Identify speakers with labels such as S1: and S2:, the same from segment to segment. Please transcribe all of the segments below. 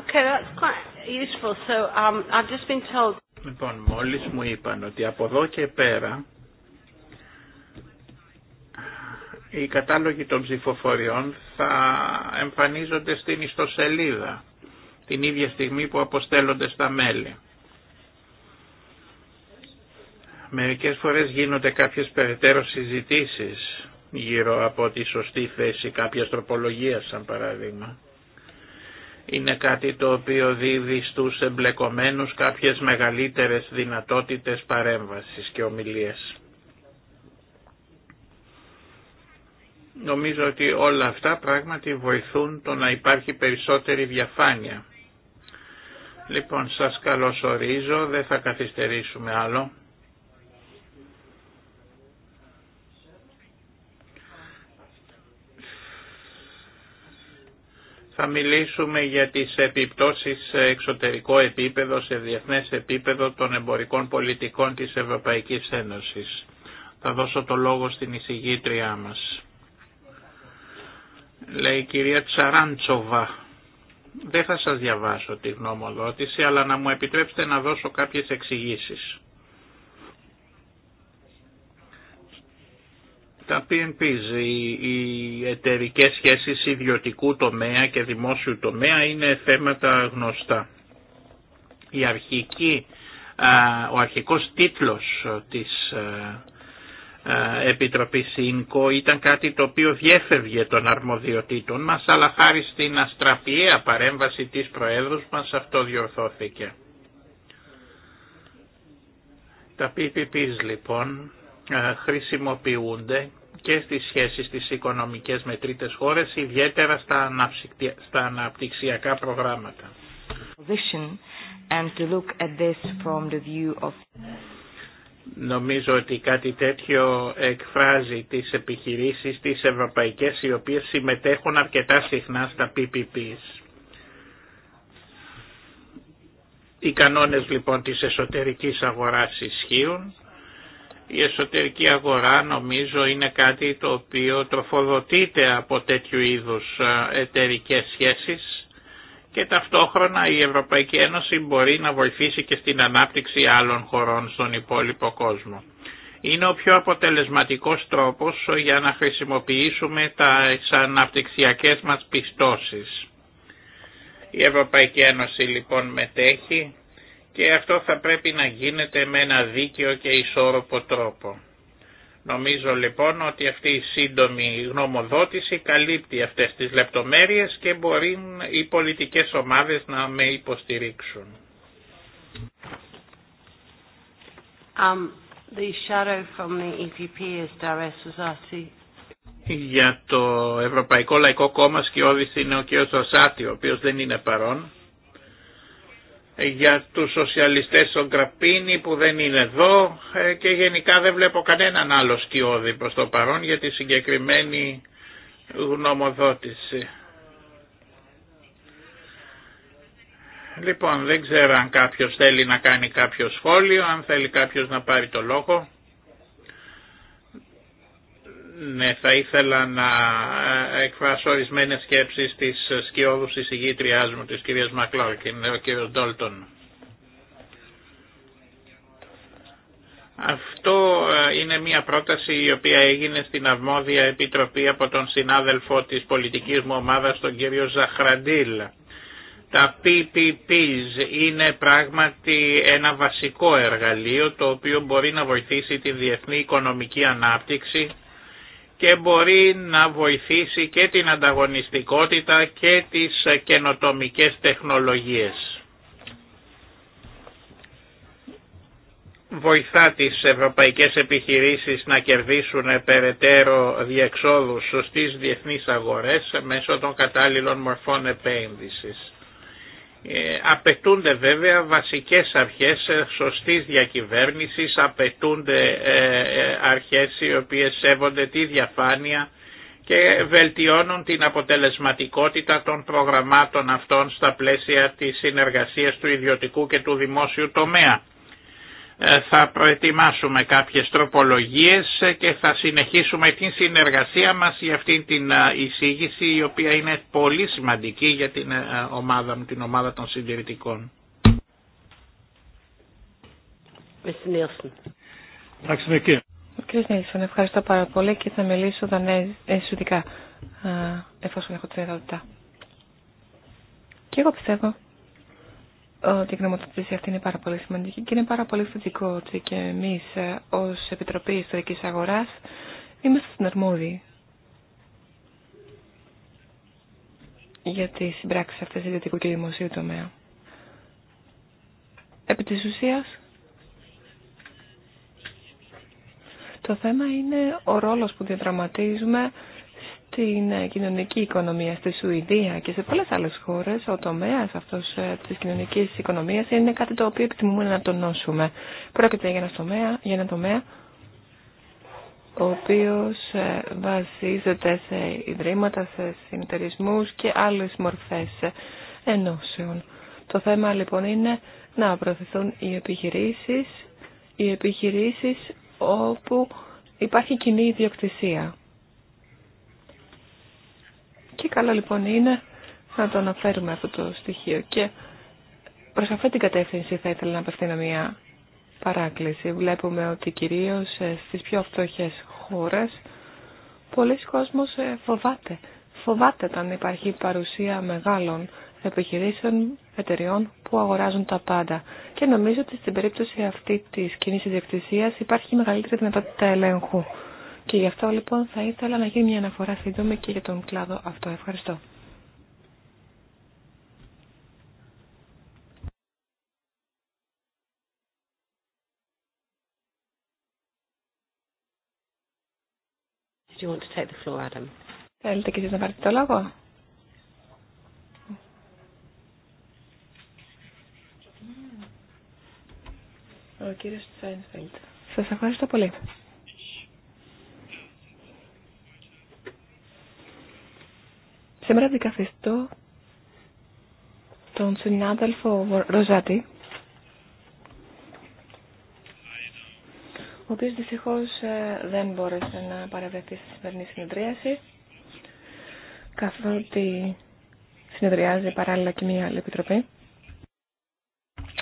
S1: Okay, that's quite useful. So, um,
S2: Λοιπόν, μόλις μου είπαν ότι από εδώ και πέρα οι κατάλογοι των ψηφοφοριών θα εμφανίζονται στην ιστοσελίδα την ίδια στιγμή που αποστέλλονται στα μέλη. Μερικές φορές γίνονται κάποιες περαιτέρω συζητήσεις γύρω από τη σωστή θέση κάποιας τροπολογίας, σαν παράδειγμα είναι κάτι το οποίο δίδει στους εμπλεκομένους κάποιες μεγαλύτερες δυνατότητες παρέμβασης και ομιλίες. Νομίζω ότι όλα αυτά πράγματι βοηθούν το να υπάρχει περισσότερη διαφάνεια. Λοιπόν, σας καλωσορίζω, δεν θα καθυστερήσουμε άλλο. Θα μιλήσουμε για τις επιπτώσεις σε εξωτερικό επίπεδο, σε διεθνές επίπεδο των εμπορικών πολιτικών της Ευρωπαϊκής Ένωσης. Θα δώσω το λόγο στην εισηγήτριά μας. Λέει η κυρία Τσαράντσοβα. Δεν θα σας διαβάσω τη γνωμοδότηση, αλλά να μου επιτρέψετε να δώσω κάποιες εξηγήσεις. Τα PNPs, οι, οι εταιρικές σχέσεις ιδιωτικού τομέα και δημόσιου τομέα είναι θέματα γνωστά. Η αρχική, ο αρχικός τίτλος της Επιτροπής ΣΥΝΚΟ ήταν κάτι το οποίο διέφευγε των αρμοδιοτήτων μας αλλά χάρη στην αστραπιαία παρέμβαση της Προέδρου μας αυτό διορθώθηκε. Τα PPPs λοιπόν χρησιμοποιούνται και στις σχέσεις της οικονομικές με τρίτες χώρες, ιδιαίτερα στα αναπτυξιακά προγράμματα. Νομίζω ότι κάτι τέτοιο εκφράζει τις επιχειρήσεις τις ευρωπαϊκές οι οποίες συμμετέχουν αρκετά συχνά στα PPPs. Οι κανόνες λοιπόν της εσωτερικής αγοράς ισχύουν η εσωτερική αγορά νομίζω είναι κάτι το οποίο τροφοδοτείται από τέτοιου είδους ε, εταιρικέ σχέσεις και ταυτόχρονα η Ευρωπαϊκή Ένωση μπορεί να βοηθήσει και στην ανάπτυξη άλλων χωρών στον υπόλοιπο κόσμο. Είναι ο πιο αποτελεσματικός τρόπος για να χρησιμοποιήσουμε τα αναπτυξιακές μας πιστώσεις. Η Ευρωπαϊκή Ένωση λοιπόν μετέχει και αυτό θα πρέπει να γίνεται με ένα δίκαιο και ισόρροπο τρόπο. Νομίζω λοιπόν ότι αυτή η σύντομη γνωμοδότηση καλύπτει αυτές τις λεπτομέρειες και μπορεί οι πολιτικές ομάδες να με υποστηρίξουν.
S1: Um, the shadow from the EPP is
S2: Για το Ευρωπαϊκό Λαϊκό Κόμμα σκιώδης είναι ο κ. Ζωσάτη, ο οποίος δεν είναι παρόν για τους σοσιαλιστές στον Κραπίνη που δεν είναι εδώ ε, και γενικά δεν βλέπω κανέναν άλλο σκιώδη προς το παρόν για τη συγκεκριμένη γνωμοδότηση. Λοιπόν, δεν ξέρω αν κάποιος θέλει να κάνει κάποιο σχόλιο, αν θέλει κάποιος να πάρει το λόγο. Ναι, θα ήθελα να ε, εκφράσω ορισμένες σκέψεις της σκιώδους εισηγήτριάς μου, της κυρίας Μακλόρκιν, ο κύριος Ντόλτον. Αυτό ε, είναι μια πρόταση η οποία έγινε στην αρμόδια Επιτροπή από τον συνάδελφο της πολιτικής μου ομάδας, τον κύριο Ζαχραντήλ. Τα PPPs είναι πράγματι ένα βασικό εργαλείο το οποίο μπορεί να βοηθήσει τη διεθνή οικονομική ανάπτυξη και μπορεί να βοηθήσει και την ανταγωνιστικότητα και τις καινοτομικές τεχνολογίες. Βοηθά τις ευρωπαϊκές επιχειρήσεις να κερδίσουν περαιτέρω διεξόδους στις διεθνείς αγορές μέσω των κατάλληλων μορφών επένδυσης. Ε, απαιτούνται βέβαια βασικές αρχές ε, σωστής διακυβέρνησης, απαιτούνται ε, αρχές οι οποίες σέβονται τη διαφάνεια και βελτιώνουν την αποτελεσματικότητα των προγραμμάτων αυτών στα πλαίσια της συνεργασίας του ιδιωτικού και του δημόσιου τομέα. Ε, θα προετοιμάσουμε κάποιες τροπολογίες ε, και θα συνεχίσουμε την συνεργασία μας για αυτήν την ε, εισήγηση η οποία είναι πολύ σημαντική για την ομάδα, την ομάδα των συντηρητικών.
S3: Κύριε Νίλσον, ευχαριστώ πάρα πολύ και θα μιλήσω δανέζικα εφόσον έχω τρία λεπτά. Και εγώ πιστεύω ότι η γνωμοτοτήση αυτή είναι πάρα πολύ σημαντική και είναι πάρα πολύ θετικό ότι και εμείς ε, ως Επιτροπή Ιστορικής Αγοράς είμαστε στην αρμόδιοι για τις συμπράξεις αυτές ιδιωτικού και δημοσίου τομέα. Επί της ουσίας, το θέμα είναι ο ρόλος που διαδραματίζουμε στην κοινωνική οικονομία στη Σουηδία και σε πολλές άλλες χώρες ο τομέας αυτός ε, της κοινωνικής οικονομίας είναι κάτι το οποίο επιθυμούμε να τονώσουμε. Πρόκειται για ένα τομέα, για ένα τομέα ο οποίος ε, βασίζεται σε ιδρύματα, σε συνεταιρισμού και άλλες μορφές ενώσεων. Το θέμα λοιπόν είναι να προωθηθούν οι επιχειρήσεις, οι επιχειρήσεις όπου υπάρχει κοινή ιδιοκτησία και καλό λοιπόν είναι να το αναφέρουμε αυτό το στοιχείο. Και προς αυτή την κατεύθυνση θα ήθελα να απευθύνω μια παράκληση. Βλέπουμε ότι κυρίως ε, στις πιο φτωχές χώρες πολλοί κόσμος ε, φοβάται. Φοβάται όταν υπάρχει παρουσία μεγάλων επιχειρήσεων, εταιριών που αγοράζουν τα πάντα. Και νομίζω ότι στην περίπτωση αυτή της κοινή ιδιοκτησίας υπάρχει μεγαλύτερη δυνατότητα ελέγχου. Και γι' αυτό λοιπόν θα ήθελα να γίνει μια αναφορά σύντομη και για τον κλάδο αυτό. Ευχαριστώ. Θέλετε και εσείς να πάρετε το λόγο. Ο κύριος Σας ευχαριστώ πολύ. Σήμερα δικαθιστώ τον συνάδελφο Ροζάτη, ο οποίος δυστυχώς ε, δεν μπόρεσε να παραβρεθεί στη σημερινή συνεδρίαση, καθότι συνεδριάζει παράλληλα και μια άλλη επιτροπή.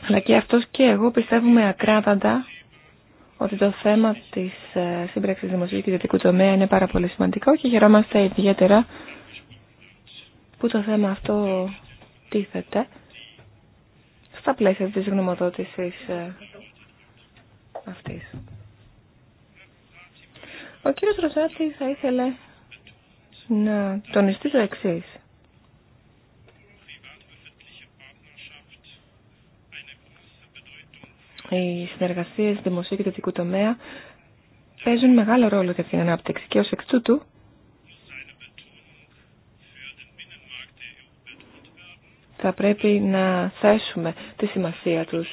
S3: Αλλά και αυτός και εγώ πιστεύουμε ακράδαντα ότι το θέμα της ε, σύμπραξης δημοσίου και ιδιωτικού τομέα είναι πάρα πολύ σημαντικό και χαιρόμαστε ιδιαίτερα που το θέμα αυτό τίθεται στα πλαίσια της γνωμοδότησης ε, αυτής. Ο κύριος Ρωσάτη θα ήθελε να τονιστεί το εξής. Οι συνεργασίες δημοσίου και δυτικού τομέα παίζουν μεγάλο ρόλο για την ανάπτυξη και ως εξ τούτου θα πρέπει να θέσουμε τη σημασία τους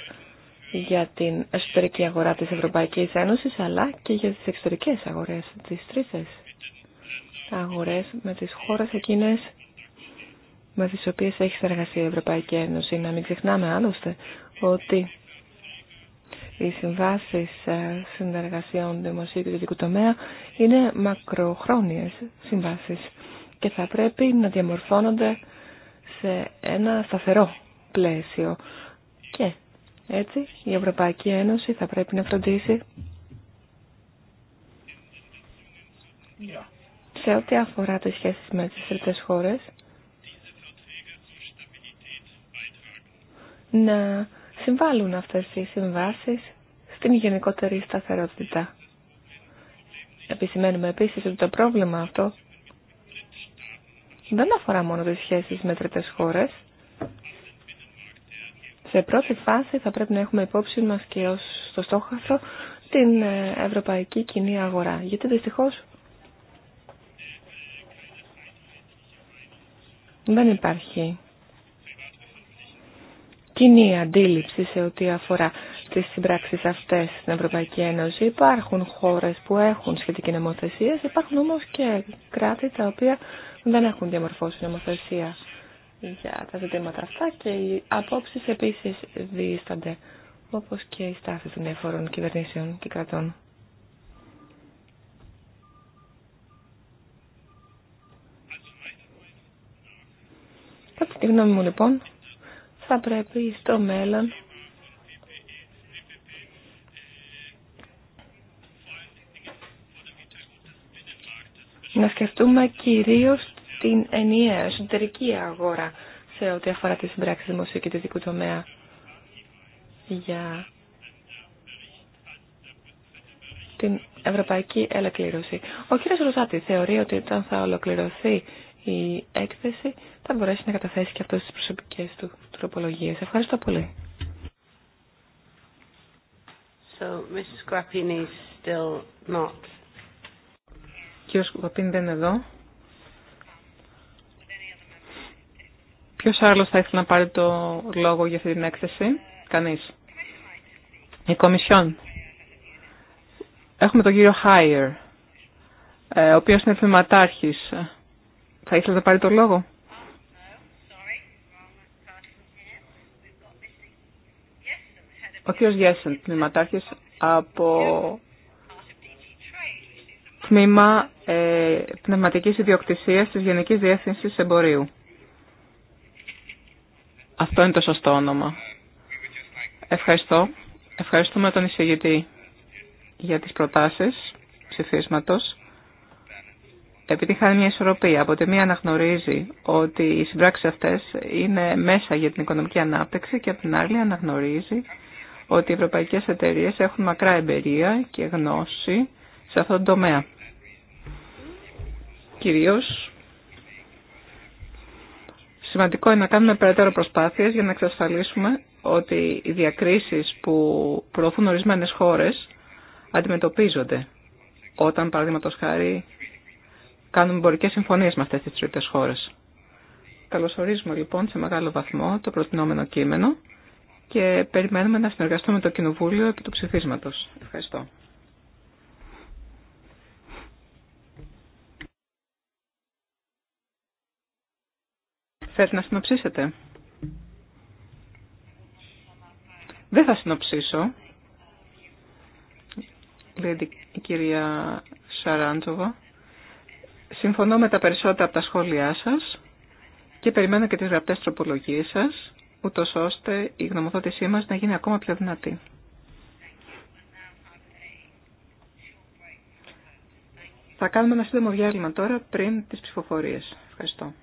S3: για την εσωτερική αγορά της Ευρωπαϊκής Ένωσης αλλά και για τις εξωτερικές αγορές, τις τρίτες αγορές με τις χώρες εκείνες με τις οποίες έχει συνεργασία η Ευρωπαϊκή Ένωση. Να μην ξεχνάμε άλλωστε ότι οι συμβάσει ε, συνεργασιών δημοσίου και ιδιωτικού τομέα είναι μακροχρόνιες συμβάσει και θα πρέπει να διαμορφώνονται σε ένα σταθερό πλαίσιο. Και έτσι η Ευρωπαϊκή Ένωση θα πρέπει να φροντίσει σε ό,τι αφορά τις σχέσεις με τις τρίτες χώρες να συμβάλλουν αυτές οι συμβάσεις στην γενικότερη σταθερότητα. Επισημαίνουμε επίσης ότι το πρόβλημα αυτό δεν αφορά μόνο τις σχέσεις με τρίτες χώρες. Σε πρώτη φάση θα πρέπει να έχουμε υπόψη μας και ως το στόχαθρο την ε, ευρωπαϊκή κοινή αγορά. Γιατί δυστυχώς δεν υπάρχει κοινή αντίληψη σε ό,τι αφορά τις συμπράξεις αυτές στην Ευρωπαϊκή Ένωση. Υπάρχουν χώρες που έχουν σχετική νομοθεσία, υπάρχουν όμως και κράτη τα οποία δεν έχουν διαμορφώσει νομοθεσία για τα ζητήματα αυτά και οι απόψεις επίσης διήστανται, όπως και οι στάσεις των διαφορών κυβερνήσεων και κρατών. Κατά τη γνώμη μου λοιπόν, θα πρέπει στο μέλλον να σκεφτούμε κυρίως την ενιαία εσωτερική αγορά σε ό,τι αφορά τη συμπράξη δημοσίου και δικού τομέα για την ευρωπαϊκή ελεκλήρωση. Ο κ. Ροζάτη θεωρεί ότι όταν θα ολοκληρωθεί η έκθεση θα μπορέσει να καταθέσει και αυτό στις προσωπικές του τροπολογίες.
S4: Ευχαριστώ πολύ.
S1: So, Mrs.
S4: δεν είναι εδώ. Ποιος άλλος θα ήθελε να πάρει το λόγο για αυτή την έκθεση. Κανείς. Η Κομισιόν. Έχουμε τον κύριο Χάιερ, ε, ο οποίος είναι θεματάρχης. Ε, θα ήθελε να πάρει το λόγο. Ο κύριος Γέσεν, τμήματάρχης από τμήμα ε, πνευματικής ιδιοκτησίας της Γενικής Διεύθυνσης Εμπορίου. Αυτό είναι το σωστό όνομα. Ευχαριστώ. Ευχαριστούμε τον εισηγητή για τις προτάσεις ψηφίσματος. Επειδή χάνει μια ισορροπία, από τη μία αναγνωρίζει ότι οι συμπράξεις αυτές είναι μέσα για την οικονομική ανάπτυξη και από την άλλη αναγνωρίζει ότι οι ευρωπαϊκές εταιρείες έχουν μακρά εμπειρία και γνώση σε αυτόν τον τομέα. Κυρίως Σημαντικό είναι να κάνουμε περαιτέρω προσπάθειες για να εξασφαλίσουμε ότι οι διακρίσεις που προωθούν ορισμένε χώρες αντιμετωπίζονται όταν, παραδείγματο χάρη, κάνουμε εμπορικέ συμφωνίες με αυτές τις τρίτες χώρες. Καλωσορίζουμε λοιπόν σε μεγάλο βαθμό το προτινόμενο κείμενο και περιμένουμε να συνεργαστούμε με το Κοινοβούλιο επί του ψηφίσματος. Ευχαριστώ. Θέλετε να συνοψίσετε. Δεν θα συνοψίσω, λέει η κυρία Σαράντζοβα. Συμφωνώ με τα περισσότερα από τα σχόλιά σας και περιμένω και τις γραπτές τροπολογίες σας, ούτω ώστε η γνωμοδότησή μας να γίνει ακόμα πιο δυνατή. Θα κάνουμε ένα σύντομο διάλειμμα τώρα πριν τις ψηφοφορίες. Ευχαριστώ.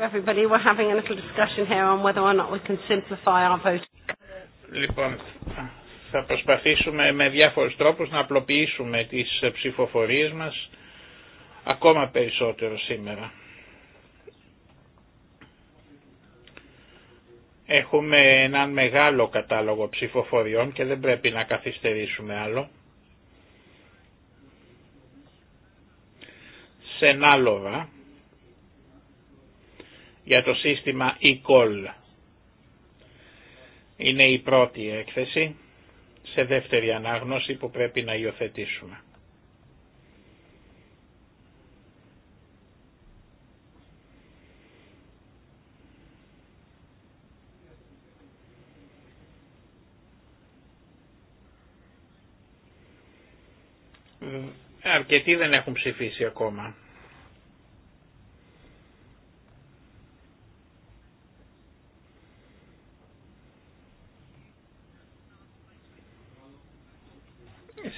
S1: Everybody, we're having a
S2: Λοιπόν, θα προσπαθήσουμε με διάφορους τρόπους να απλοποιήσουμε τις ψηφοφορίες μας ακόμα περισσότερο σήμερα. Έχουμε έναν μεγάλο κατάλογο ψηφοφοριών και δεν πρέπει να καθυστερήσουμε άλλο. Σενάλοβα, για το σύστημα e-call. Είναι η πρώτη έκθεση σε δεύτερη ανάγνωση που πρέπει να υιοθετήσουμε. Αρκετοί δεν έχουν ψηφίσει ακόμα.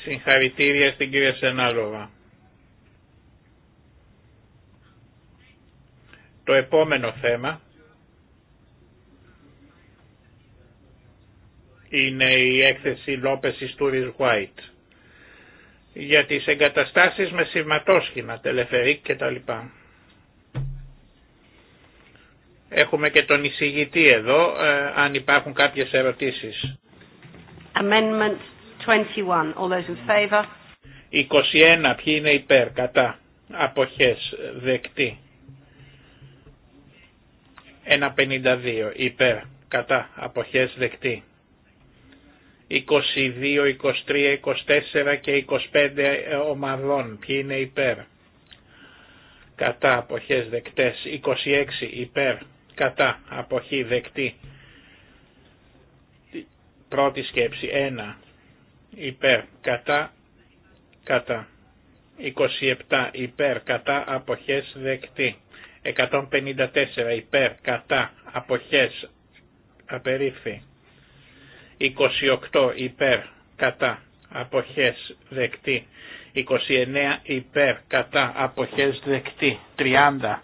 S2: Συγχαρητήρια στην κυρία Σενάλοβα. Το επόμενο θέμα είναι η έκθεση Λόπες Ιστούρις White για τις εγκαταστάσεις με σηματόσχημα, τα λοιπά. Έχουμε και τον εισηγητή εδώ, ε, αν υπάρχουν κάποιες ερωτήσεις.
S1: 21. All 21.
S2: Ποιοι είναι υπέρ, κατά, αποχές, δεκτή. 1.52. Υπέρ, κατά, αποχές, δεκτή. 22, 23, 24 και 25 ομαδών. Ποιοι είναι υπέρ. Κατά αποχές δεκτές. 26 υπέρ. Κατά αποχή δεκτή. Πρώτη σκέψη. 1 υπέρ κατά κατά 27 υπέρ κατά αποχές δεκτή 154 υπέρ κατά αποχές απερίφθη 28 υπέρ κατά αποχές δεκτή 29 υπέρ κατά αποχές δεκτή 30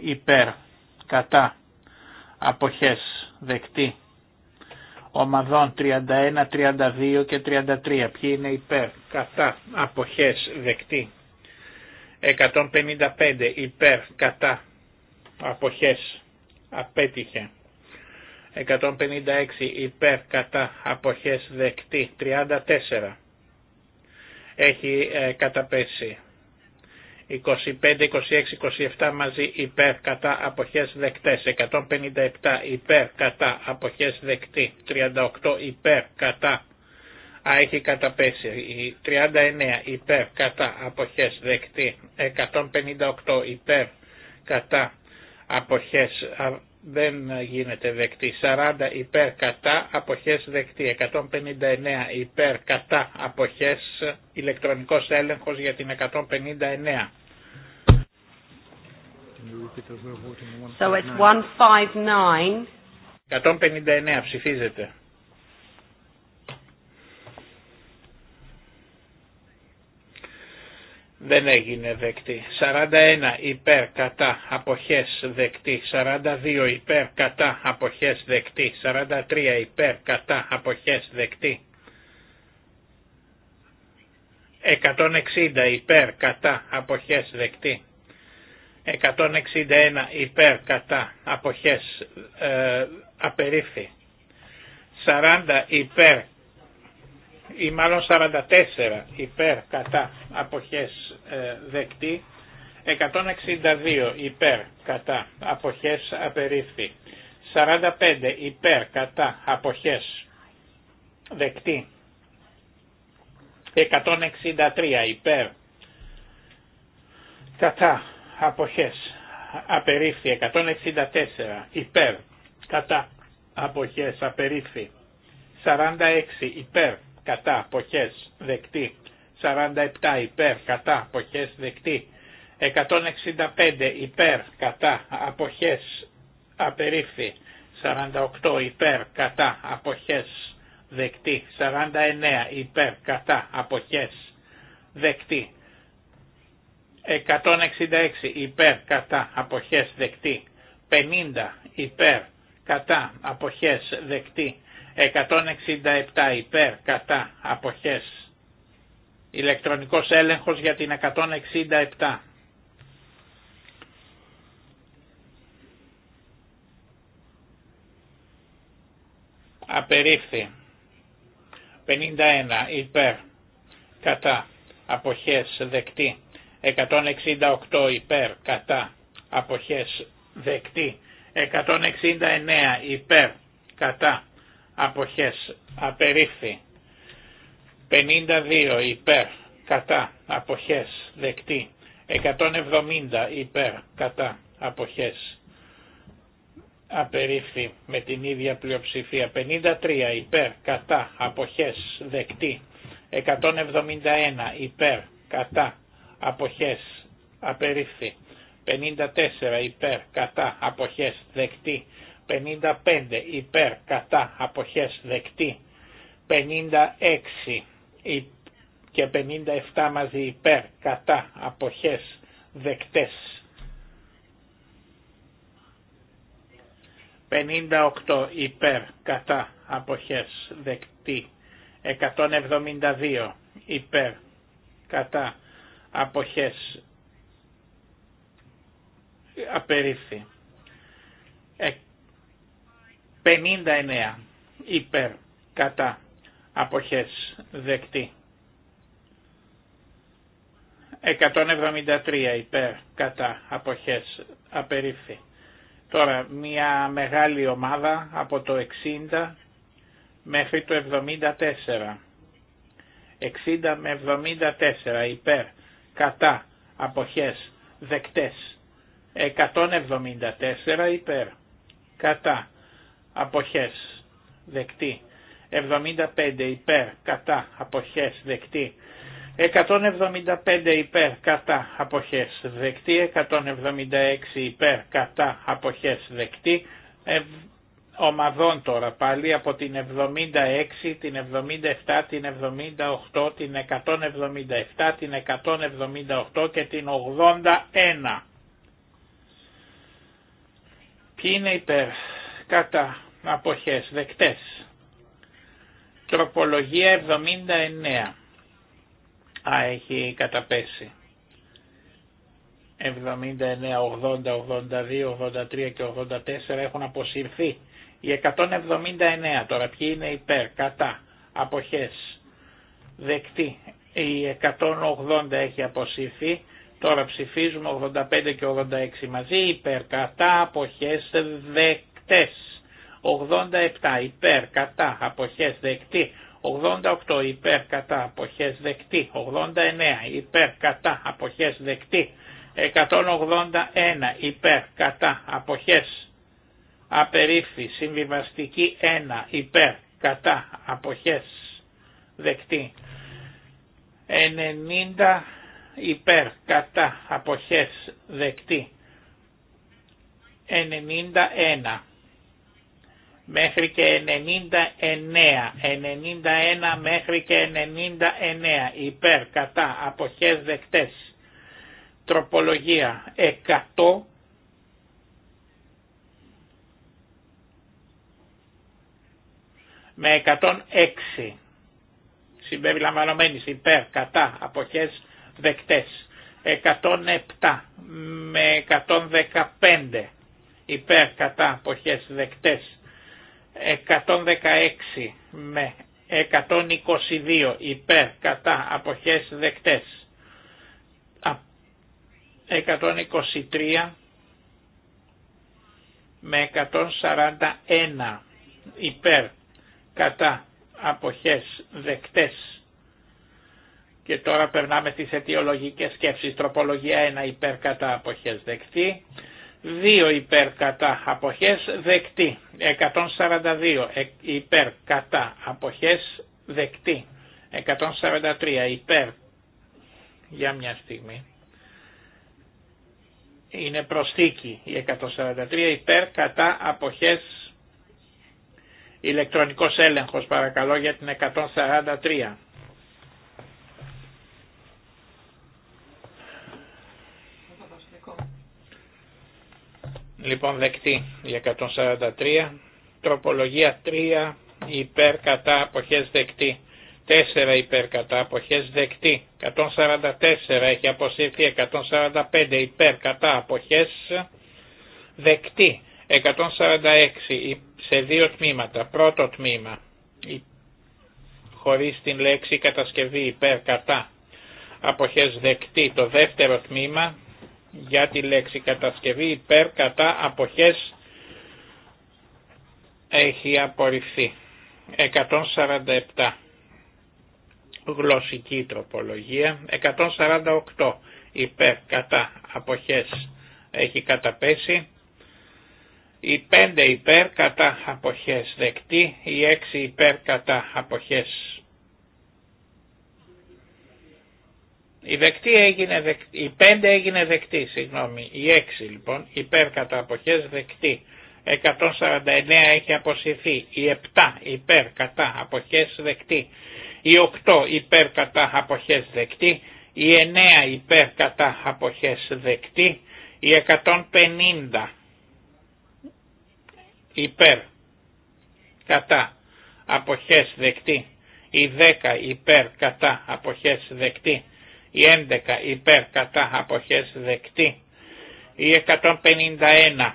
S2: υπέρ κατά αποχές δεκτή ομαδών 31, 32 και 33. Ποιοι είναι υπέρ, κατά, αποχές, δεκτή. 155 υπέρ, κατά, αποχές, απέτυχε. 156 υπέρ, κατά, αποχές, δεκτή. 34. Έχει ε, καταπέσει. 25, 26, 27 μαζί υπέρ κατά αποχές δεκτές, 157 υπέρ κατά αποχές δεκτή, 38 υπέρ κατά Α, έχει καταπέσει. 39 υπέρ κατά αποχές δεκτή. 158 υπέρ κατά αποχές δεν γίνεται δεκτή. 40 υπέρ κατά αποχές δεκτή. 159 υπέρ κατά αποχές ηλεκτρονικός έλεγχος για την 159. So it's 159. 159 ψηφίζεται. δεν έγινε δεκτή. 41 υπέρ κατά αποχές δεκτή. 42 υπέρ κατά αποχές δεκτή. 43 υπέρ κατά αποχές δεκτή. 160 υπέρ κατά αποχές δεκτή. 161 υπέρ κατά αποχές ε, απερίφθη. 40 υπέρ ή μάλλον 44 ε, υπέρ κατά αποχές δεκτή, 162 υπέρ κατά αποχές απερίφθη, 45 υπέρ κατά αποχές δεκτή, 163 υπέρ κατά αποχές απερίφθη, 164 υπέρ κατά αποχές απερίφθη, 46 υπέρ κατά αποχές δεκτή. 47 υπέρ κατά αποχές δεκτή. 165 υπέρ κατά αποχές απερίφθη. 48 υπέρ κατά αποχές δεκτή. 49 υπέρ κατά αποχές δεκτή. 166 υπέρ κατά αποχές δεκτή. 50 υπέρ κατά αποχές δεκτή. 167 υπέρ, κατά, αποχές. Ηλεκτρονικός έλεγχος για την 167. Απερίφθη. 51 υπέρ, κατά, αποχές, δεκτή. 168 υπέρ, κατά, αποχές, δεκτή. 169 υπέρ, κατά, αποχές απερίφθη 52 υπέρ κατά αποχές δεκτή 170 υπέρ κατά αποχές απερίφθη με την ίδια πλειοψηφία 53 υπέρ κατά αποχές δεκτή 171 υπέρ κατά αποχές απερίφθη 54 υπέρ κατά αποχές δεκτή 55 υπέρ κατά αποχές δεκτή, 56 και 57 μαζί υπέρ κατά αποχές δεκτές. 58 υπέρ κατά αποχές δεκτή, 172 υπέρ κατά αποχές απερίφθη. 59 υπέρ κατά αποχές δεκτή. 173 υπέρ κατά αποχές απερίφθη. Τώρα μια μεγάλη ομάδα από το 60 μέχρι το 74. 60 με 74 υπέρ κατά αποχές δεκτές. 174 υπέρ κατά αποχές δεκτή. 75 υπέρ κατά αποχές δεκτή. 175 υπέρ κατά αποχές δεκτή, 176 υπέρ κατά αποχές δεκτή, ε, ομαδών τώρα πάλι από την 76, την 77, την 78, την 177, την 178 και την 81. Ποιοι είναι υπέρ κατά αποχές δεκτές. Τροπολογία 79. Α, έχει καταπέσει. 79, 80, 82, 83 και 84 έχουν αποσυρθεί. Η 179 τώρα ποιοι είναι υπέρ, κατά, αποχές, δεκτή. Η 180 έχει αποσυρθεί. Τώρα ψηφίζουμε 85 και 86 μαζί, υπέρ, κατά, αποχές, δεκτές. 87 υπέρ κατά αποχές δεκτή, 88 υπέρ κατά αποχές δεκτή, 89 υπέρ κατά αποχές δεκτή, 181 υπέρ κατά αποχές απερίφθη, συμβιβαστική 1 υπέρ κατά αποχές δεκτή, 90 υπέρ κατά αποχές δεκτή, 91 μέχρι και 99, 91 μέχρι και 99, υπέρ, κατά, αποχές δεκτές. Τροπολογία 100, με 106 συμπεριλαμβανομένης υπέρ, κατά, αποχές δεκτές. 107 με 115 υπέρ, κατά, αποχές δεκτές. 116 με 122 υπέρ κατά αποχές δεκτές. 123 με 141 υπέρ κατά αποχές δεκτές. Και τώρα περνάμε στις αιτιολογικές σκέψεις. Τροπολογία 1 υπέρ κατά αποχές δεκτή. Δύο υπέρ κατά αποχές δεκτή. 142 υπέρ κατά αποχές δεκτή. 143 υπέρ για μια στιγμή. Είναι προσθήκη η 143 υπέρ κατά αποχές ηλεκτρονικός έλεγχος παρακαλώ για την 143. Λοιπόν δεκτή η 143. Τροπολογία 3 υπέρ κατά αποχές δεκτή. 4 υπέρ κατά αποχές δεκτή. 144 έχει αποσυρθεί. 145 υπέρ κατά αποχές δεκτή. 146 σε δύο τμήματα. Πρώτο τμήμα χωρίς την λέξη κατασκευή υπέρ κατά αποχές δεκτή. Το δεύτερο τμήμα για τη λέξη κατασκευή υπέρ κατά αποχές έχει απορριφθεί. 147 γλωσσική τροπολογία. 148 υπέρ κατά αποχές έχει καταπέσει. Η 5 υπέρ κατά αποχές δεκτή. Η 6 υπέρ κατά αποχές Η, δεκτή έγινε η 5 έγινε δεκτή, συγγνώμη, η 6 λοιπόν, υπέρ κατά αποχές δεκτή. 149 έχει αποσυρθεί, η 7 υπέρ κατά αποχές δεκτή, η 8 υπέρ κατά αποχές δεκτή, η 9 υπέρ κατά αποχές δεκτή, η 150 υπέρ κατά αποχές δεκτή, η 10 υπέρ κατά αποχές δεκτή, η 11 υπέρ κατά αποχές δεκτή, η 151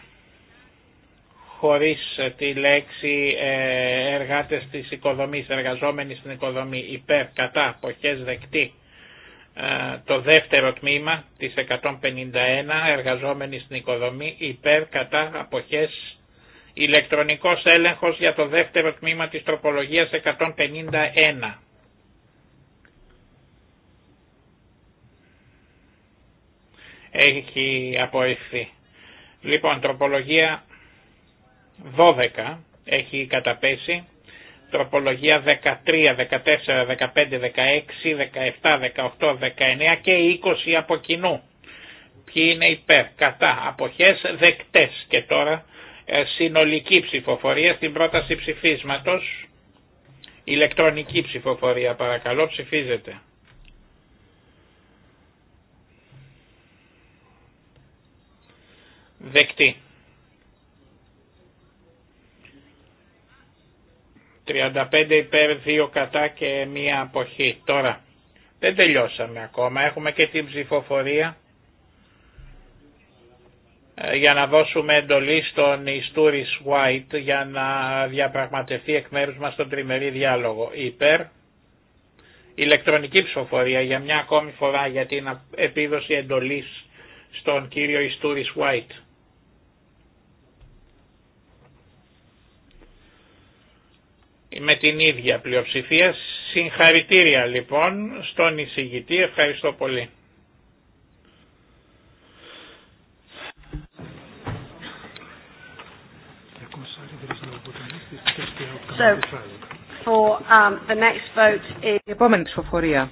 S2: χωρίς τη λέξη ε, εργάτες της οικοδομής, εργαζόμενοι στην οικοδομή, υπέρ κατά αποχές δεκτή, ε, το δεύτερο τμήμα της 151 εργαζόμενοι στην οικοδομή υπέρ κατά αποχές ηλεκτρονικός έλεγχος για το δεύτερο τμήμα της τροπολογίας 151. έχει απορριφθεί. Λοιπόν, τροπολογία 12 έχει καταπέσει. Τροπολογία 13, 14, 15, 16, 17, 18, 19 και 20 από κοινού. Ποιοι είναι υπέρ, κατά, αποχές, δεκτές. Και τώρα ε, συνολική ψηφοφορία στην πρόταση ψηφίσματος. Ηλεκτρονική ψηφοφορία παρακαλώ ψηφίζεται. Δεκτή. 35 υπέρ, 2 κατά και μία αποχή. Τώρα δεν τελειώσαμε ακόμα. Έχουμε και την ψηφοφορία ε, για να δώσουμε εντολή στον Ιστούρις White για να διαπραγματευτεί εκ μέρους μας τον τριμερή διάλογο. Υπέρ, ηλεκτρονική ψηφοφορία για μια ακόμη φορά για την επίδοση εντολής στον κύριο Ιστούρις White. με την ίδια πλειοψηφία. Συγχαρητήρια λοιπόν στον εισηγητή. Ευχαριστώ πολύ.
S1: Um, η
S4: επόμενη ψηφοφορία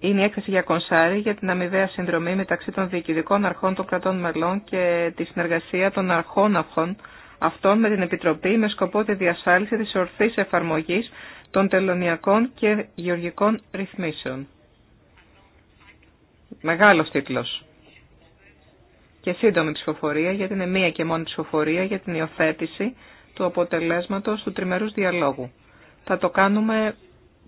S4: είναι η έκθεση για κονσάρι για την αμοιβαία συνδρομή μεταξύ των διοικητικών αρχών των κρατών μελών και τη συνεργασία των αρχών αυτών αυτών με την Επιτροπή με σκοπό τη διασφάλιση της ορθής εφαρμογής των τελωνιακών και γεωργικών ρυθμίσεων. Μεγάλος τίτλος. Και σύντομη ψηφοφορία, γιατί είναι μία και μόνη ψηφοφορία για την υιοθέτηση του αποτελέσματος του τριμερούς διαλόγου. Θα το κάνουμε,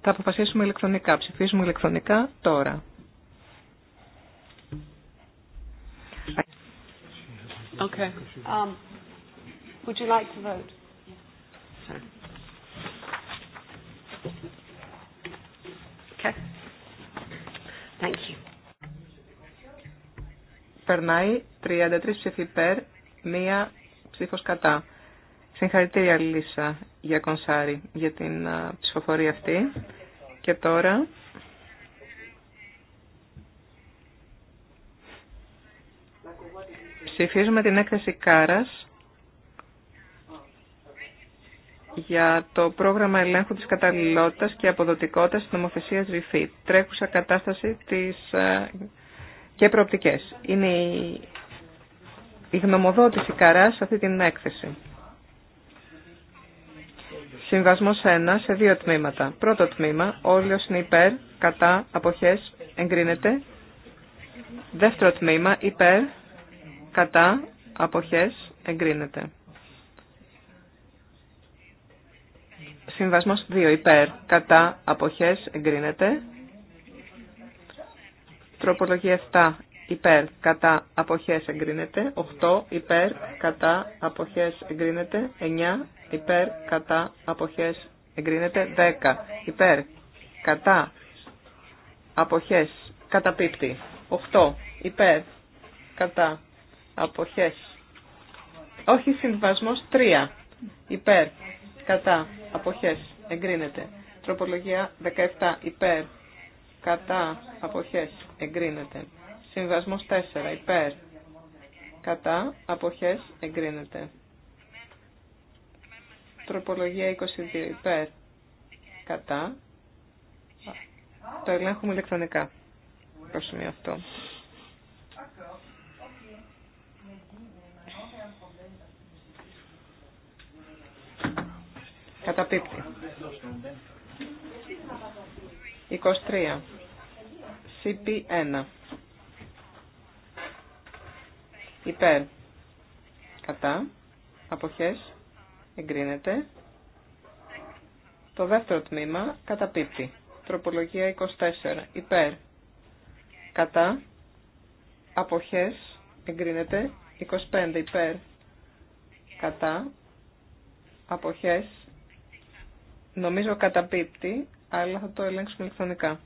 S4: θα αποφασίσουμε ηλεκτρονικά, ψηφίζουμε ηλεκτρονικά τώρα.
S1: Okay. Um, Would you like to
S4: Περνάει 33 ψήφοι υπέρ, μία ψήφος κατά. Συγχαρητήρια Λίσσα για Κονσάρη για την ψηφοφορία αυτή. Και τώρα... Ψηφίζουμε την έκθεση Κάρας για το πρόγραμμα ελέγχου της καταλληλότητας και αποδοτικότητας της νομοθεσίας ΡΙΦΗ, τρέχουσα κατάσταση της, ε, και προοπτικές. Είναι η, η γνωμοδότηση καρά σε αυτή την έκθεση. Συμβασμός 1 σε δύο τμήματα. Πρώτο τμήμα, όλοι είναι υπέρ, κατά, αποχές, εγκρίνεται. Δεύτερο τμήμα, υπέρ, κατά, αποχές, εγκρίνεται. Συμβασμός 2 υπέρ κατά αποχές εγκρίνεται. Τροπολογία 7 υπέρ κατά αποχές εγκρίνεται. 8 υπέρ κατά αποχές εγκρίνεται. 9 υπέρ κατά αποχές εγκρίνεται. 10 υπέρ κατά αποχές καταπίπτει. 8 υπέρ κατά αποχές. Όχι συμβασμός 3 υπέρ κατά αποχές, εγκρίνεται. Τροπολογία 17 υπέρ, κατά, αποχές, εγκρίνεται. Συμβασμός 4 υπέρ, κατά, αποχές, εγκρίνεται. Τροπολογία 22 υπέρ, κατά. Το ελέγχουμε ηλεκτρονικά. Το αυτό. Καταπίπτει.
S5: 23.
S4: CP1. Υπέρ. Κατά. Αποχές. Εγκρίνεται. Το δεύτερο τμήμα καταπίπτει. Τροπολογία 24. Υπέρ. Κατά. Αποχές. Εγκρίνεται. 25. Υπέρ. Κατά. Αποχές. Νομίζω καταπίπτει, αλλά θα το ελέγξουμε ηλεκτρονικά.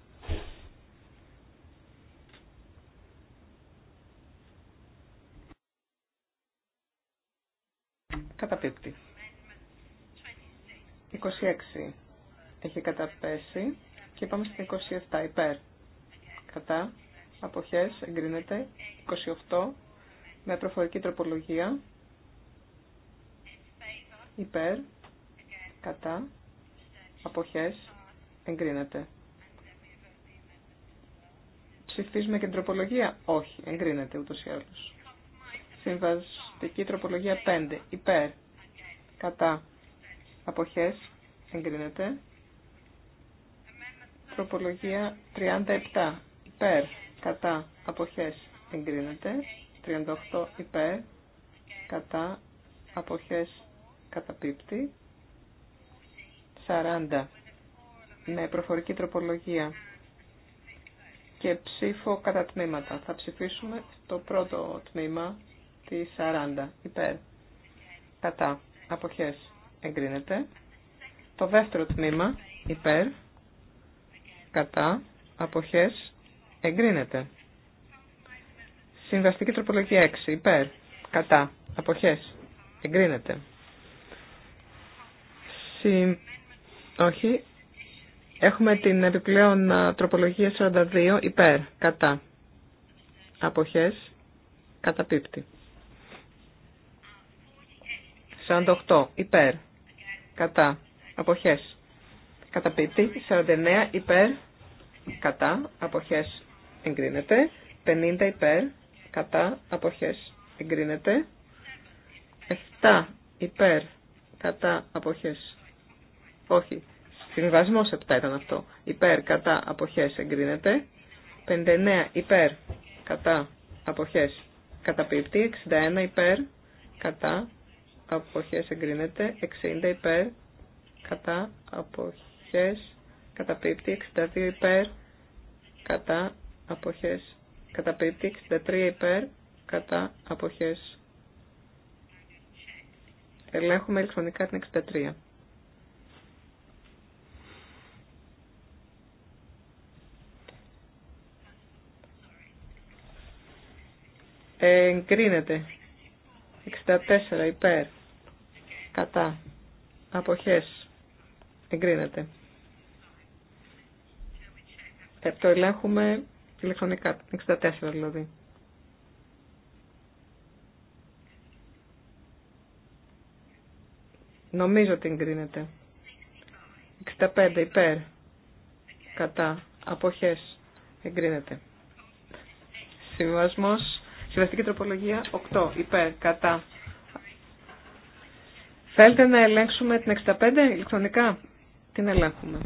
S4: Καταπίπτει. 26 έχει καταπέσει και πάμε στην 27 υπέρ. Κατά, αποχές, εγκρίνεται, 28 με προφορική τροπολογία, υπέρ, κατά, αποχές εγκρίνεται. Ψηφίζουμε και την τροπολογία. Όχι, εγκρίνεται ούτως ή άλλως. Συμβαστική τροπολογία 5. Υπέρ. Κατά. Αποχές. Εγκρίνεται. Τροπολογία 37. Υπέρ. Κατά. Αποχές. Εγκρίνεται. 38. Υπέρ. Κατά. Αποχές. Καταπίπτει. 40 με ναι, προφορική τροπολογία και ψήφο κατά τμήματα. Θα ψηφίσουμε το πρώτο τμήμα τη 40 υπέρ. Κατά. Αποχές εγκρίνεται. Το δεύτερο τμήμα υπέρ. Κατά. Αποχές εγκρίνεται. Συμβαστική τροπολογία 6 υπέρ. Κατά. Αποχές εγκρίνεται. συν όχι. Έχουμε την επιπλέον τροπολογία 42 υπέρ, κατά. Αποχές, καταπίπτη. 48 υπέρ, κατά. Αποχές, καταπίπτη. 49 υπέρ, κατά. Αποχές, εγκρίνεται. 50 υπέρ, κατά. Αποχές, εγκρίνεται. 7 υπέρ, κατά. Αποχές, όχι. Συμβιβασμό 7 ήταν αυτό. Υπέρ, κατά, αποχέ εγκρίνεται. 59 υπέρ, κατά, αποχέ καταπίπτει. 61 υπέρ, κατά, αποχέ εγκρίνεται. 60 υπέρ, κατά, αποχέ καταπίπτει. 62 υπέρ, κατά, αποχέ καταπίπτει. 63 υπέρ, κατά, αποχέ. Ελέγχουμε ηλεκτρονικά την 63. εγκρίνεται 64 υπέρ κατά αποχές εγκρίνεται ε, το ελέγχουμε τηλεφωνικά. 64 δηλαδή νομίζω ότι εγκρίνεται 65 υπέρ κατά αποχές εγκρίνεται συμβασμός Συμβαστική τροπολογία 8. Υπέρ. Κατά. Θέλετε να ελέγξουμε την 65 ηλεκτρονικά. Την ελέγχουμε.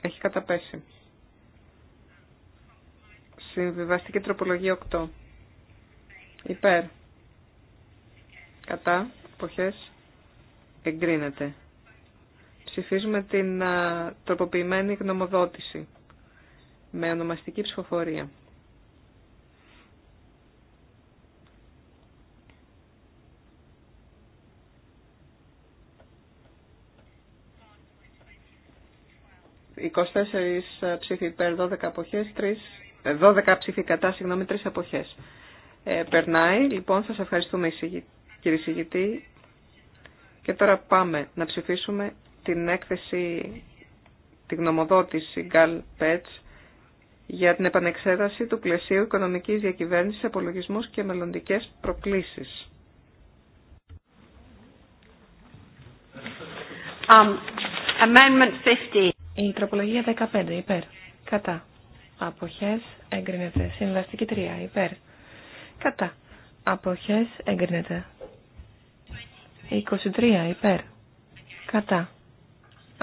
S4: Έχει καταπέσει. Συμβιβαστική τροπολογία 8. Υπέρ. Κατά. Εποχές. Εγκρίνεται ψηφίζουμε την τροποποιημένη γνωμοδότηση με ονομαστική ψηφοφορία. Οι 24 ψήφοι υπέρ, 12 αποχές, 3, 12 ε, ψήφοι κατά, συγγνώμη, 3 αποχές. Ε, περνάει, λοιπόν, σας ευχαριστούμε κύριε συγητή. Και τώρα πάμε να ψηφίσουμε την έκθεση, την γνωμοδότηση Γκάλ Πέτς για την επανεξέταση του πλαισίου οικονομικής διακυβέρνησης, απολογισμούς και μελλοντικές προκλήσεις.
S5: Um,
S3: Η τροπολογία 15 υπέρ. Κατά. Αποχές εγκρίνεται. Συμβαστική 3 υπέρ. Κατά. Αποχές εγκρίνεται. 23 υπέρ. Κατά.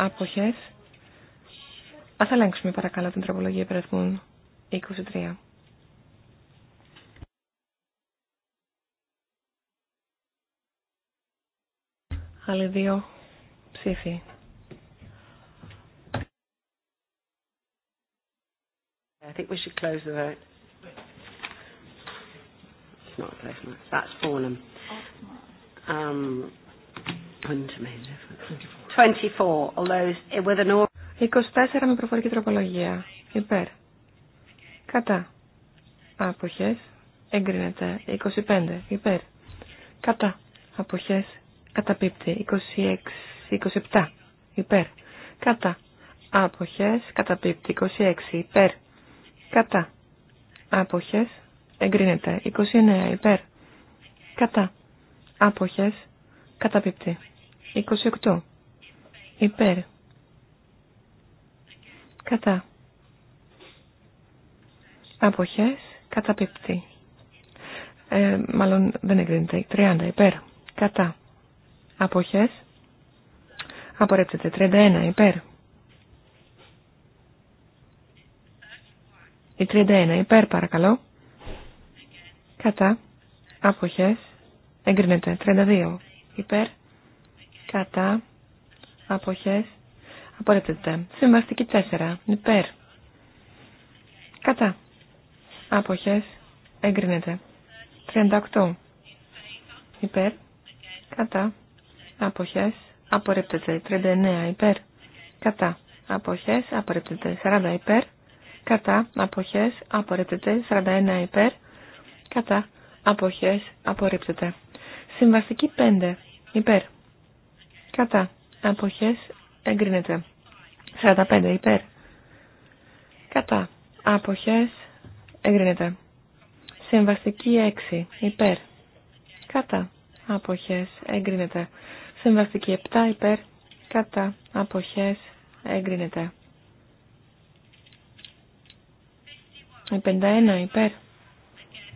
S3: Αποχές. Ας παρακαλώ την τροπολογία 23. Άλλοι δύο ψήφοι.
S1: I think we should close the vote. It's not a That's Um, wouldn't have made a 24, 24 με προφορική τροπολογία. Υπέρ. Κατά.
S3: Αποχές. Εγκρίνεται. 25. Υπέρ. Κατά. Αποχές. Καταπίπτει. 26. 27. Υπέρ. Κατά. Αποχές. Καταπίπτει. 26. Υπέρ. Κατά. Αποχές. Εγκρίνεται. 29. Υπέρ. Κατά. Αποχές. Καταπίπτει. 28. Υπέρ. Κατά. Αποχές. Καταπίπτει. Ε, μάλλον δεν εγκρίνεται. 30. Υπέρ. Κατά. Αποχές. Απορρέπτεται. 31. Υπέρ. Η 31. Υπέρ παρακαλώ. Κατά. Αποχές. Εγκρίνεται. 32. Υπέρ. Κατά αποχές απορρίπτεται. Συμβαστική 4 υπέρ κατά αποχές εγκρίνεται. 38 υπέρ κατά αποχές απορρίπτεται. 39 υπέρ κατά αποχές απορρίπτεται. 40 υπέρ κατά αποχές απορρίπτεται. 41 υπέρ κατά αποχές απορρίπτεται. Συμβαστική 5 υπέρ κατά αποχές εγκρίνεται. 45 υπέρ. Κατά. Αποχές εγκρίνεται. Συμβαστική 6 υπέρ. Κατά. Αποχές εγκρίνεται. Συμβαστική 7 υπέρ. Κατά. Αποχές εγκρίνεται. 51 υπέρ.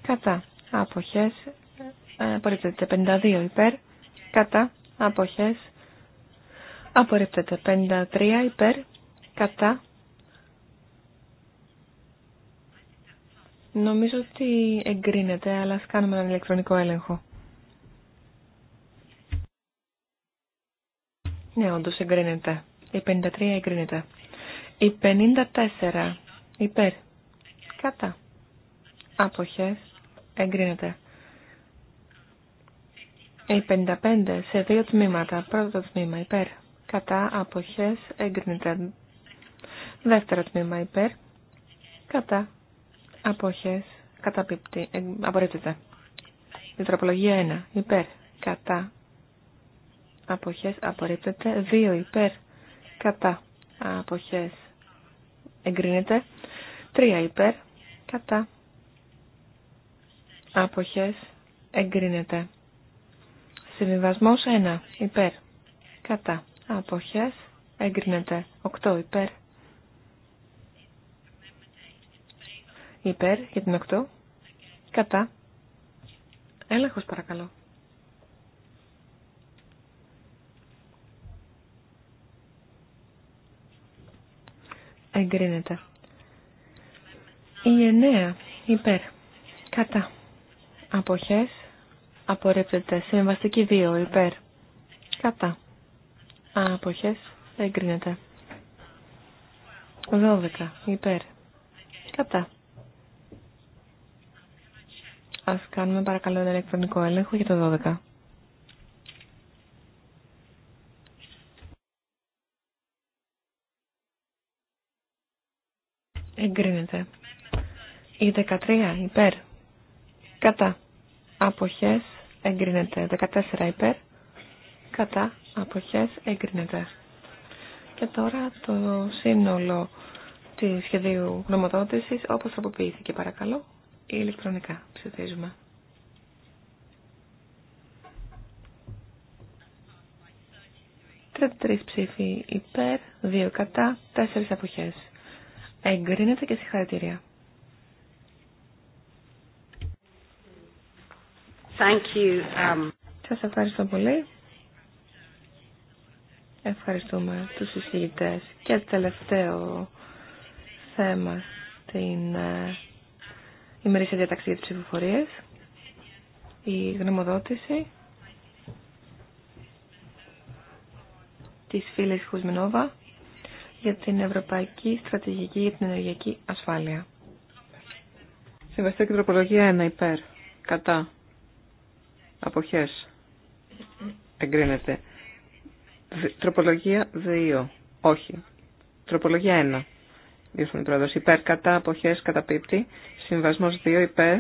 S3: Κατά. Αποχές απορρίπτεται. 52 υπέρ. Κατά. Αποχές Απορρίπτεται. 53 υπέρ. Κατά. Νομίζω ότι εγκρίνεται, αλλά ας κάνουμε έναν ηλεκτρονικό έλεγχο. Ναι, όντως εγκρίνεται. Η 53 εγκρίνεται. Η 54 υπέρ. Κατά. Αποχές εγκρίνεται. Η 55 σε δύο τμήματα. Πρώτο τμήμα υπέρ κατά αποχές εγκρίνεται. Δεύτερο τμήμα υπέρ, κατά αποχές καταπίπτει, ε, απορρίπτεται. Η 1 υπέρ, κατά αποχές απορρίπτεται. 2 υπέρ, κατά αποχές εγκρίνεται. 3 υπέρ, κατά αποχές εγκρίνεται. Συμβιβασμός 1 υπέρ, κατά Αποχές. Έγκρινεται. 8 υπέρ. Υπέρ για την 8. Κατά. Έλεγχος παρακαλώ. Εγκρίνεται. Η εννέα υπέρ. Κατά. Αποχές. Απορρίπτεται. Συμβαστική δύο υπέρ. Κατά. Αποχές εγκρίνεται. 12 υπέρ. Κατά. Ας κάνουμε παρακαλώ ένα ηλεκτρονικό έλεγχο για το 12. Εγκρίνεται. Η 13 υπέρ. Κατά. Αποχές εγκρίνεται. 14 υπέρ κατά αποχές εγκρίνεται. Και τώρα το σύνολο του σχεδίου γνωμοδότησης όπως τροποποιήθηκε παρακαλώ ηλεκτρονικά ψηφίζουμε. Τρεις ψήφοι υπέρ, δύο κατά, τέσσερις αποχές. Εγκρίνεται και συγχαρητήρια.
S1: Thank you. Um... Σας
S3: ευχαριστώ πολύ. Ευχαριστούμε τους συζητητές. Και τελευταίο θέμα στην ε, ημερήσια διαταξή για τις ψηφοφορίες. Η γνωμοδότηση της φίλης Χουσμινόβα για την Ευρωπαϊκή Στρατηγική για την Ενεργειακή Ασφάλεια.
S4: και τροπολογία 1 υπέρ. Κατά. Αποχές. Εγκρίνεται. Τροπολογία 2. Όχι. Τροπολογία 1. Διορθώνει πρόεδρο. Υπέρ, κατά, αποχέ, καταπίπτει. Συμβασμό 2. Υπέρ,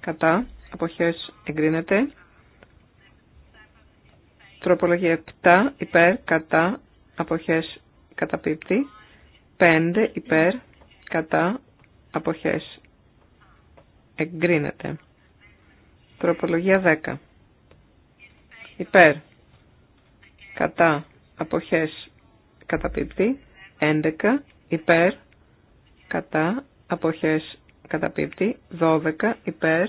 S4: κατά, αποχέ, εγκρίνεται. Τροπολογία 7. Υπέρ, κατά, αποχέ, καταπίπτει. 5. Υπέρ, κατά, αποχέ, εγκρίνεται. Τροπολογία 10. Υπέρ, κατά αποχές καταπίπτει, 11 υπέρ κατά αποχές καταπίπτει, 12 υπέρ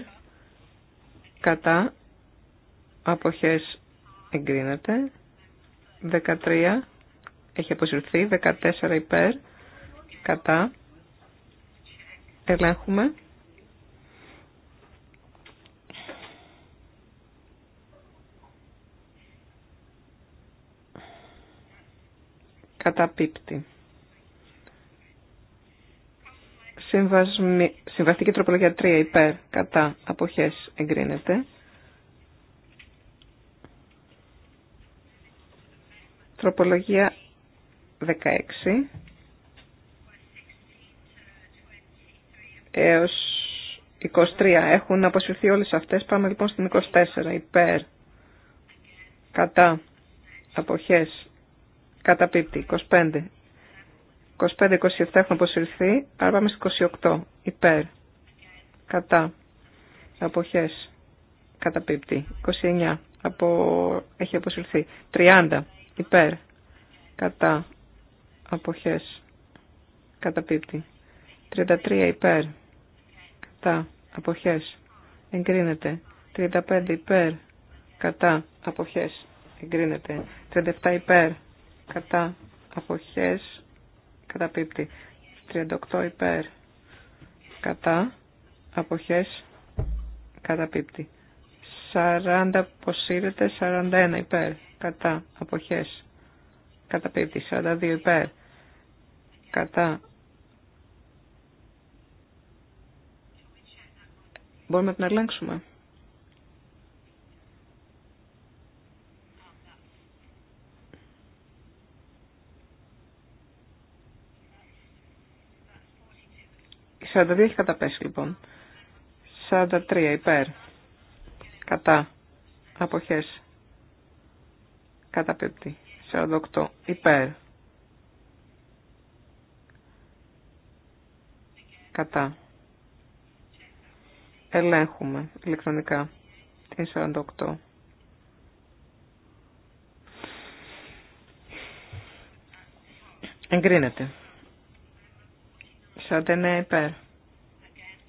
S4: κατά αποχές εγκρίνεται, 13 έχει αποσυρθεί, 14 υπέρ κατά ελέγχουμε Καταπίπτει. Συμβασμι... Συμβαστική τροπολογία 3 υπέρ κατά αποχές εγκρίνεται. Τροπολογία 16 έως 23. Έχουν αποσυρθεί όλες αυτές. Πάμε λοιπόν στην 24. Υπέρ, κατά, αποχές, Καταπίπτει. 25. 25-27 έχουν αποσυρθεί, άρα πάμε 28. Υπέρ. Κατά. Αποχές. Καταπίπτει. 29. Από... Έχει αποσυρθεί. 30. Υπέρ. Κατά. Αποχές. Καταπίπτει. 33. Υπέρ. Κατά. Αποχές. Εγκρίνεται. 35. Υπέρ. Κατά. Αποχές. Εγκρίνεται. 37. Υπέρ κατά αποχές πίπτη 38 υπέρ κατά αποχές καταπίπτει 40 αποσύρεται 41 υπέρ κατά αποχές καταπίπτει 42 υπέρ κατά μπορούμε να την ελέγξουμε 42 έχει καταπέσει λοιπόν. 43 υπέρ. Κατά. Αποχές. Καταπέπτει. 48 υπέρ. Κατά. Ελέγχουμε ηλεκτρονικά την 48. Εγκρίνεται. 49 υπέρ.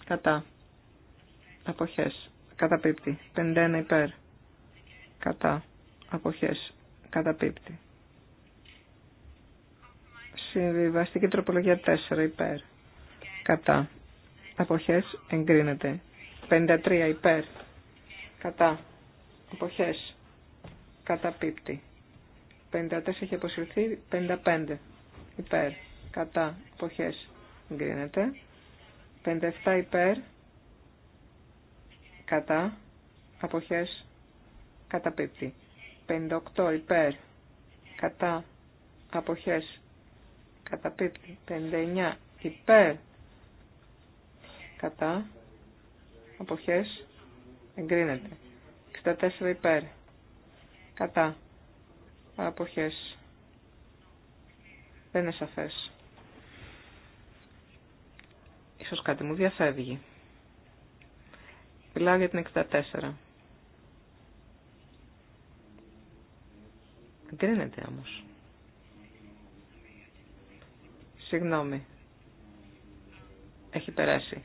S4: Κατά. Αποχές. Καταπίπτει. 51 υπέρ. Κατά. Αποχές. Καταπίπτει. Συμβιβαστική τροπολογία 4 υπέρ. Κατά. Αποχές. Εγκρίνεται. 53 υπέρ. Κατά. Αποχές. Καταπίπτει. 54 έχει αποσυρθεί. 55 υπέρ. Κατά. Αποχές. Εγκρίνεται. 57 υπέρ, κατά, αποχές, καταπίπτει. 58 υπέρ, κατά, αποχές, καταπίπτει. 59 υπέρ, κατά, αποχές, εγκρίνεται. 64 υπέρ, κατά, αποχές, δεν είναι σαφές κάτι μου διαφεύγει. Μιλάω για την 64. Εγκρίνεται όμως. Συγγνώμη. Έχει περάσει.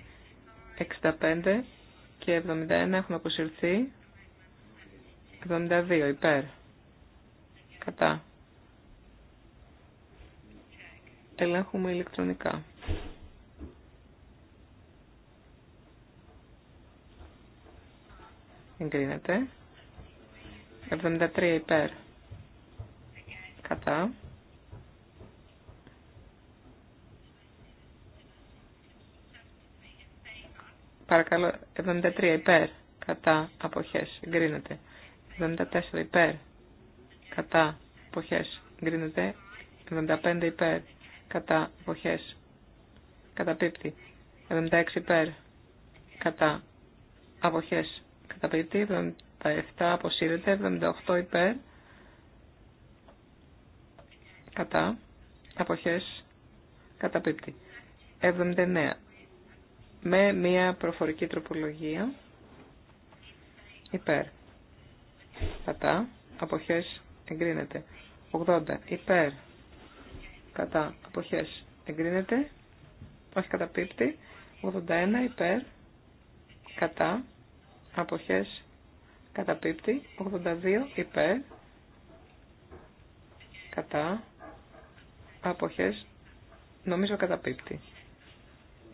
S4: 65 και 71 έχουν αποσυρθεί. 72 υπέρ. Κατά. Ελέγχουμε ηλεκτρονικά. εγκρίνεται. 73 υπέρ κατά. Παρακαλώ, 73 υπέρ κατά αποχές εγκρίνεται. 74 υπέρ κατά αποχές εγκρίνεται. 75 υπέρ κατά αποχές καταπίπτει. 76 υπέρ κατά αποχές 77 αποσύρεται, 78 υπέρ, κατά, αποχές, καταπίπτει. 79 με μία προφορική τροπολογία υπέρ, κατά, αποχές, εγκρίνεται. 80 υπέρ, κατά, αποχές, εγκρίνεται, όχι καταπίπτει, 81 υπέρ, κατά, αποχές καταπίπτει 82 υπέρ κατά αποχές νομίζω καταπίπτει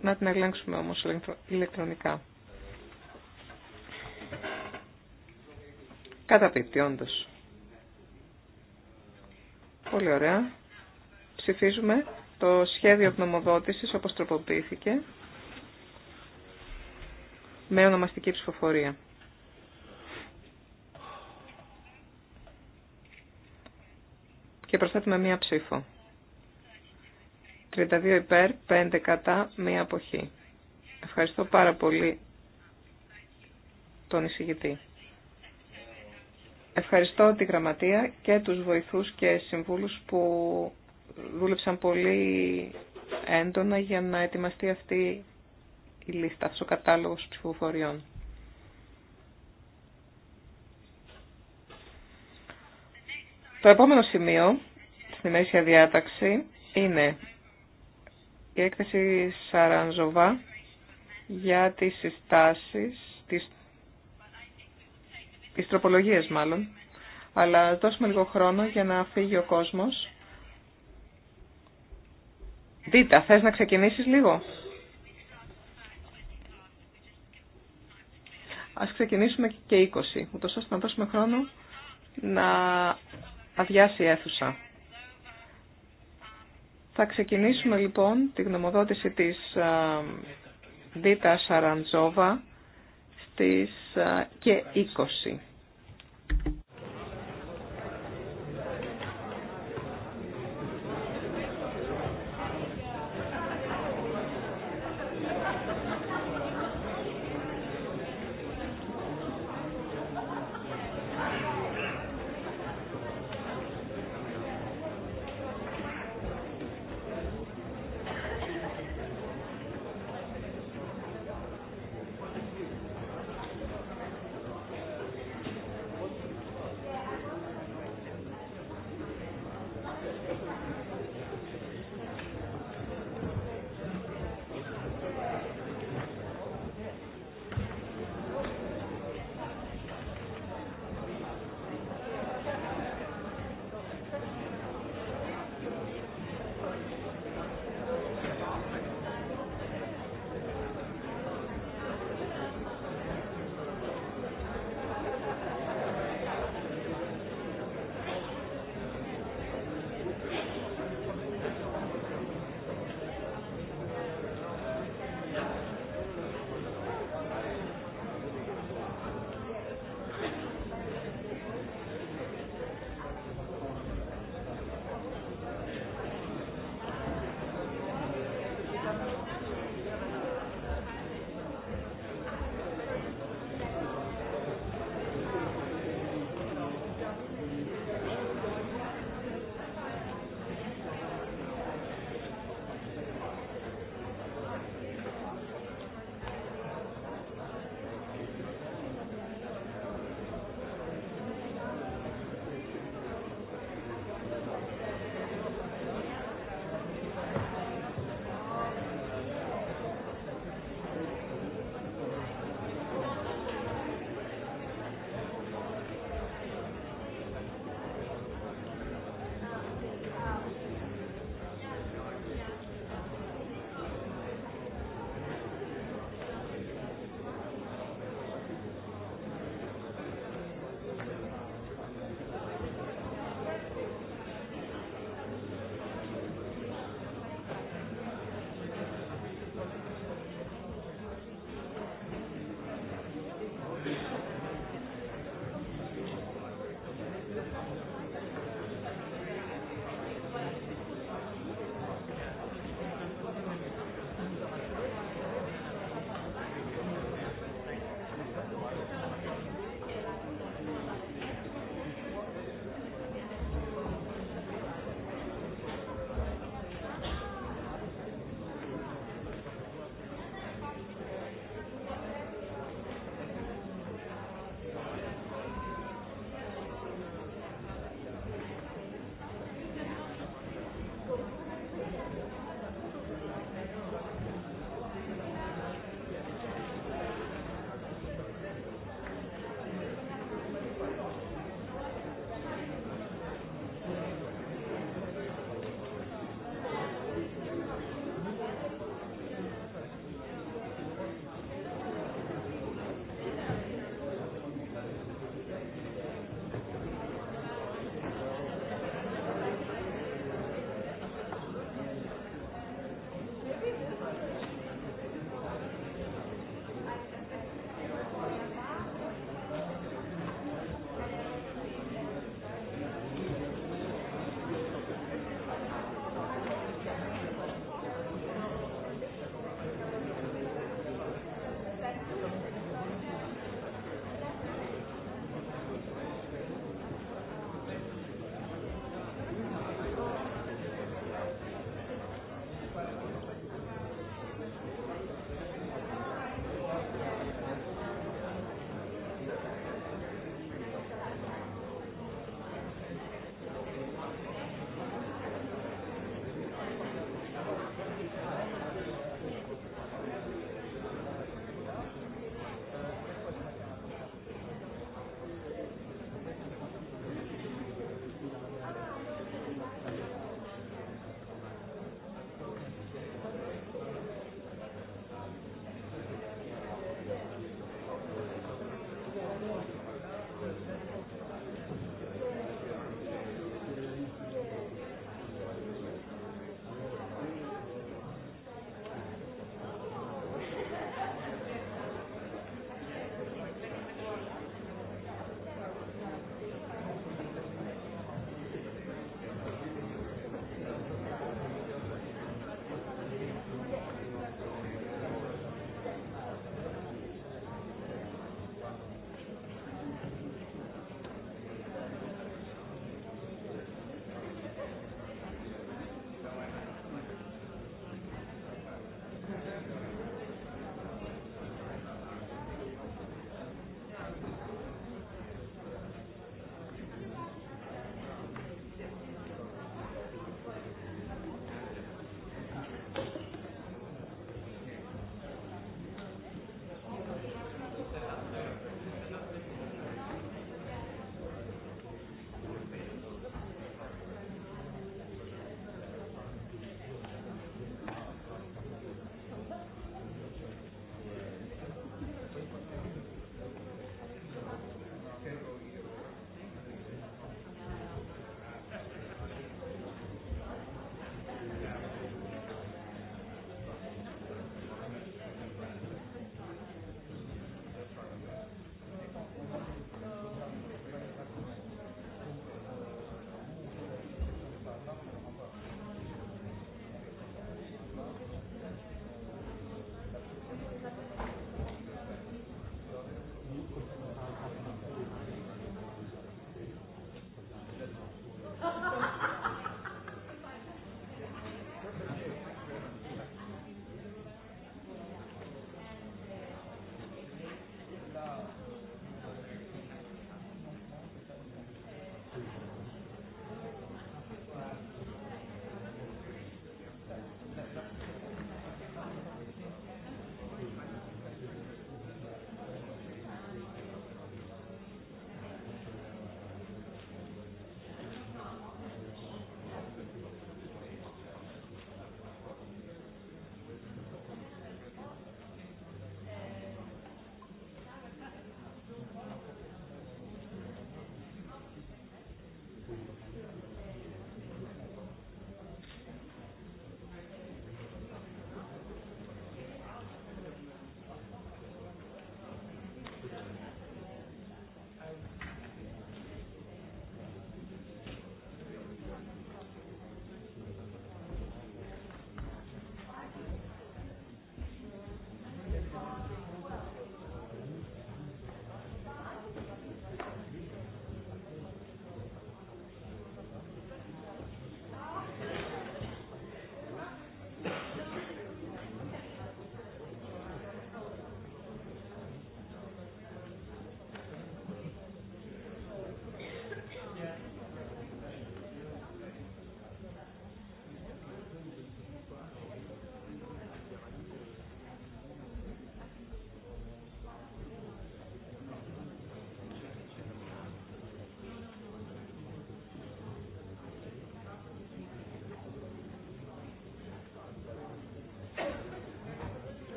S4: να την ελέγξουμε όμως ηλεκτρονικά καταπίπτει όντως πολύ ωραία ψηφίζουμε το σχέδιο πνομοδότησης όπως τροποποιήθηκε με ονομαστική ψηφοφορία. Και προσθέτουμε μία ψήφο. 32 υπέρ, 5 κατά, μία αποχή. Ευχαριστώ πάρα πολύ τον εισηγητή. Ευχαριστώ τη Γραμματεία και τους βοηθούς και συμβούλους που δούλεψαν πολύ έντονα για να ετοιμαστεί αυτή η λίστα, αυτός ο κατάλογος ψηφοφοριών. Το επόμενο σημείο στην ημερήσια διάταξη είναι η έκθεση Σαρανζοβά για τις συστάσεις, τις, τις τροπολογίες μάλλον, αλλά δώσουμε λίγο χρόνο για να φύγει ο κόσμος. Δίτα, θες να ξεκινήσεις λίγο. ας ξεκινήσουμε και 20, ούτως ώστε να δώσουμε χρόνο να αδειάσει η αίθουσα. Θα ξεκινήσουμε λοιπόν τη γνωμοδότηση της Δίτα Σαραντζόβα στις και 20.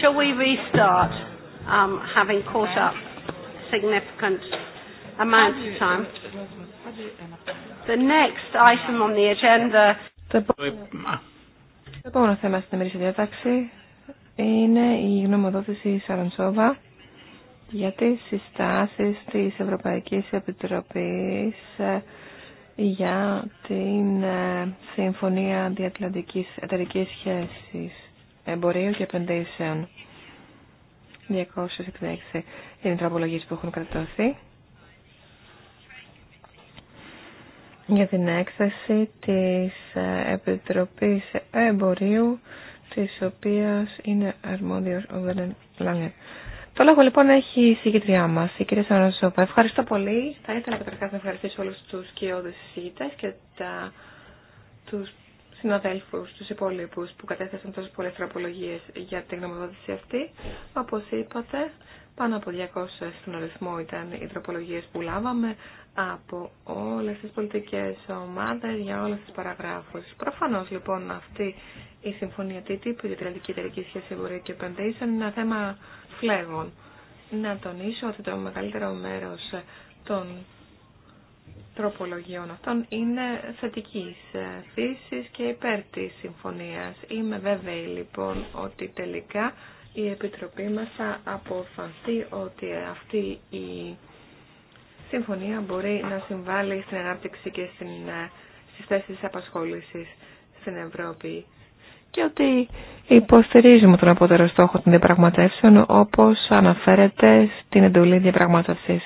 S1: Shall we restart, um, having caught up significant amount of time? The next item on the agenda. Το επόμενο θέμα στην ημερήσια διάταξη
S3: είναι η γνωμοδότηση Σαρανσόβα για τις συστάσεις της Ευρωπαϊκής Επιτροπής ε, για την ε, Συμφωνία Διατλαντικής Εταιρικής Σχέσης εμπορίου και επενδύσεων. 266 είναι οι τροπολογίες που έχουν κρατωθεί. για την έκθεση της ε, Επιτροπής Εμπορίου, της οποίας είναι αρμόδιος ο Βέλεν Λάγκερ. Το λόγο λοιπόν έχει η συγκεκριά μα, η κυρία Ευχαριστώ πολύ. Θα ήθελα καταρχά να ευχαριστήσω όλου του κοιόδου συζητητέ και τα, τους Συναδέλφου του υπόλοιπου που κατέθεσαν τόσε πολλέ τροπολογίες για την γνωμοδότηση αυτή. όπω είπατε, πάνω από 200 στον αριθμό ήταν οι τροπολογίε που λάβαμε από όλες τις πολιτικέ ομάδε για όλες τις παραγράφου. Προφανώ λοιπόν αυτή η συμφωνία TTIP για την εταιρική σχέση εμπορία και επενδύσεων είναι ένα θέμα φλέγων. Να τονίσω ότι το μεγαλύτερο μέρο των τροπολογιών αυτών είναι θετική ε, φύση και υπέρ τη συμφωνία. Είμαι βέβαιη λοιπόν ότι τελικά η Επιτροπή μας θα αποφανθεί ότι αυτή η συμφωνία μπορεί να συμβάλλει στην ανάπτυξη και στην, ε, στις θέσεις απασχόλησης στην Ευρώπη και ότι υποστηρίζουμε τον απότερο στόχο των διαπραγματεύσεων όπως αναφέρεται στην εντολή διαπραγμάτευσης.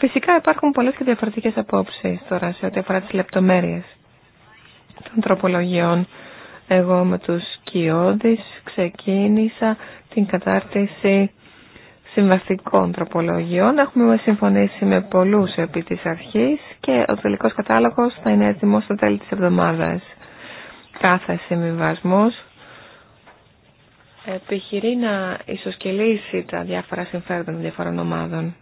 S3: Φυσικά υπάρχουν πολλές και διαφορετικές απόψεις τώρα σε ό,τι αφορά τις λεπτομέρειες των τροπολογιών. Εγώ με τους Κιώδης ξεκίνησα την κατάρτιση συμβαστικών τροπολογιών. Έχουμε συμφωνήσει με πολλούς επί της αρχής και ο τελικός κατάλογος θα είναι έτοιμο στο τέλη της εβδομάδας. Κάθε συμβιβασμό επιχειρεί να ισοσκελίσει τα διάφορα συμφέροντα των διαφορών ομάδων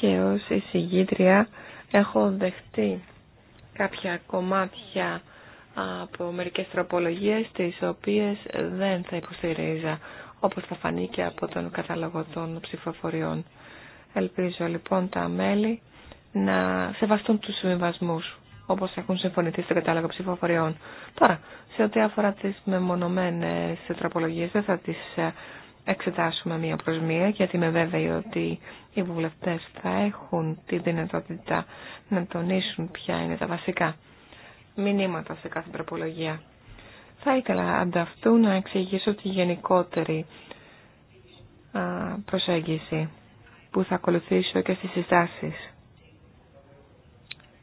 S3: και ως εισηγήτρια έχω δεχτεί κάποια κομμάτια από μερικές τροπολογίες τις οποίες δεν θα υποστηρίζα όπως θα φανεί και από τον κατάλογο των ψηφοφοριών. Ελπίζω λοιπόν τα μέλη να σεβαστούν τους συμβιβασμού όπως έχουν συμφωνηθεί στο κατάλογο ψηφοφοριών. Τώρα, σε ό,τι αφορά τις μεμονωμένες τροπολογίες δεν θα τις ε, εξετάσουμε μία προς μία, γιατί είμαι βέβαιη ότι οι βουλευτές θα έχουν τη δυνατότητα να τονίσουν ποια είναι τα βασικά μηνύματα σε κάθε τροπολογία. Θα ήθελα ανταυτού να εξηγήσω τη γενικότερη προσέγγιση που θα ακολουθήσω και στις συστάσεις.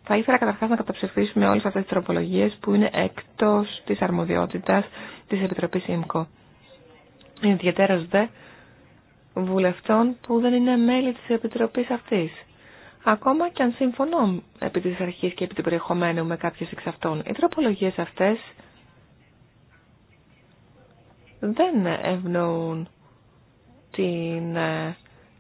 S3: Θα ήθελα καταρχάς να καταψηφίσουμε όλες αυτές τις τροπολογίες που είναι εκτός της αρμοδιότητας της Επιτροπής ΙΜΚΟ ιδιαίτερα δε βουλευτών που δεν είναι μέλη της Επιτροπής αυτής. Ακόμα και αν συμφωνώ επί της αρχής και επί του περιεχομένου με κάποιες εξ αυτών, οι τροπολογίες αυτές δεν ευνοούν την ε,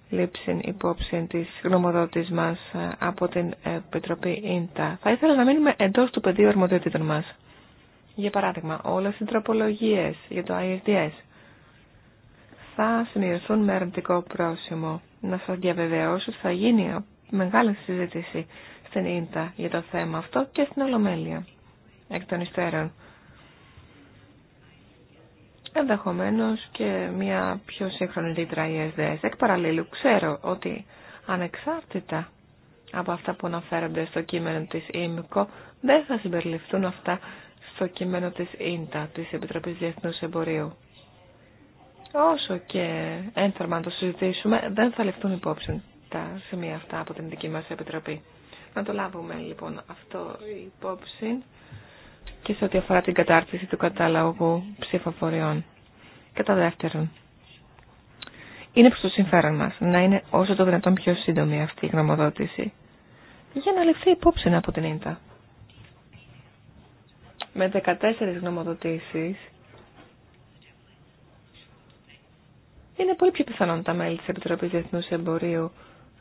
S3: λήψη υπόψη της γνωμοδότης μας ε, από την Επιτροπή ΙΝΤΑ. Θα ήθελα να μείνουμε εντός του πεδίου αρμοδιότητων μας. Για παράδειγμα, όλες οι τροπολογίες για το ISDS θα σημειωθούν με αρνητικό πρόσημο. Να σας διαβεβαιώσω ότι θα γίνει μεγάλη συζήτηση στην ίντα για το θέμα αυτό και στην Ολομέλεια εκ των υστέρων. Ενδεχομένω και μια πιο σύγχρονη η ΕΣΔΕΣ. Εκ παραλλήλου ξέρω ότι ανεξάρτητα από αυτά που αναφέρονται στο κείμενο της ΕΜΚΟ, δεν θα συμπεριληφθούν αυτά στο κείμενο της ΙΝΤΑ, της Επιτροπής Διεθνούς Εμπορίου όσο και ένθερμα να το συζητήσουμε, δεν θα ληφθούν υπόψη τα σημεία αυτά από την δική μας Επιτροπή. Να το λάβουμε λοιπόν αυτό υπόψη και σε ό,τι αφορά την κατάρτιση του κατάλογου ψηφοφοριών. Κατά δεύτερον, είναι προς το συμφέρον μας να είναι όσο το δυνατόν πιο σύντομη αυτή η γνωμοδότηση για να ληφθεί υπόψη από την ίντα. Με 14 γνωμοδοτήσεις είναι πολύ πιο πιθανόν τα μέλη της Επιτροπής Διεθνούς Εμπορίου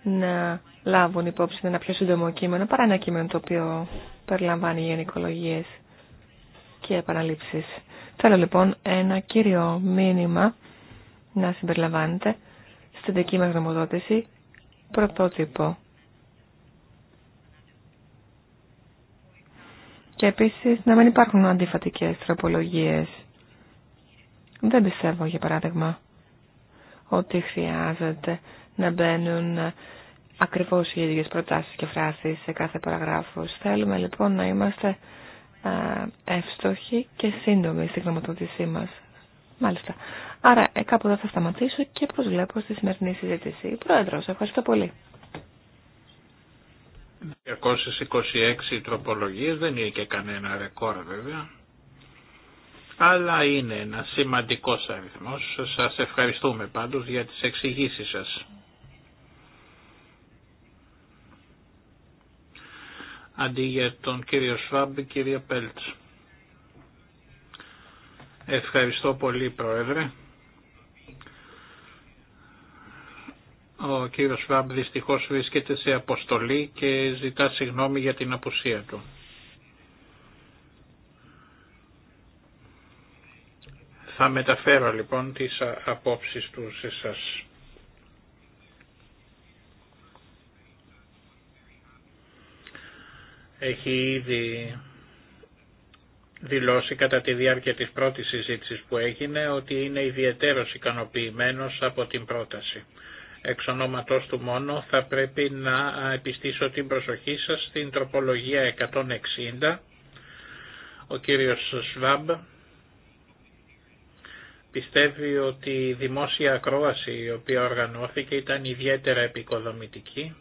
S3: να λάβουν υπόψη ένα πιο σύντομο κείμενο παρά ένα κείμενο το οποίο περιλαμβάνει γενικολογίες και επαναλήψεις. Θέλω λοιπόν ένα κύριο μήνυμα να συμπεριλαμβάνεται στην δική μας γνωμοδότηση πρωτότυπο. Και επίσης να μην υπάρχουν αντιφατικές τροπολογίες. Δεν πιστεύω για παράδειγμα ότι χρειάζεται να μπαίνουν ακριβώς οι ίδιες προτάσεις και φράσεις σε κάθε παραγράφος. Θέλουμε λοιπόν να είμαστε εύστοχοι και σύντομοι στη γνωματοδοτησή μας. Μάλιστα. Άρα ε, κάπου εδώ θα σταματήσω και προσβλέπω στη σημερινή συζήτηση. Πρόεδρος, ευχαριστώ
S4: πολύ.
S2: 226 τροπολογίες δεν είναι και κανένα ρεκόρ βέβαια αλλά είναι ένα σημαντικός αριθμός. Σας ευχαριστούμε πάντως για τις εξηγήσεις σας. Αντί για τον κύριο Σφάμπ, κυρία Πέλτς. Ευχαριστώ πολύ, Πρόεδρε. Ο κύριος Σφάμπ δυστυχώς βρίσκεται σε αποστολή και ζητά συγγνώμη για την απουσία του. Θα μεταφέρω λοιπόν τις απόψεις του σε σας. Έχει ήδη δηλώσει κατά τη διάρκεια της πρώτης συζήτησης που έγινε ότι είναι ιδιαίτερος ικανοποιημένος από την πρόταση. Εξ ονόματός του μόνο θα πρέπει να επιστήσω την προσοχή σας στην τροπολογία 160. Ο κύριος Σβάμπ Πιστεύει ότι η δημόσια ακρόαση η οποία οργανώθηκε ήταν ιδιαίτερα επικοδομητική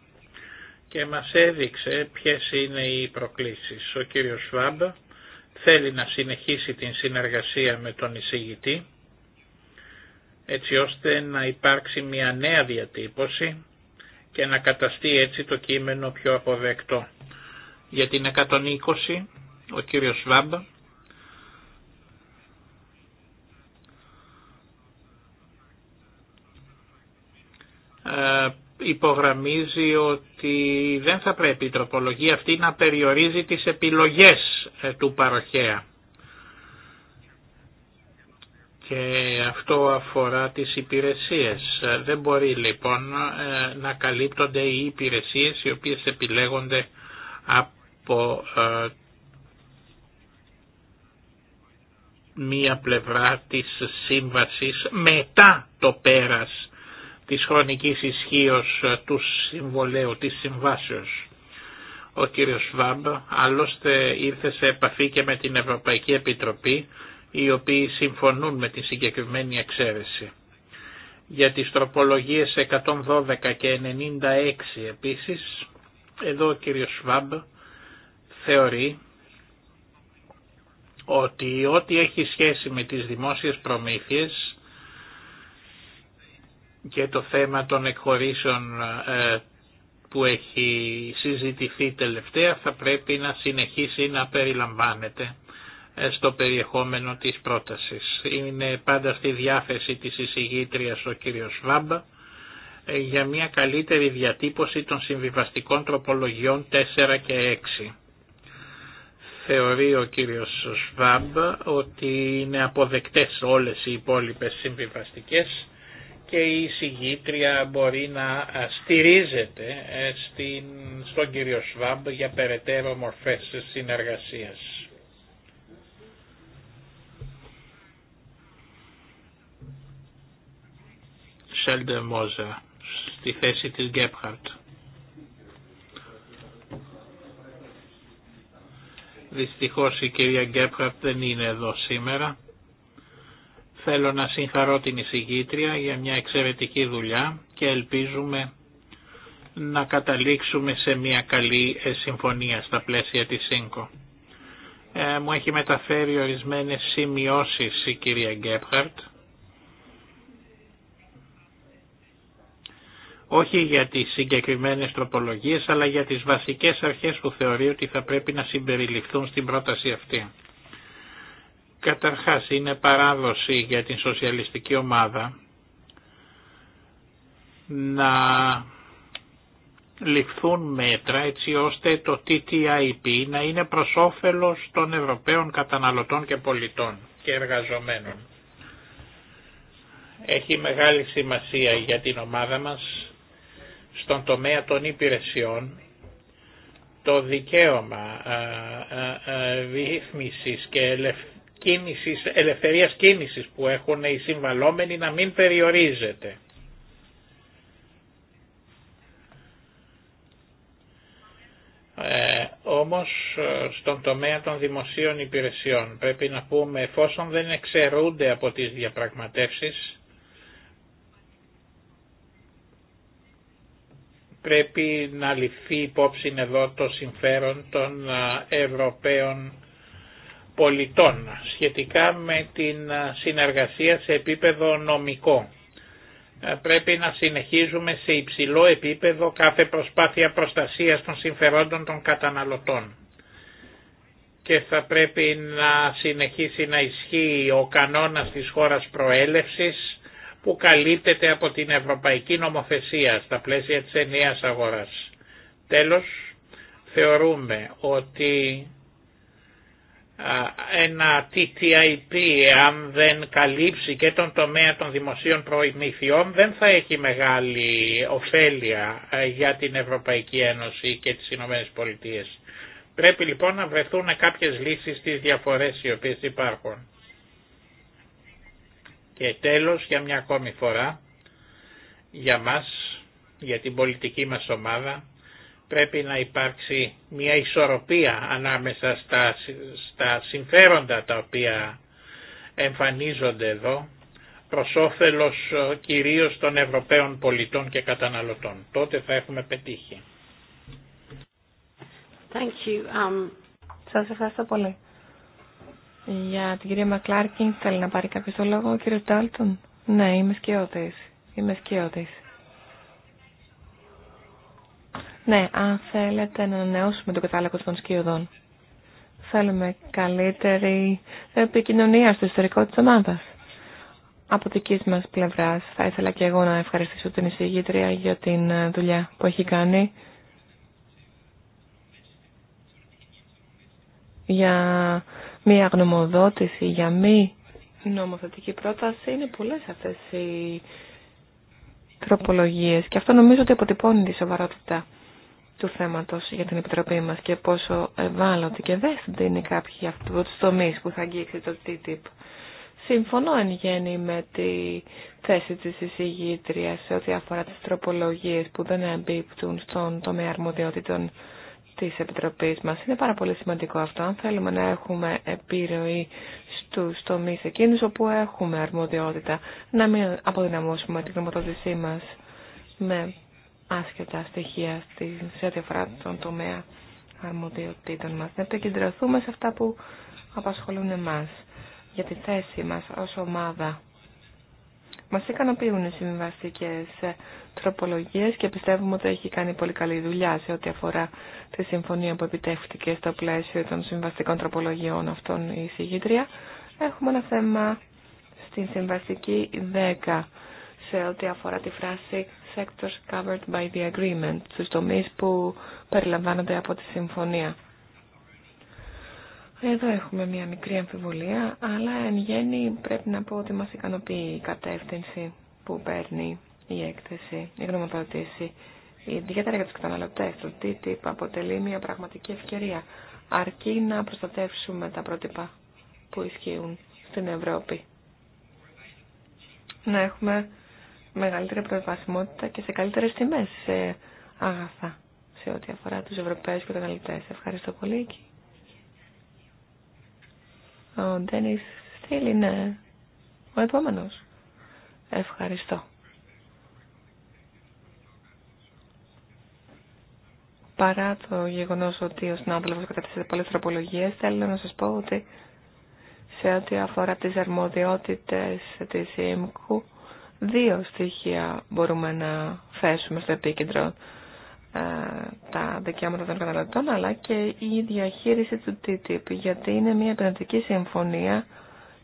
S2: και μας έδειξε ποιες είναι οι προκλήσεις. Ο κύριος Σβάμπ θέλει να συνεχίσει την συνεργασία με τον εισηγητή έτσι ώστε να υπάρξει μια νέα διατύπωση και να καταστεί έτσι το κείμενο πιο αποδεκτό. Για την 120 ο κύριος Σβάμπ Ε, υπογραμμίζει ότι δεν θα πρέπει η τροπολογία αυτή να περιορίζει τις επιλογές ε, του παροχέα. Και αυτό αφορά τις υπηρεσίες. Δεν μπορεί λοιπόν ε, να καλύπτονται οι υπηρεσίες οι οποίες επιλέγονται από μία πλευρά της σύμβασης μετά το πέρας της χρονικής ισχύως ε, του συμβολέου, της συμβάσεως. Ο κύριος Σβάμπ άλλωστε ήρθε σε επαφή και με την Ευρωπαϊκή Επιτροπή οι οποίοι συμφωνούν με τη συγκεκριμένη εξαίρεση. Για τις τροπολογίες 112 και 96 επίσης, εδώ ο κύριος Σβάμπ θεωρεί ότι ό,τι έχει σχέση με τις δημόσιες προμήθειες και το θέμα των εκχωρήσεων ε, που έχει συζητηθεί τελευταία θα πρέπει να συνεχίσει να περιλαμβάνεται ε, στο περιεχόμενο της πρότασης. Είναι πάντα στη διάθεση της εισηγήτριας ο κύριος Βάμπα ε, για μια καλύτερη διατύπωση των συμβιβαστικών τροπολογιών 4 και 6. Θεωρεί ο κύριος Σβάμπ ότι είναι αποδεκτές όλες οι υπόλοιπες συμβιβαστικές και η συγγήτρια μπορεί να ε, στηρίζεται ε, στην, στον κύριο Σβάμπ για περαιτέρω μορφές συνεργασίας. Σέλντε Μόζα στη θέση της Γκέπχαρτ. Δυστυχώς η κυρία Γκέπχαρτ δεν είναι εδώ σήμερα. Θέλω να συγχαρώ την εισηγήτρια για μια εξαιρετική δουλειά και ελπίζουμε να καταλήξουμε σε μια καλή ε, συμφωνία στα πλαίσια της ΣΥΝΚΟ. Ε, μου έχει μεταφέρει ορισμένες σημειώσεις η κυρία Γκέπχαρτ. όχι για τις συγκεκριμένες τροπολογίες αλλά για τις βασικές αρχές που θεωρεί ότι θα πρέπει να συμπεριληφθούν στην πρόταση αυτή. Καταρχάς είναι παράδοση για την σοσιαλιστική ομάδα να ληφθούν μέτρα έτσι ώστε το TTIP να είναι προς όφελος των Ευρωπαίων καταναλωτών και πολιτών και εργαζομένων. Έχει μεγάλη σημασία για την ομάδα μας στον τομέα των υπηρεσιών το δικαίωμα ρύθμισης και ελευθερίας κίνησης, ελευθερίας κίνησης που έχουν οι συμβαλόμενοι να μην περιορίζεται. Ε, όμως ε, στον τομέα των δημοσίων υπηρεσιών πρέπει να πούμε εφόσον δεν εξαιρούνται από τις διαπραγματεύσεις πρέπει να ληφθεί υπόψη εδώ το συμφέρον των ε, Ευρωπαίων πολιτών σχετικά με την συνεργασία σε επίπεδο νομικό. Ε, πρέπει να συνεχίζουμε σε υψηλό επίπεδο κάθε προσπάθεια προστασίας των συμφερόντων των καταναλωτών και θα πρέπει να συνεχίσει να ισχύει ο κανόνας της χώρας προέλευσης που καλύπτεται από την Ευρωπαϊκή Νομοθεσία στα πλαίσια της ενιαίας αγοράς. Τέλος, θεωρούμε ότι ένα TTIP αν δεν καλύψει και τον τομέα των δημοσίων προημήθειών δεν θα έχει μεγάλη ωφέλεια ε, για την Ευρωπαϊκή Ένωση και τις Ηνωμένες Πολιτείες. Πρέπει λοιπόν να βρεθούν κάποιες λύσεις στις διαφορές οι οποίες υπάρχουν. Και τέλος για μια ακόμη φορά για μας, για την πολιτική μας ομάδα, πρέπει να υπάρξει μια ισορροπία ανάμεσα στα, στα συμφέροντα τα οποία εμφανίζονται εδώ προς όφελος ε, κυρίως των Ευρωπαίων πολιτών και καταναλωτών. Τότε θα έχουμε πετύχει.
S1: Thank um, Σας ευχαριστώ πολύ.
S3: Για την κυρία Μακλάρκιν θέλει να πάρει κάποιο το λόγο. Ο κύριος Ναι, είμαι σκιώτης. Είμαι σκιώτης. Ναι, αν θέλετε να ανανεώσουμε το κατάλογο των σκιωδών. Θέλουμε καλύτερη επικοινωνία στο ιστορικό της ομάδας. Από δική μα πλευρά θα ήθελα και εγώ να ευχαριστήσω την εισηγήτρια για την ε, δουλειά που έχει κάνει. Για μία γνωμοδότηση, για μη νομοθετική πρόταση είναι πολλέ αυτές οι τροπολογίες και αυτό νομίζω ότι αποτυπώνει τη σοβαρότητα του θέματος για την Επιτροπή μας και πόσο ευάλωτη και δέστητη είναι κάποιοι αυτού του τομεί που θα αγγίξει το TTIP. Συμφωνώ εν γέννη με τη θέση της εισηγήτριας σε ό,τι αφορά τις τροπολογίες που δεν εμπίπτουν στον τομέα αρμοδιότητων της Επιτροπής μας. Είναι πάρα πολύ σημαντικό αυτό. Αν θέλουμε να έχουμε επιρροή στους τομείς εκείνους όπου έχουμε αρμοδιότητα, να μην αποδυναμώσουμε την γνωμοτοδησή μας με άσχετα στοιχεία σε ό,τι αφορά τον τομέα αρμοδιοτήτων μας. Να επικεντρωθούμε σε αυτά που απασχολούν εμάς, για τη θέση μας ως ομάδα. Μας ικανοποιούν οι συμβαστικές τροπολογίες και πιστεύουμε ότι έχει κάνει πολύ καλή δουλειά σε ό,τι αφορά τη συμφωνία που επιτεύχθηκε στο πλαίσιο των συμβαστικών τροπολογιών αυτών η συγγήτρια. Έχουμε ένα θέμα στην συμβαστική 10 σε ό,τι αφορά τη φράση sectors covered by the agreement, στους τομείς που περιλαμβάνονται από τη συμφωνία. Εδώ έχουμε μια μικρή αμφιβολία, αλλά εν γέννη πρέπει να πω ότι μας ικανοποιεί η κατεύθυνση που παίρνει η έκθεση, η γνωμοδότηση. Ιδιαίτερα για τους καταναλωτές, το TTIP αποτελεί μια πραγματική ευκαιρία, αρκεί να προστατεύσουμε τα πρότυπα που ισχύουν στην Ευρώπη. Να έχουμε μεγαλύτερη προσβασιμότητα και σε καλύτερε τιμέ σε αγαθά σε ό,τι αφορά τους Ευρωπαίους καταναλωτέ. Ευχαριστώ πολύ. Ο Ντένις Στήλ είναι ο επόμενο. Ευχαριστώ. Παρά το γεγονό ότι ο συνάδελφο κατέθεσε πολλέ τροπολογίε. θέλω να σα πω ότι σε ό,τι αφορά τι αρμοδιότητε τη ΕΜΚΟΥ, Δύο στοιχεία μπορούμε να θέσουμε στο επίκεντρο ε, τα δικαιώματα των καταναλωτών αλλά και η διαχείριση του TTIP γιατί είναι μια επενδυτική συμφωνία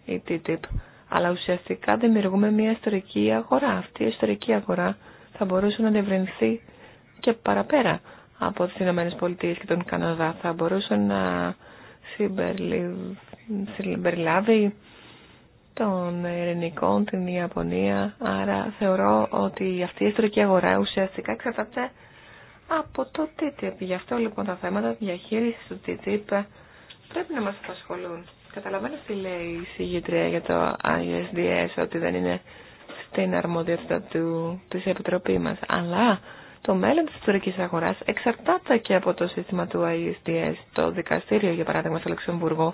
S3: η TTIP αλλά ουσιαστικά δημιουργούμε μια ιστορική αγορά. Αυτή η ιστορική αγορά θα μπορούσε να διευρυνθεί και παραπέρα από τις Ηνωμένες Πολιτείες και τον Καναδά. Θα μπορούσε να συμπεριλάβει των ειρηνικών, την Ιαπωνία. Άρα θεωρώ ότι αυτή η ιστορική αγορά ουσιαστικά εξαρτάται από το TTIP. Γι' αυτό λοιπόν τα θέματα διαχείρισης του TTIP πρέπει να μας απασχολούν. Καταλαβαίνω τι λέει η συγγετρία για το ISDS ότι δεν είναι στην αρμοδιότητα του, της Επιτροπή μας. Αλλά το μέλλον της ιστορικής αγοράς εξαρτάται και από το σύστημα του ISDS. Το δικαστήριο, για παράδειγμα, στο Λεξεμβουργό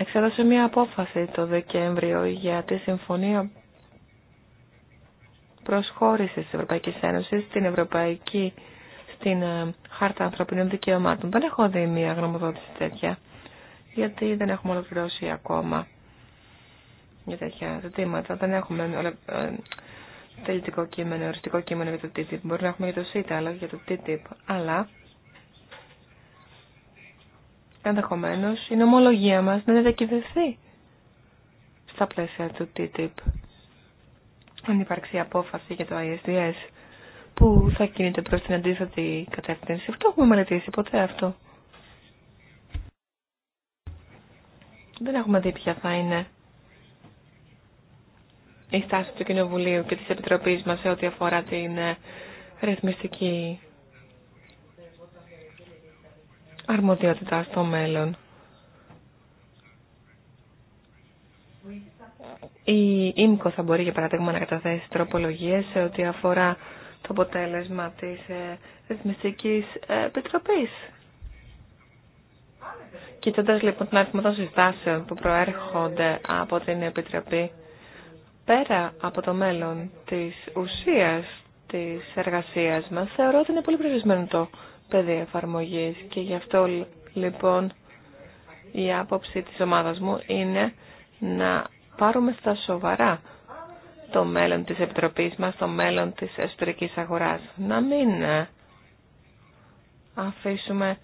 S3: εξέδωσε μια απόφαση το Δεκέμβριο για τη Συμφωνία Προσχώρησης της Ευρωπαϊκής Ένωσης στην Ευρωπαϊκή στην ε, Χάρτα Ανθρωπινών Δικαιωμάτων. Δεν έχω δει μια γνωμοδότηση τέτοια, γιατί δεν έχουμε ολοκληρώσει ακόμα για τέτοια ζητήματα. Δεν έχουμε ε, ε, τελειωτικό κείμενο, οριστικό κείμενο για το TTIP. Μπορεί να έχουμε για το CETA, αλλά για το TTIP. Αλλά ενδεχομένω η νομολογία μας να διακυβευθεί στα πλαίσια του TTIP. Αν υπάρξει απόφαση για το ISDS που θα κινείται προ την αντίθετη κατεύθυνση. Αυτό έχουμε μελετήσει ποτέ αυτό. Δεν έχουμε δει ποια θα είναι η στάση του Κοινοβουλίου και της Επιτροπής μας σε ό,τι αφορά την ε, ρυθμιστική
S1: αρμοδιότητα στο
S3: μέλλον. Η ΙΜΚΟ θα μπορεί για παράδειγμα να καταθέσει τροπολογίες σε ό,τι αφορά το αποτέλεσμα της ε, Ρυθμιστικής ε, Επιτροπής. Κοιτώντα λοιπόν την αριθμό των συστάσεων που προέρχονται από την Επιτροπή, πέρα από το μέλλον της ουσίας της εργασίας μας, θεωρώ ότι είναι πολύ προσβεσμένο το πεδίο εφαρμογή. και γι' αυτό λοιπόν η άποψη της ομάδας μου είναι να πάρουμε στα σοβαρά το μέλλον της Επιτροπής μας, το μέλλον της εσωτερικής αγοράς. Να μην ε, αφήσουμε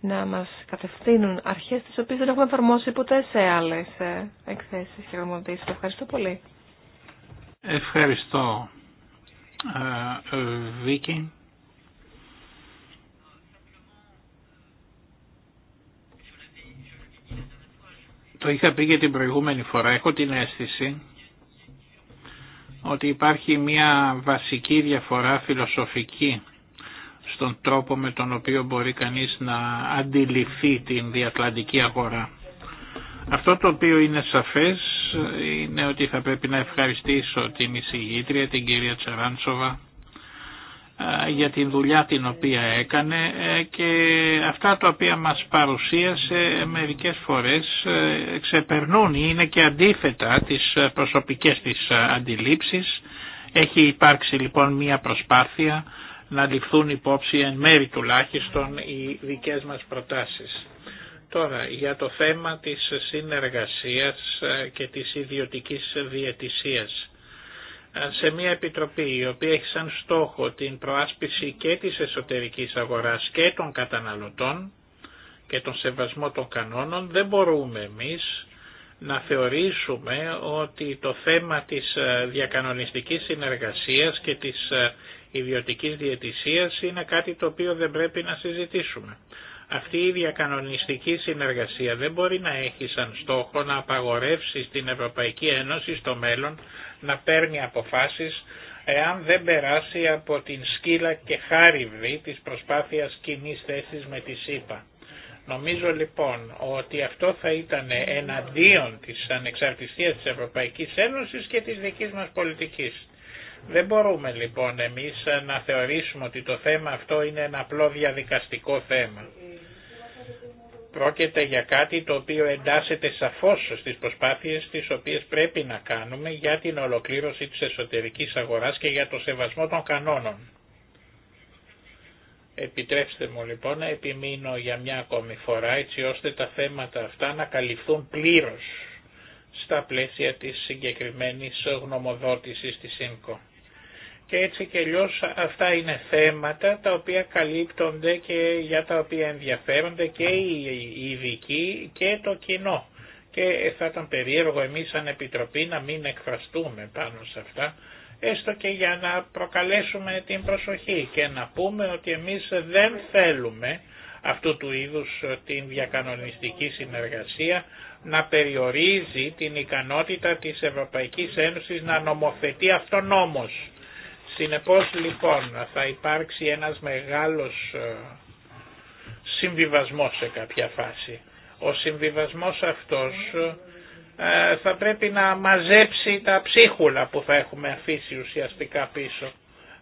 S3: να μας κατευθύνουν αρχές τις οποίες δεν έχουμε εφαρμόσει ποτέ σε άλλες ε, εκθέσεις και γνωμοδίσεις.
S4: Ευχαριστώ πολύ.
S2: Ευχαριστώ, ε, Βίκη. Το είχα πει και την προηγούμενη φορά. Έχω την αίσθηση ότι υπάρχει μια βασική διαφορά φιλοσοφική στον τρόπο με τον οποίο μπορεί κανείς να αντιληφθεί την διατλαντική αγορά. Αυτό το οποίο είναι σαφές είναι ότι θα πρέπει να ευχαριστήσω την εισηγήτρια, την κυρία Τσαράντσοβα, για την δουλειά την οποία έκανε ε, και αυτά τα οποία μας παρουσίασε μερικές φορές ε, ξεπερνούν ή είναι και αντίθετα τις προσωπικές της αντιλήψεις. Έχει υπάρξει λοιπόν μία προσπάθεια να ληφθούν υπόψη εν μέρη τουλάχιστον οι δικές μας προτάσεις. Τώρα για το θέμα της συνεργασίας ε, και της ιδιωτικής διαιτησίας ε, σε μια επιτροπή η οποία έχει σαν στόχο την προάσπιση και της εσωτερικής αγοράς και των καταναλωτών και τον σεβασμό των κανόνων δεν μπορούμε εμείς να θεωρήσουμε ότι το θέμα της ε, διακανονιστικής συνεργασίας και της ε, ιδιωτικής διαιτησίας είναι κάτι το οποίο δεν πρέπει να συζητήσουμε. Αυτή η διακανονιστική συνεργασία δεν μπορεί να έχει σαν στόχο να απαγορεύσει στην Ευρωπαϊκή Ένωση στο μέλλον να παίρνει αποφάσεις εάν δεν περάσει από την σκύλα και χάριβη της προσπάθειας κοινή θέσης με τη ΣΥΠΑ. Νομίζω λοιπόν ότι αυτό θα ήταν εναντίον της ανεξαρτησίας της Ευρωπαϊκής Ένωσης και της δικής μας πολιτικής. Δεν μπορούμε λοιπόν εμείς να θεωρήσουμε ότι το θέμα αυτό είναι ένα απλό διαδικαστικό θέμα. Πρόκειται για κάτι το οποίο εντάσσεται σαφώς στις προσπάθειες τις οποίες πρέπει να κάνουμε για την ολοκλήρωση της εσωτερικής αγοράς και για το σεβασμό των κανόνων. Επιτρέψτε μου λοιπόν να επιμείνω για μια ακόμη φορά έτσι ώστε τα θέματα αυτά να καλυφθούν πλήρως στα πλαίσια της συγκεκριμένης γνωμοδότησης της ΣΥΜΚΟ. Και έτσι και αυτά είναι θέματα τα οποία καλύπτονται και για τα οποία ενδιαφέρονται και οι ειδικοί και το κοινό. Και θα ήταν περίεργο εμείς σαν Επιτροπή να μην εκφραστούμε πάνω σε αυτά, έστω και για να προκαλέσουμε την προσοχή και να πούμε ότι εμείς δεν θέλουμε αυτού του είδους την διακανονιστική συνεργασία να περιορίζει την ικανότητα της Ευρωπαϊκής Ένωσης να νομοθετεί αυτόν αυτονόμως. Συνεπώς λοιπόν θα υπάρξει ένας μεγάλος ε, συμβιβασμός σε κάποια φάση. Ο συμβιβασμός αυτός ε, θα πρέπει να μαζέψει τα ψίχουλα που θα έχουμε αφήσει ουσιαστικά πίσω.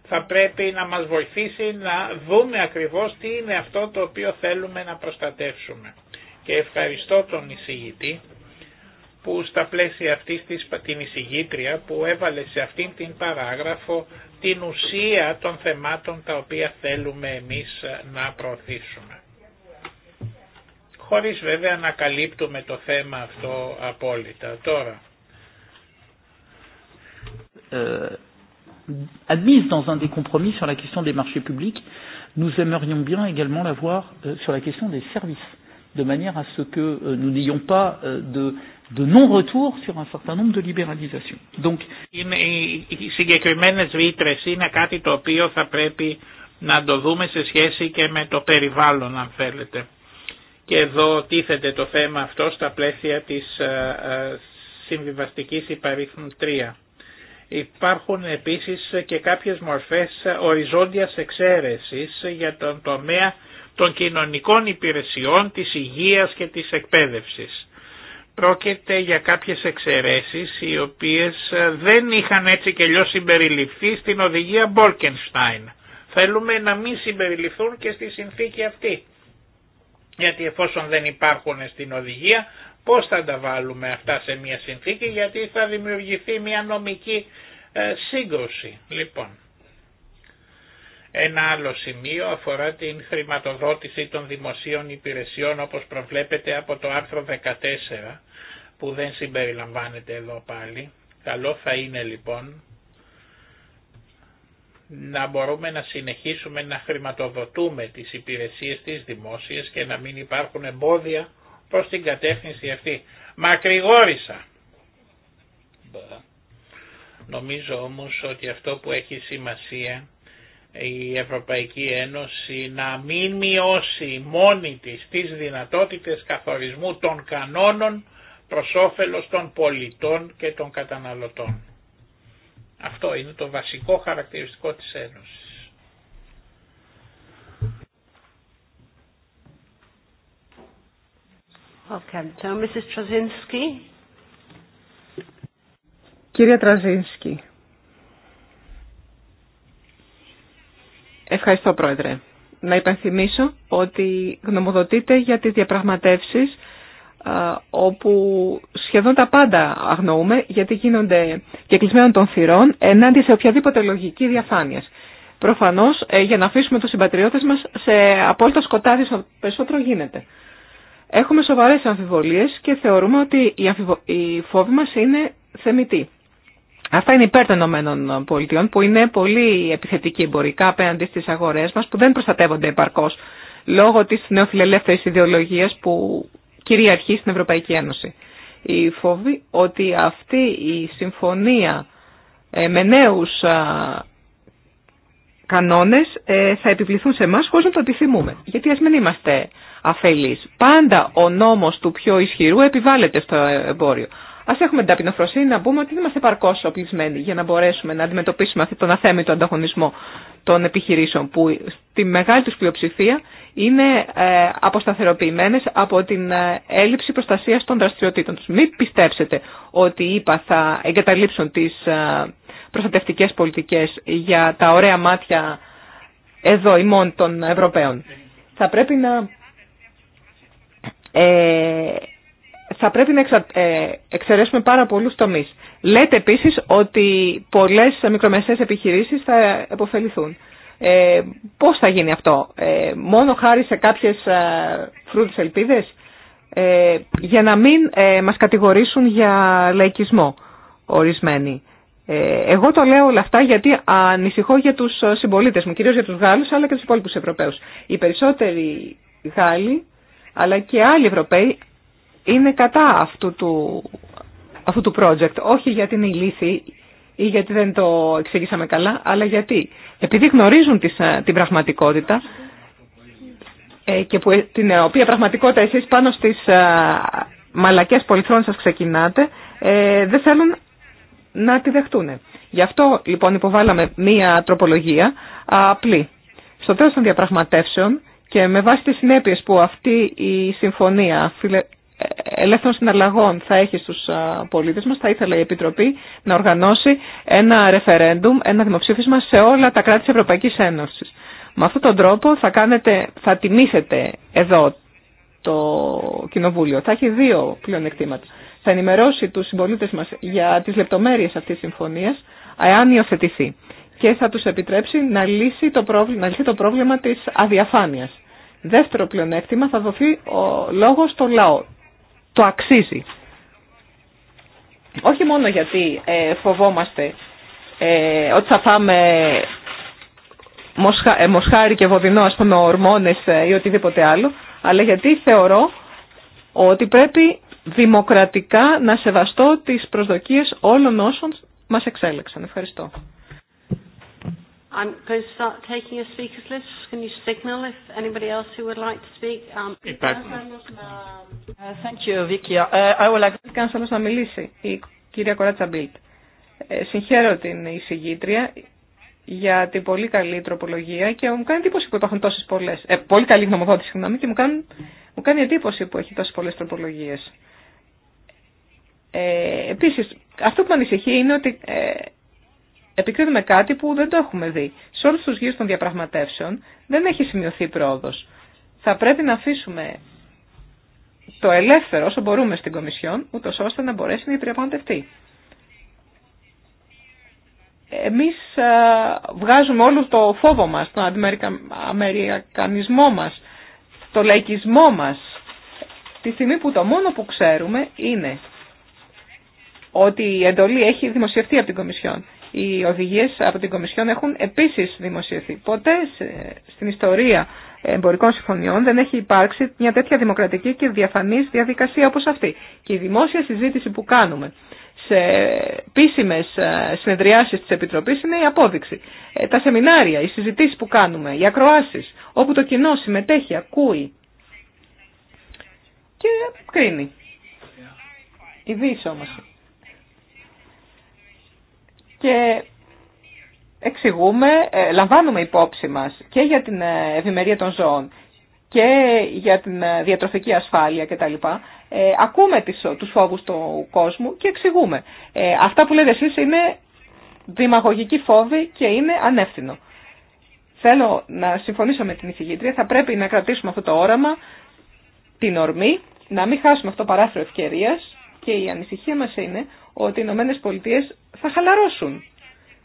S2: Θα πρέπει να μας βοηθήσει να δούμε ακριβώς τι είναι αυτό το οποίο θέλουμε να προστατεύσουμε και ευχαριστώ τον εισηγητή που στα πλαίσια αυτής της, την εισηγήτρια που έβαλε σε αυτήν την παράγραφο την ουσία των θεμάτων τα οποία θέλουμε εμείς ε, να προωθήσουμε. Χωρίς βέβαια να καλύπτουμε το θέμα αυτό απόλυτα. Τώρα,
S5: ε, admise dans un des compromis sur la question des marchés publics, nous aimerions bien également la voir euh, sur la question des services de manière à ce que euh, nous n'ayons pas euh, de de non-retour sur un certain nombre de liberalisations. Donc,
S2: οι ε, ε, είναι κάτι το οποίο θα πρέπει να το δούμε σε σχέση και με το περιβάλλον αν θέλετε. Και εδώ τίθεται το θέμα αυτό στα πλαίσια της ε, συμβιβαστικής υπαρήθμου 3. Υπάρχουν επίσης και κάποιες μορφές οριζόντιας εξαίρεσης για τον τομέα των κοινωνικών υπηρεσιών, της υγείας και της εκπαίδευσης. Πρόκειται για κάποιες εξαιρέσεις οι οποίες ε, δεν είχαν έτσι και λιώς συμπεριληφθεί στην οδηγία Μπόλκενστάιν. Θέλουμε να μην συμπεριληφθούν και στη συνθήκη αυτή. Γιατί εφόσον δεν υπάρχουν στην οδηγία, πώς θα τα βάλουμε αυτά σε μια συνθήκη, γιατί θα δημιουργηθεί μια νομική ε, σύγκρουση. Λοιπόν, ένα άλλο σημείο αφορά την χρηματοδότηση των δημοσίων υπηρεσιών όπως προβλέπεται από το άρθρο 14 που δεν συμπεριλαμβάνεται εδώ πάλι. Καλό θα είναι λοιπόν να μπορούμε να συνεχίσουμε να χρηματοδοτούμε τις υπηρεσίες της δημόσιας και να μην υπάρχουν εμπόδια προς την κατεύθυνση αυτή. Μακρηγόρησα. Νομίζω όμως ότι αυτό που έχει σημασία η Ευρωπαϊκή Ένωση να μην μειώσει μόνη της τις δυνατότητες καθορισμού των κανόνων προς όφελος των πολιτών και των καταναλωτών. Αυτό είναι το βασικό χαρακτηριστικό της Ένωσης.
S4: Κύριε Τραζίνσκι, Ευχαριστώ, Πρόεδρε. Να υπενθυμίσω ότι γνωμοδοτείται για τις διαπραγματεύσεις όπου σχεδόν τα πάντα αγνοούμε γιατί γίνονται και κλεισμένων των θυρών ενάντια σε οποιαδήποτε λογική διαφάνειας. Προφανώς ε, για να αφήσουμε τους συμπατριώτες μας σε απόλυτο σκοτάδι όσο περισσότερο γίνεται. Έχουμε σοβαρές αμφιβολίες και θεωρούμε ότι οι φόβοι μας είναι θεμητοί. Αυτά είναι υπέρ των Πολιτειών που είναι πολύ επιθετικοί εμπορικά απέναντι στι αγορές μας που δεν προστατεύονται επαρκώ λόγω της νεοφιλελεύθερης ιδεολογίας που κυριαρχεί στην Ευρωπαϊκή Ένωση. Η φόβη ότι αυτή η συμφωνία ε, με νέους κανόνες ε, θα επιβληθούν σε εμά χωρί να το επιθυμούμε. Γιατί α μην είμαστε αφελεί. Πάντα ο νόμο του πιο ισχυρού επιβάλλεται στο εμπόριο. Α έχουμε την ταπεινοφροσύνη να πούμε ότι δεν είμαστε παρκώ οπλισμένοι για να μπορέσουμε να αντιμετωπίσουμε αυτόν τον αθέμητο ανταγωνισμό των επιχειρήσεων που στη μεγάλη του πλειοψηφία είναι ε, αποσταθεροποιημένε από την ε, έλλειψη προστασία των δραστηριοτήτων του. Μην πιστέψετε ότι είπα ΗΠΑ θα εγκαταλείψουν τι ε, προστατευτικέ πολιτικέ για τα ωραία μάτια εδώ ημών των Ευρωπαίων. Θα πρέπει να θα πρέπει να εξα... Ε, εξαιρέσουμε πάρα πολλούς τομείς. Λέτε επίσης ότι πολλές μικρομεσαίες επιχειρήσεις θα επωφεληθούν. Ε, πώς θα γίνει αυτό, ε, μόνο χάρη σε κάποιες ε, φρούτες ελπίδες, ε, για να μην ε, μας κατηγορήσουν για λαϊκισμό ορισμένοι. Ε, εγώ το λέω όλα αυτά γιατί ανησυχώ για τους ε, συμπολίτες μου, κυρίως για τους Γάλλους αλλά και τους υπόλοιπους Ευρωπαίους. Οι περισσότεροι Γάλλοι αλλά και άλλοι Ευρωπαίοι είναι κατά αυτού του, αυτού του project. Όχι γιατί είναι ηλίθιοι ή γιατί δεν το εξήγησαμε καλά, αλλά γιατί. Επειδή γνωρίζουν ε, την πραγματικότητα ε, και που, ε, την οποία πραγματικότητα εσείς πάνω στις μαλακές πολυθρόνες σας ξεκινάτε, δεν θέλουν να τη δεχτούν. Γι' αυτό λοιπόν υποβάλαμε μία τροπολογία απλή. Στο τέλος των διαπραγματεύσεων και με βάση τις συνέπειες που αυτή η συμφωνία ελεύθερων συναλλαγών θα έχει στους πολίτες μας, θα ήθελα η Επιτροπή να οργανώσει ένα ρεφερέντουμ, ένα δημοψήφισμα σε όλα τα κράτη της Ευρωπαϊκής Ένωσης. Με αυτόν τον τρόπο θα, κάνετε, θα τιμήσετε εδώ το Κοινοβούλιο. Θα έχει δύο πλεονεκτήματα. Θα ενημερώσει τους συμπολίτες μας για τις λεπτομέρειες αυτής της συμφωνίας, αν υιοθετηθεί. Και θα τους επιτρέψει να λύσει το πρόβλημα, να λύσει το πρόβλημα της αδιαφάνειας. Δεύτερο πλεονέκτημα θα δοθεί ο λόγος στο λαό, το αξίζει. Όχι μόνο γιατί ε, φοβόμαστε ε, ότι θα φάμε ε, μοσχάρι και βοδινό, ας πούμε, ορμόνες ή οτιδήποτε άλλο, αλλά γιατί θεωρώ ότι πρέπει δημοκρατικά να σεβαστώ τις προσδοκίες όλων όσων μας εξέλεξαν. Ευχαριστώ.
S1: I'm going to start taking a speakers list. Can you signal if anybody else who would like to speak? Um, Uh, thank
S4: you, Vicky. Uh, I would like to κάνω να μιλήσει η κυρία Κοράτσα Μπίλτ. Ε, συγχαίρω την εισηγήτρια για την πολύ καλή τροπολογία και μου κάνει εντύπωση που έχουν τόσες πολλές. Ε, πολύ καλή γνωμοδότηση, συγγνώμη, και μου, κάνουν, μου κάνει εντύπωση που έχει τόσες πολλές τροπολογίες. Ε, επίσης, αυτό που με ανησυχεί είναι ότι ε, επικρίνουμε κάτι που δεν το έχουμε δει. Σε όλου του γύρου των διαπραγματεύσεων δεν έχει σημειωθεί πρόοδο. Θα πρέπει να αφήσουμε το ελεύθερο όσο μπορούμε στην Κομισιόν, ούτω ώστε να μπορέσει να διαπραγματευτεί. Εμεί βγάζουμε όλο το φόβο μας, τον αμερικανισμό μας, το λαϊκισμό μας, τη στιγμή που το μόνο που ξέρουμε είναι ότι η εντολή έχει δημοσιευτεί από την Κομισιόν οι οδηγίες από την Κομισιόν έχουν επίσης δημοσιευθεί. Ποτέ στην ιστορία εμπορικών συμφωνιών δεν έχει υπάρξει μια τέτοια δημοκρατική και διαφανής διαδικασία όπως αυτή. Και η δημόσια συζήτηση που κάνουμε σε επίσημε ε, συνεδριάσεις της Επιτροπής είναι η απόδειξη. Ε, τα σεμινάρια, οι συζητήσεις που κάνουμε, οι ακροάσεις, όπου το κοινό συμμετέχει, ακούει και κρίνει. Η δύση όμως και εξηγούμε, ε, λαμβάνουμε υπόψη μας και για την ε, ευημερία των ζώων και για την ε, διατροφική ασφάλεια κτλ. Ε, ακούμε τις, τους φόβους του κόσμου και εξηγούμε. αυτά που λέτε εσείς είναι δημαγωγική φόβη και είναι ανεύθυνο. Θέλω να συμφωνήσω με την ηθηγήτρια, θα πρέπει να κρατήσουμε αυτό το όραμα, την ορμή, να μην χάσουμε αυτό το παράθυρο ευκαιρίας και η ανησυχία μας είναι ότι οι Ηνωμένε Πολιτείε θα χαλαρώσουν.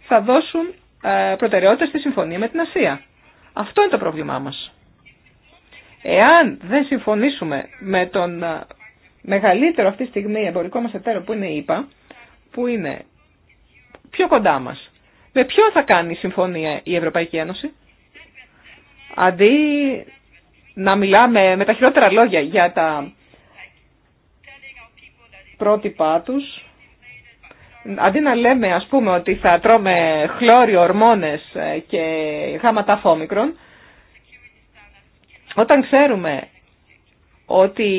S4: Θα δώσουν ε, προτεραιότητα στη συμφωνία με την Ασία. Αυτό είναι το πρόβλημά μας. Εάν δεν συμφωνήσουμε με τον ε, μεγαλύτερο αυτή τη στιγμή εμπορικό μας εταίρο που είναι η ΕΠΑ, που είναι πιο κοντά μας, με ποιον θα κάνει η συμφωνία η Ευρωπαϊκή Ένωση. Αντί να μιλάμε με τα χειρότερα λόγια για τα πρότυπά τους, αντί να λέμε ας πούμε ότι θα τρώμε χλώριο, ορμόνες ε, και γάματα φόμικρον, όταν ξέρουμε ότι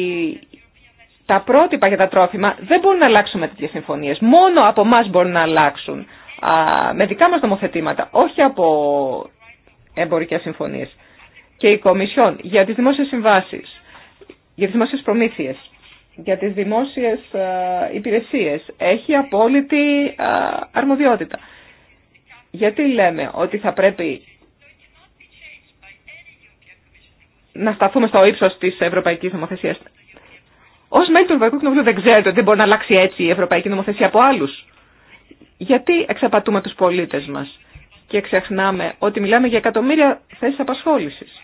S4: τα πρότυπα για τα τρόφιμα δεν μπορούν να αλλάξουν με τέτοιες συμφωνίες. Μόνο από εμά μπορούν να αλλάξουν με δικά μας νομοθετήματα, όχι από εμπορικές συμφωνίες. Και η Κομισιόν για τις δημόσιες συμβάσεις, για τις δημόσιες προμήθειες, για τις δημόσιες ε, υπηρεσίες έχει απόλυτη ε, αρμοδιότητα. Γιατί λέμε ότι θα πρέπει να σταθούμε στο ύψος της Ευρωπαϊκής Νομοθεσίας. Ως μέλη του Ευρωπαϊκού Κοινοβουλίου δεν ξέρετε ότι δεν μπορεί να αλλάξει έτσι η Ευρωπαϊκή Νομοθεσία από άλλους. Γιατί εξαπατούμε τους πολίτες μας και ξεχνάμε ότι μιλάμε για εκατομμύρια θέσεις απασχόλησης.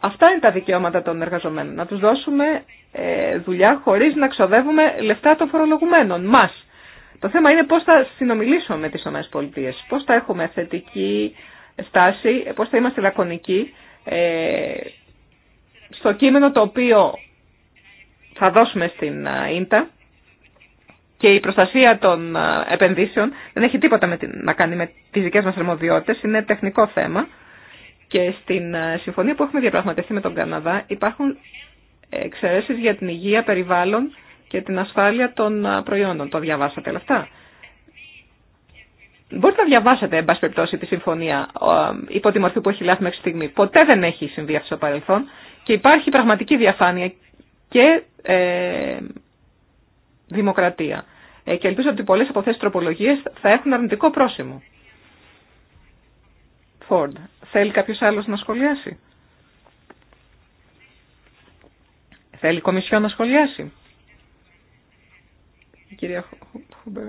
S4: Αυτά είναι τα δικαιώματα των εργαζομένων. Να τους δώσουμε ε, δουλειά χωρίς να ξοδεύουμε λεφτά των φορολογουμένων, μας. Το θέμα είναι πώς θα συνομιλήσουμε με τις πολιτείες, πώς θα έχουμε θετική στάση, πώς θα είμαστε λακωνικοί ε, στο κείμενο το οποίο θα δώσουμε στην ε, ίντα και η προστασία των επενδύσεων δεν έχει τίποτα να κάνει με τις δικές μας αρμοδιότητες, είναι τεχνικό θέμα. Και στην ε, συμφωνία που έχουμε διαπραγματευτεί με τον Καναδά υπάρχουν εξαιρέσει για την υγεία, περιβάλλον και την ασφάλεια των ε, προϊόντων. Το διαβάσατε όλα αυτά. Μπορείτε να διαβάσετε, εν πάση περιπτώσει, τη συμφωνία ε, υπό τη μορφή που έχει λάθει μέχρι στιγμή. Ποτέ δεν έχει συμβεί αυτό στο παρελθόν και υπάρχει πραγματική διαφάνεια και δημοκρατία. και ελπίζω ότι πολλέ από αυτέ τι τροπολογίε θα έχουν αρνητικό πρόσημο. Φόρντ. Θέλει κάποιος άλλος να σχολιάσει. Θέλει η Κομισιόν να σχολιάσει. Η κυρία Χουμπερ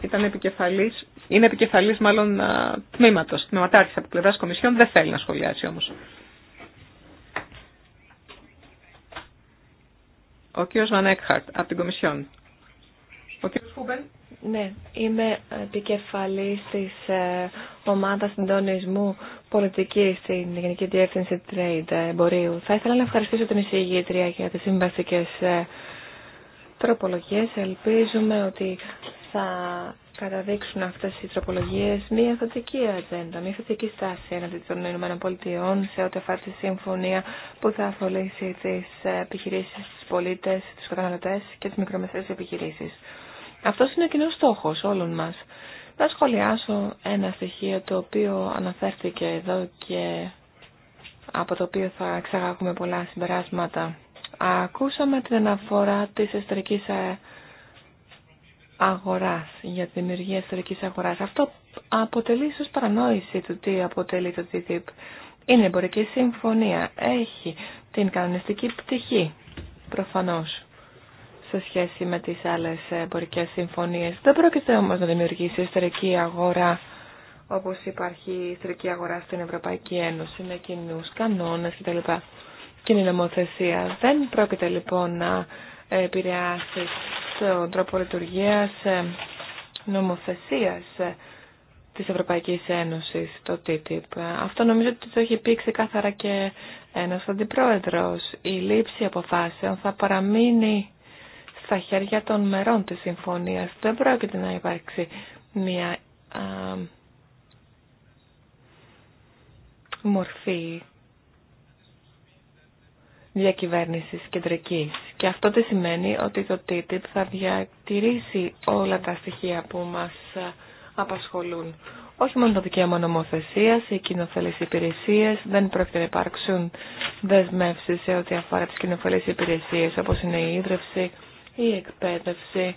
S4: ήταν επικεφαλής, είναι επικεφαλής μάλλον τμήματος, τμήματάρχης από πλευράς Κομισιόν, δεν θέλει να σχολιάσει όμως. Ο κύριος Βανέκχαρτ από την Κομισιόν. Ο κύριος Χούμπερ. Ναι, είμαι
S3: επικεφαλής της ε, ομάδας συντονισμού πολιτικής στην Γενική Διεύθυνση Trade Εμπορίου. Θα ήθελα να ευχαριστήσω την εισηγήτρια για τις συμβαστικές ε, τροπολογίες. Ελπίζουμε ότι θα καταδείξουν αυτές οι τροπολογίες μια θετική ατζέντα, μια θετική στάση έναντι των Ηνωμένων Πολιτειών σε ό,τι αφορά τη συμφωνία που θα αφορήσει τις επιχειρήσεις, τους πολίτες, τους καταναλωτές και τις μικρομεσαίες επιχειρήσεις. Αυτός είναι ο κοινός στόχος όλων μας. Να σχολιάσω ένα στοιχείο το οποίο αναφέρθηκε εδώ και από το οποίο θα εξαγάγουμε πολλά συμπεράσματα. Ακούσαμε την αναφορά της εσωτερικής ε, αγοράς, για τη δημιουργία εσωτερικής αγοράς. Αυτό αποτελεί ίσως παρανόηση του τι αποτελεί το TTIP. Είναι εμπορική συμφωνία. Έχει την κανονιστική πτυχή, προφανώς σε σχέση με τις άλλες εμπορικές συμφωνίες. Δεν πρόκειται όμως να δημιουργήσει ιστορική αγορά όπως υπάρχει η ιστορική αγορά στην Ευρωπαϊκή Ένωση με κοινού κανόνες κτλ. Κοινή νομοθεσία. Δεν πρόκειται λοιπόν να επηρεάσει τον τρόπο λειτουργία ε, νομοθεσίας ε, της Ευρωπαϊκής Ένωσης, το TTIP. Αυτό νομίζω ότι το έχει πει κάθαρα και ένας αντιπρόεδρος. Η λήψη αποφάσεων θα παραμείνει στα χέρια των μερών της συμφωνίας. Δεν πρόκειται να υπάρξει μια μορφή διακυβέρνησης κεντρικής. Και αυτό τι σημαίνει ότι το TTIP θα διατηρήσει όλα τα στοιχεία που μας απασχολούν. Όχι μόνο το δικαίωμα νομοθεσία, οι κοινοφελεί υπηρεσίε, δεν πρόκειται να υπάρξουν δεσμεύσει σε ό,τι αφορά τι κοινοφελεί υπηρεσίε, όπω είναι η ίδρυυση, η εκπαίδευση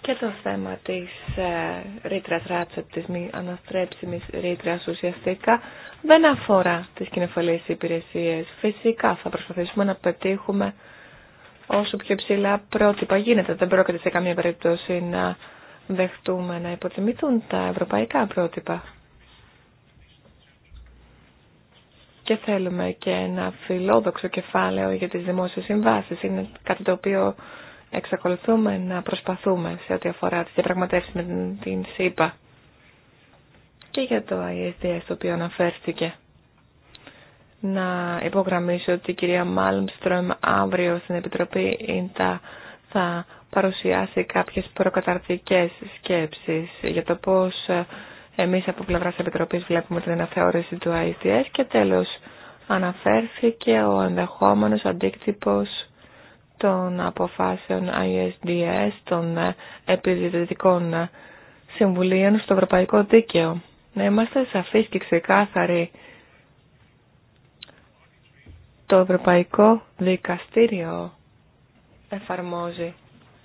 S3: και το θέμα της ε, ρήτρας ράτσα, της μη αναστρέψιμης ρήτρα ουσιαστικά δεν αφορά τις κοινοφελείς υπηρεσίες. Φυσικά θα προσπαθήσουμε να πετύχουμε όσο πιο ψηλά πρότυπα γίνεται. Δεν πρόκειται σε καμία περίπτωση να δεχτούμε να υποτιμηθούν τα ευρωπαϊκά πρότυπα. και θέλουμε και ένα φιλόδοξο κεφάλαιο για τις δημόσιες συμβάσεις. Είναι κάτι το οποίο εξακολουθούμε να προσπαθούμε σε ό,τι αφορά τις διαπραγματεύσεις με την, ΣΥΠΑ και για το ISDS το οποίο αναφέρθηκε. Να υπογραμμίσω ότι η κυρία Μάλμστρομ αύριο στην Επιτροπή ΙΝΤΑ θα παρουσιάσει κάποιες προκαταρτικές σκέψεις για το πώς εμείς από πλευράς της Επιτροπής βλέπουμε την αναθεώρηση του ISDS και τέλος αναφέρθηκε ο ενδεχόμενος αντίκτυπος των αποφάσεων ISDS, των ε, επιδιδετικών ε, συμβουλίων στο ευρωπαϊκό δίκαιο. Να είμαστε σαφείς και ξεκάθαροι. Το Ευρωπαϊκό Δικαστήριο εφαρμόζει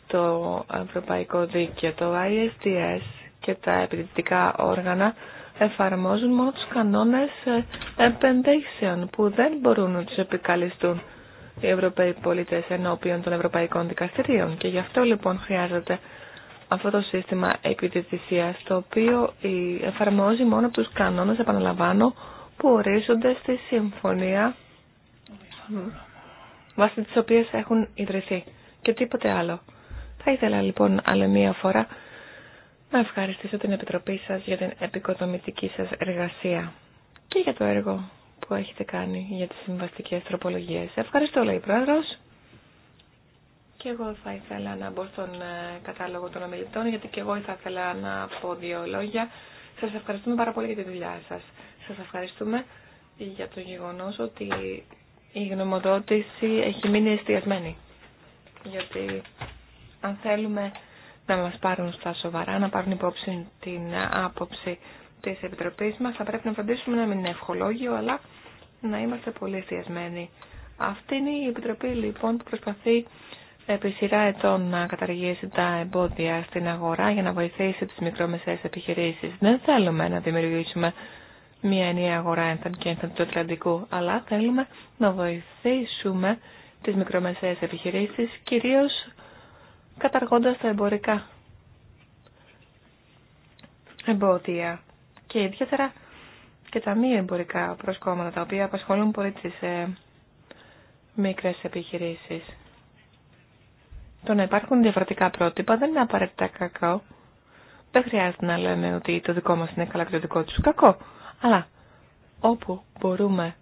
S3: το Ευρωπαϊκό Δίκαιο. Το ISDS και τα επιδυτικά όργανα εφαρμόζουν μόνο τους κανόνες ε, επενδύσεων που δεν μπορούν να τους επικαλιστούν οι Ευρωπαίοι πολίτες ενώπιον των Ευρωπαϊκών Δικαστηρίων. Και γι' αυτό λοιπόν χρειάζεται αυτό το σύστημα επιδιτησίας το οποίο εφαρμόζει μόνο τους κανόνες, επαναλαμβάνω, που ορίζονται στη συμφωνία βάσει τις οποίες έχουν ιδρυθεί και τίποτε άλλο. Θα ήθελα λοιπόν άλλη μία φορά να ευχαριστήσω την Επιτροπή σας για την επικοδομητική σας εργασία και για το έργο που έχετε κάνει για τις συμβαστικές τροπολογίες. Ευχαριστώ, λέει η Πρόεδρος. Και εγώ θα ήθελα να μπω στον ε, κατάλογο των ομιλητών, γιατί και εγώ θα ήθελα να πω δύο λόγια. Σας ευχαριστούμε πάρα πολύ για τη δουλειά σας. Σας ευχαριστούμε για το γεγονός ότι η γνωμοδότηση έχει μείνει εστιασμένη. Γιατί αν θέλουμε να μας πάρουν στα σοβαρά, να πάρουν υπόψη την άποψη της Επιτροπής μας. Θα πρέπει να φαντήσουμε να μην είναι ευχολόγιο, αλλά να είμαστε πολύ εστιασμένοι. Αυτή είναι η Επιτροπή λοιπόν που προσπαθεί επί σειρά ετών να καταργήσει τα εμπόδια στην αγορά για να βοηθήσει τις μικρομεσαίες επιχειρήσεις. Δεν θέλουμε να δημιουργήσουμε μια ενιαία αγορά ένθαν και ένθαν του Ατλαντικού, αλλά θέλουμε να βοηθήσουμε τις μικρομεσαίες επιχειρήσεις κυρίως καταργώντας τα εμπορικά εμπόδια και ιδιαίτερα και τα μη εμπορικά προσκόμματα τα οποία απασχολούν πολύ τις ε, μικρές επιχειρήσεις. Το να υπάρχουν διαφορετικά πρότυπα δεν είναι απαραίτητα κακό. Δεν χρειάζεται να λέμε ότι το δικό μας είναι καλά και το δικό τους κακό. Αλλά όπου μπορούμε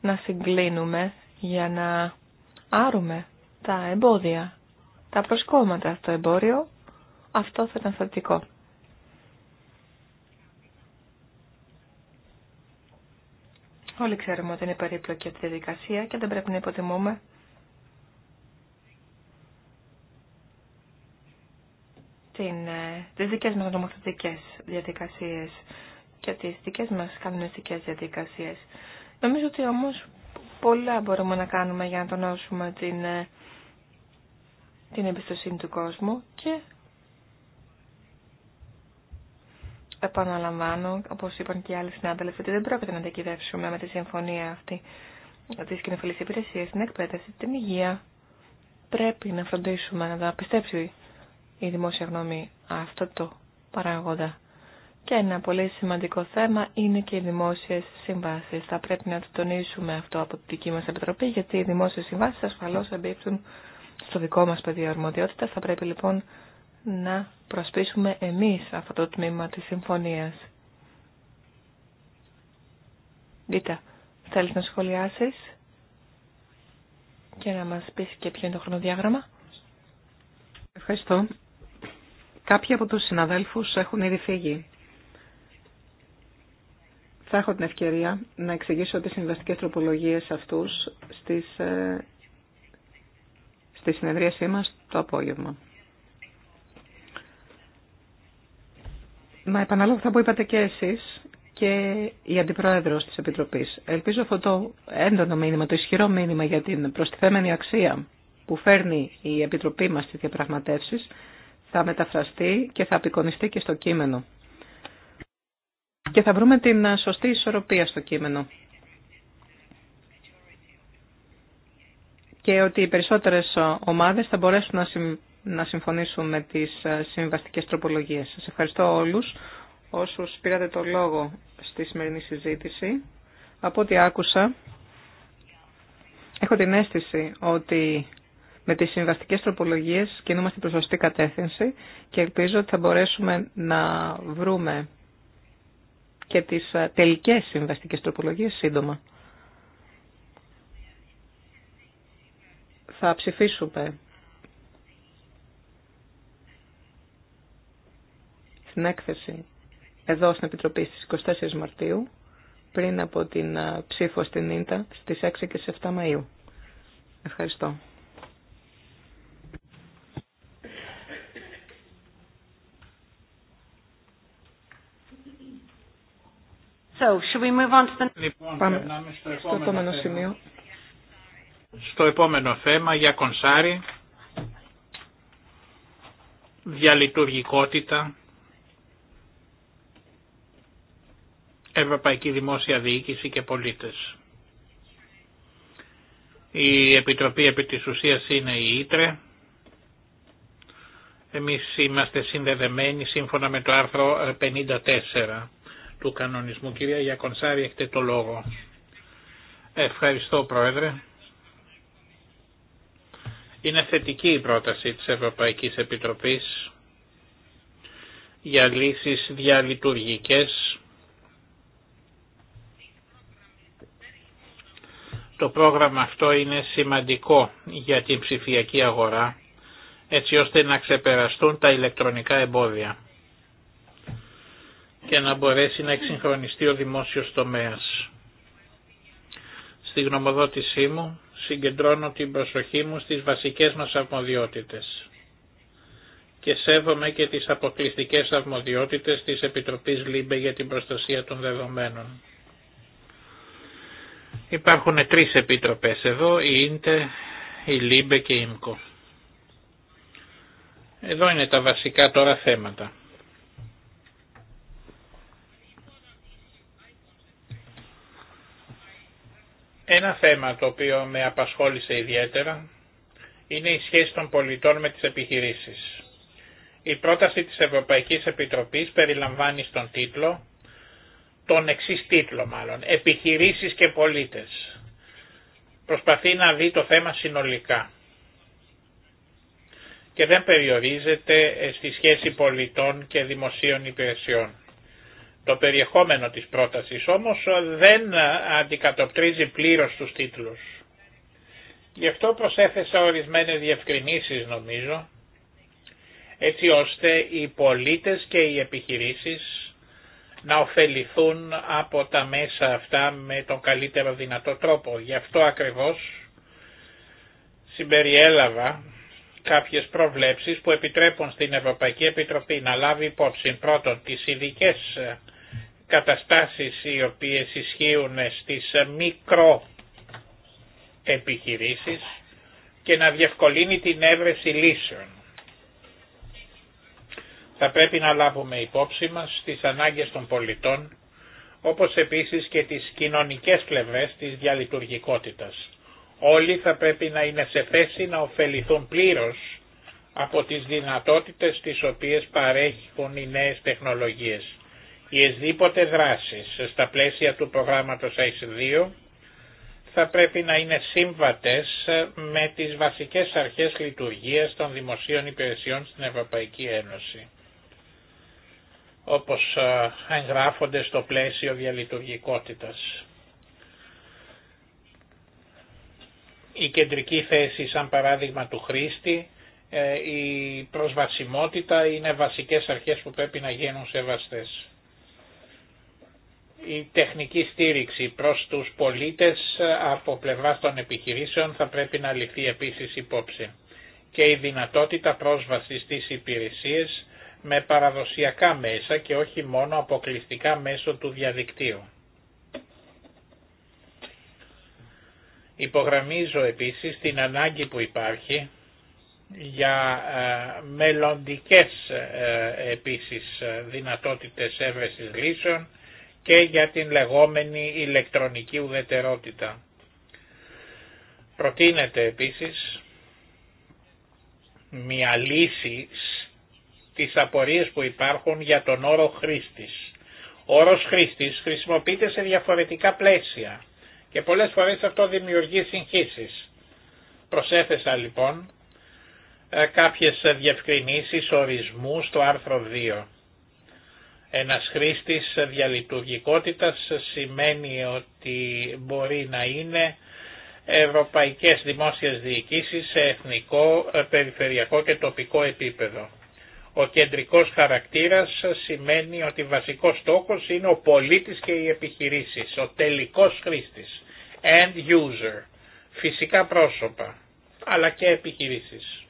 S3: να συγκλίνουμε για να άρουμε τα εμπόδια τα προσκόμματα στο εμπόριο, αυτό θα ήταν θετικό. Όλοι ξέρουμε ότι είναι περίπλοκη αυτή η διαδικασία και δεν πρέπει να υποτιμούμε την, ε, τις δικές μας νομοθετικές διαδικασίες και τις δικές μας κανονιστικέ διαδικασίες. Νομίζω ότι όμως πολλά μπορούμε να κάνουμε για να τονώσουμε την ε, την εμπιστοσύνη του κόσμου και επαναλαμβάνω, όπως είπαν και οι άλλοι συνάδελφοι, ότι δεν πρόκειται να αντικειδεύσουμε με τη συμφωνία αυτή της κοινοφιλής υπηρεσίας την εκπαίδευση, την υγεία. Πρέπει να φροντίσουμε να τα πιστέψει η δημόσια γνώμη αυτό το παράγοντα. Και ένα πολύ σημαντικό θέμα είναι και οι δημόσιε συμβάσει. Θα πρέπει να το τονίσουμε αυτό από τη δική μα επιτροπή, γιατί οι δημόσιε συμβάσει ασφαλώ εμπίπτουν στο δικό μας πεδίο αρμοδιότητας. Θα πρέπει λοιπόν να προσπίσουμε εμείς αυτό το τμήμα της συμφωνίας. Δίτα, θέλεις να σχολιάσεις και να μας
S4: πεις και ποιο είναι το χρονοδιάγραμμα. Ευχαριστώ. Κάποιοι από τους συναδέλφους έχουν ήδη φύγει. Θα έχω την ευκαιρία να εξηγήσω τις συμβαστικές τροπολογίες αυτούς στις ε, στη συνεδρίασή μας το απόγευμα. Να επαναλάβω αυτά που είπατε και εσείς και η Αντιπρόεδρος της Επιτροπής. Ελπίζω αυτό το έντονο μήνυμα, το ισχυρό μήνυμα για την προστιθέμενη αξία που φέρνει η Επιτροπή μας στις διαπραγματεύσεις θα μεταφραστεί και θα απεικονιστεί και στο κείμενο. Και θα βρούμε την σωστή ισορροπία στο κείμενο. και ότι οι περισσότερες ομάδες θα μπορέσουν να συμφωνήσουν με τις ε, συμβαστικές τροπολογίες. Σας ευχαριστώ όλους όσους πήρατε το λόγο στη σημερινή συζήτηση. Από ό,τι άκουσα, έχω την αίσθηση ότι με τις συμβαστικές τροπολογίες κινούμαστε στην σωστή κατεύθυνση και ελπίζω ότι θα μπορέσουμε να βρούμε και τις ε, τελικές συμβαστικές τροπολογίες σύντομα. θα ψηφίσουμε στην έκθεση εδώ στην Επιτροπή στις 24 Μαρτίου πριν από την ψήφο στην Ίντα στις 6 και 7 Μαΐου. Ευχαριστώ.
S1: So, should we move on to
S2: the... Λοιπόν, Πάμε στο επόμενο σημείο. Στο επόμενο θέμα για κονσάρι, διαλειτουργικότητα, Ευρωπαϊκή Δημόσια Διοίκηση και πολίτες. Η Επιτροπή επί είναι η Ήτρε. Εμείς είμαστε συνδεδεμένοι σύμφωνα με το άρθρο 54 του κανονισμού. Κυρία Γιακονσάρη, έχετε το λόγο. Ευχαριστώ Πρόεδρε. Είναι θετική η πρόταση της Ευρωπαϊκής Επιτροπής για λύσεις διαλειτουργικές. Το πρόγραμμα αυτό είναι σημαντικό για την ψηφιακή αγορά έτσι ώστε να ξεπεραστούν τα ηλεκτρονικά εμπόδια και να μπορέσει να εξυγχρονιστεί ο δημόσιος τομέας. Στη γνωμοδότησή μου συγκεντρώνω την προσοχή μου στις βασικές μας αρμοδιότητες και σέβομαι και τις αποκλειστικές αρμοδιότητες της Επιτροπής ΛΥΜΠΕ για την προστασία των δεδομένων. Υπάρχουν τρεις επιτροπές εδώ, η ΙΝΤΕ, η ΛΥΜΠΕ και η ΙΜΚΟ. Εδώ είναι τα βασικά τώρα θέματα. Ένα θέμα το οποίο με απασχόλησε ιδιαίτερα είναι η σχέση των πολιτών με τις επιχειρήσεις. Η πρόταση της Ευρωπαϊκής Επιτροπής περιλαμβάνει στον τίτλο, τον εξής τίτλο μάλλον, «Επιχειρήσεις και πολίτες». Προσπαθεί να δει το θέμα συνολικά και δεν περιορίζεται στη σχέση πολιτών και δημοσίων υπηρεσιών. Το περιεχόμενο της πρότασης όμως δεν αντικατοπτρίζει πλήρως τους τίτλους. Γι' αυτό προσέθεσα ορισμένες διευκρινήσεις νομίζω, έτσι ώστε οι πολίτες και οι επιχειρήσεις να ωφεληθούν από τα μέσα αυτά με τον καλύτερο δυνατό τρόπο. Γι' αυτό ακριβώς συμπεριέλαβα κάποιες προβλέψεις που επιτρέπουν στην Ευρωπαϊκή Επιτροπή να λάβει υπόψη πρώτον τις ειδικές καταστάσεις οι οποίες ισχύουν στις μικρό επιχειρήσεις και να διευκολύνει την έβρεση λύσεων. Θα πρέπει να λάβουμε υπόψη μας τις ανάγκες των πολιτών, όπως επίσης και τις κοινωνικές πλευρές της διαλειτουργικότητας. Όλοι θα πρέπει να είναι σε θέση να ωφεληθούν πλήρως από τις δυνατότητες τις οποίες παρέχουν οι νέες τεχνολογίες. Οι εσδήποτε δράσεις στα πλαίσια του προγράμματος ICE2 θα πρέπει να είναι σύμβατες με τις βασικές αρχές λειτουργίας των δημοσίων υπηρεσιών στην Ευρωπαϊκή Ένωση όπως εγγράφονται στο πλαίσιο διαλειτουργικότητας. Η κεντρική θέση σαν παράδειγμα του χρήστη, ε, η προσβασιμότητα είναι βασικές αρχές που πρέπει να γίνουν σεβαστές η τεχνική στήριξη προς τους πολίτες από πλευράς των επιχειρήσεων θα πρέπει να ληφθεί επίσης υπόψη και η δυνατότητα πρόσβασης στις υπηρεσίες με παραδοσιακά μέσα και όχι μόνο αποκλειστικά μέσω του διαδικτύου. Υπογραμμίζω επίσης την ανάγκη που υπάρχει για ε, μελλοντικές ε, επίσης ε, δυνατότητες έβρεσης λύσεων και για την λεγόμενη ηλεκτρονική ουδετερότητα. Προτείνεται επίσης μια λύση στις απορίες που υπάρχουν για τον όρο χρήστης. Ο όρος χρήστης χρησιμοποιείται σε διαφορετικά πλαίσια και πολλές φορές αυτό δημιουργεί συγχύσεις. Προσέθεσα λοιπόν ε, κάποιες διευκρινήσεις ορισμού στο άρθρο 2. Ένας χρήστης διαλειτουργικότητας σημαίνει ότι μπορεί να είναι ευρωπαϊκές δημόσιες διοικήσεις σε εθνικό, ε, περιφερειακό και τοπικό επίπεδο. Ο κεντρικός χαρακτήρας σημαίνει ότι βασικός στόχος είναι ο πολίτης και οι επιχειρήσεις, ο τελικός χρήστης, end user, φυσικά πρόσωπα, αλλά και επιχειρήσεις.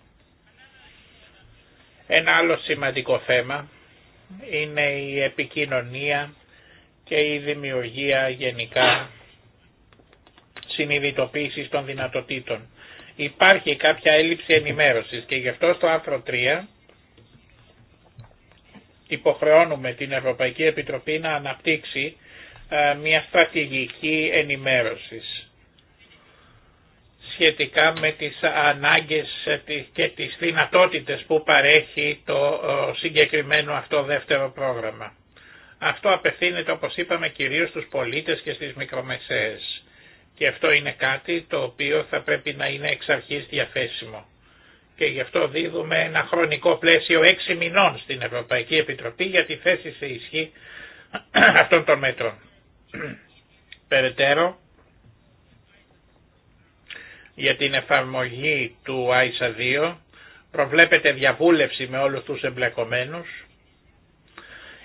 S2: Ένα άλλο σημαντικό θέμα είναι η επικοινωνία και η δημιουργία γενικά συνειδητοποίηση των δυνατοτήτων. Υπάρχει κάποια έλλειψη ενημέρωσης και γι' αυτό στο άρθρο 3 υποχρεώνουμε την Ευρωπαϊκή Επιτροπή να αναπτύξει ε, μια στρατηγική ενημέρωσης σχετικά με τις ανάγκες και τις δυνατότητες που παρέχει το συγκεκριμένο αυτό δεύτερο πρόγραμμα. Αυτό απευθύνεται όπως είπαμε κυρίως στους πολίτες και στις μικρομεσαίες. Και αυτό είναι κάτι το οποίο θα πρέπει να είναι εξ αρχής διαθέσιμο. Και γι' αυτό δίδουμε ένα χρονικό πλαίσιο έξι μηνών στην Ευρωπαϊκή Επιτροπή για τη θέση σε ισχύ αυτών των μέτρων. Περαιτέρω, για την εφαρμογή του ΆΙΣΑ 2, προβλέπεται διαβούλευση με όλους τους εμπλεκομένους,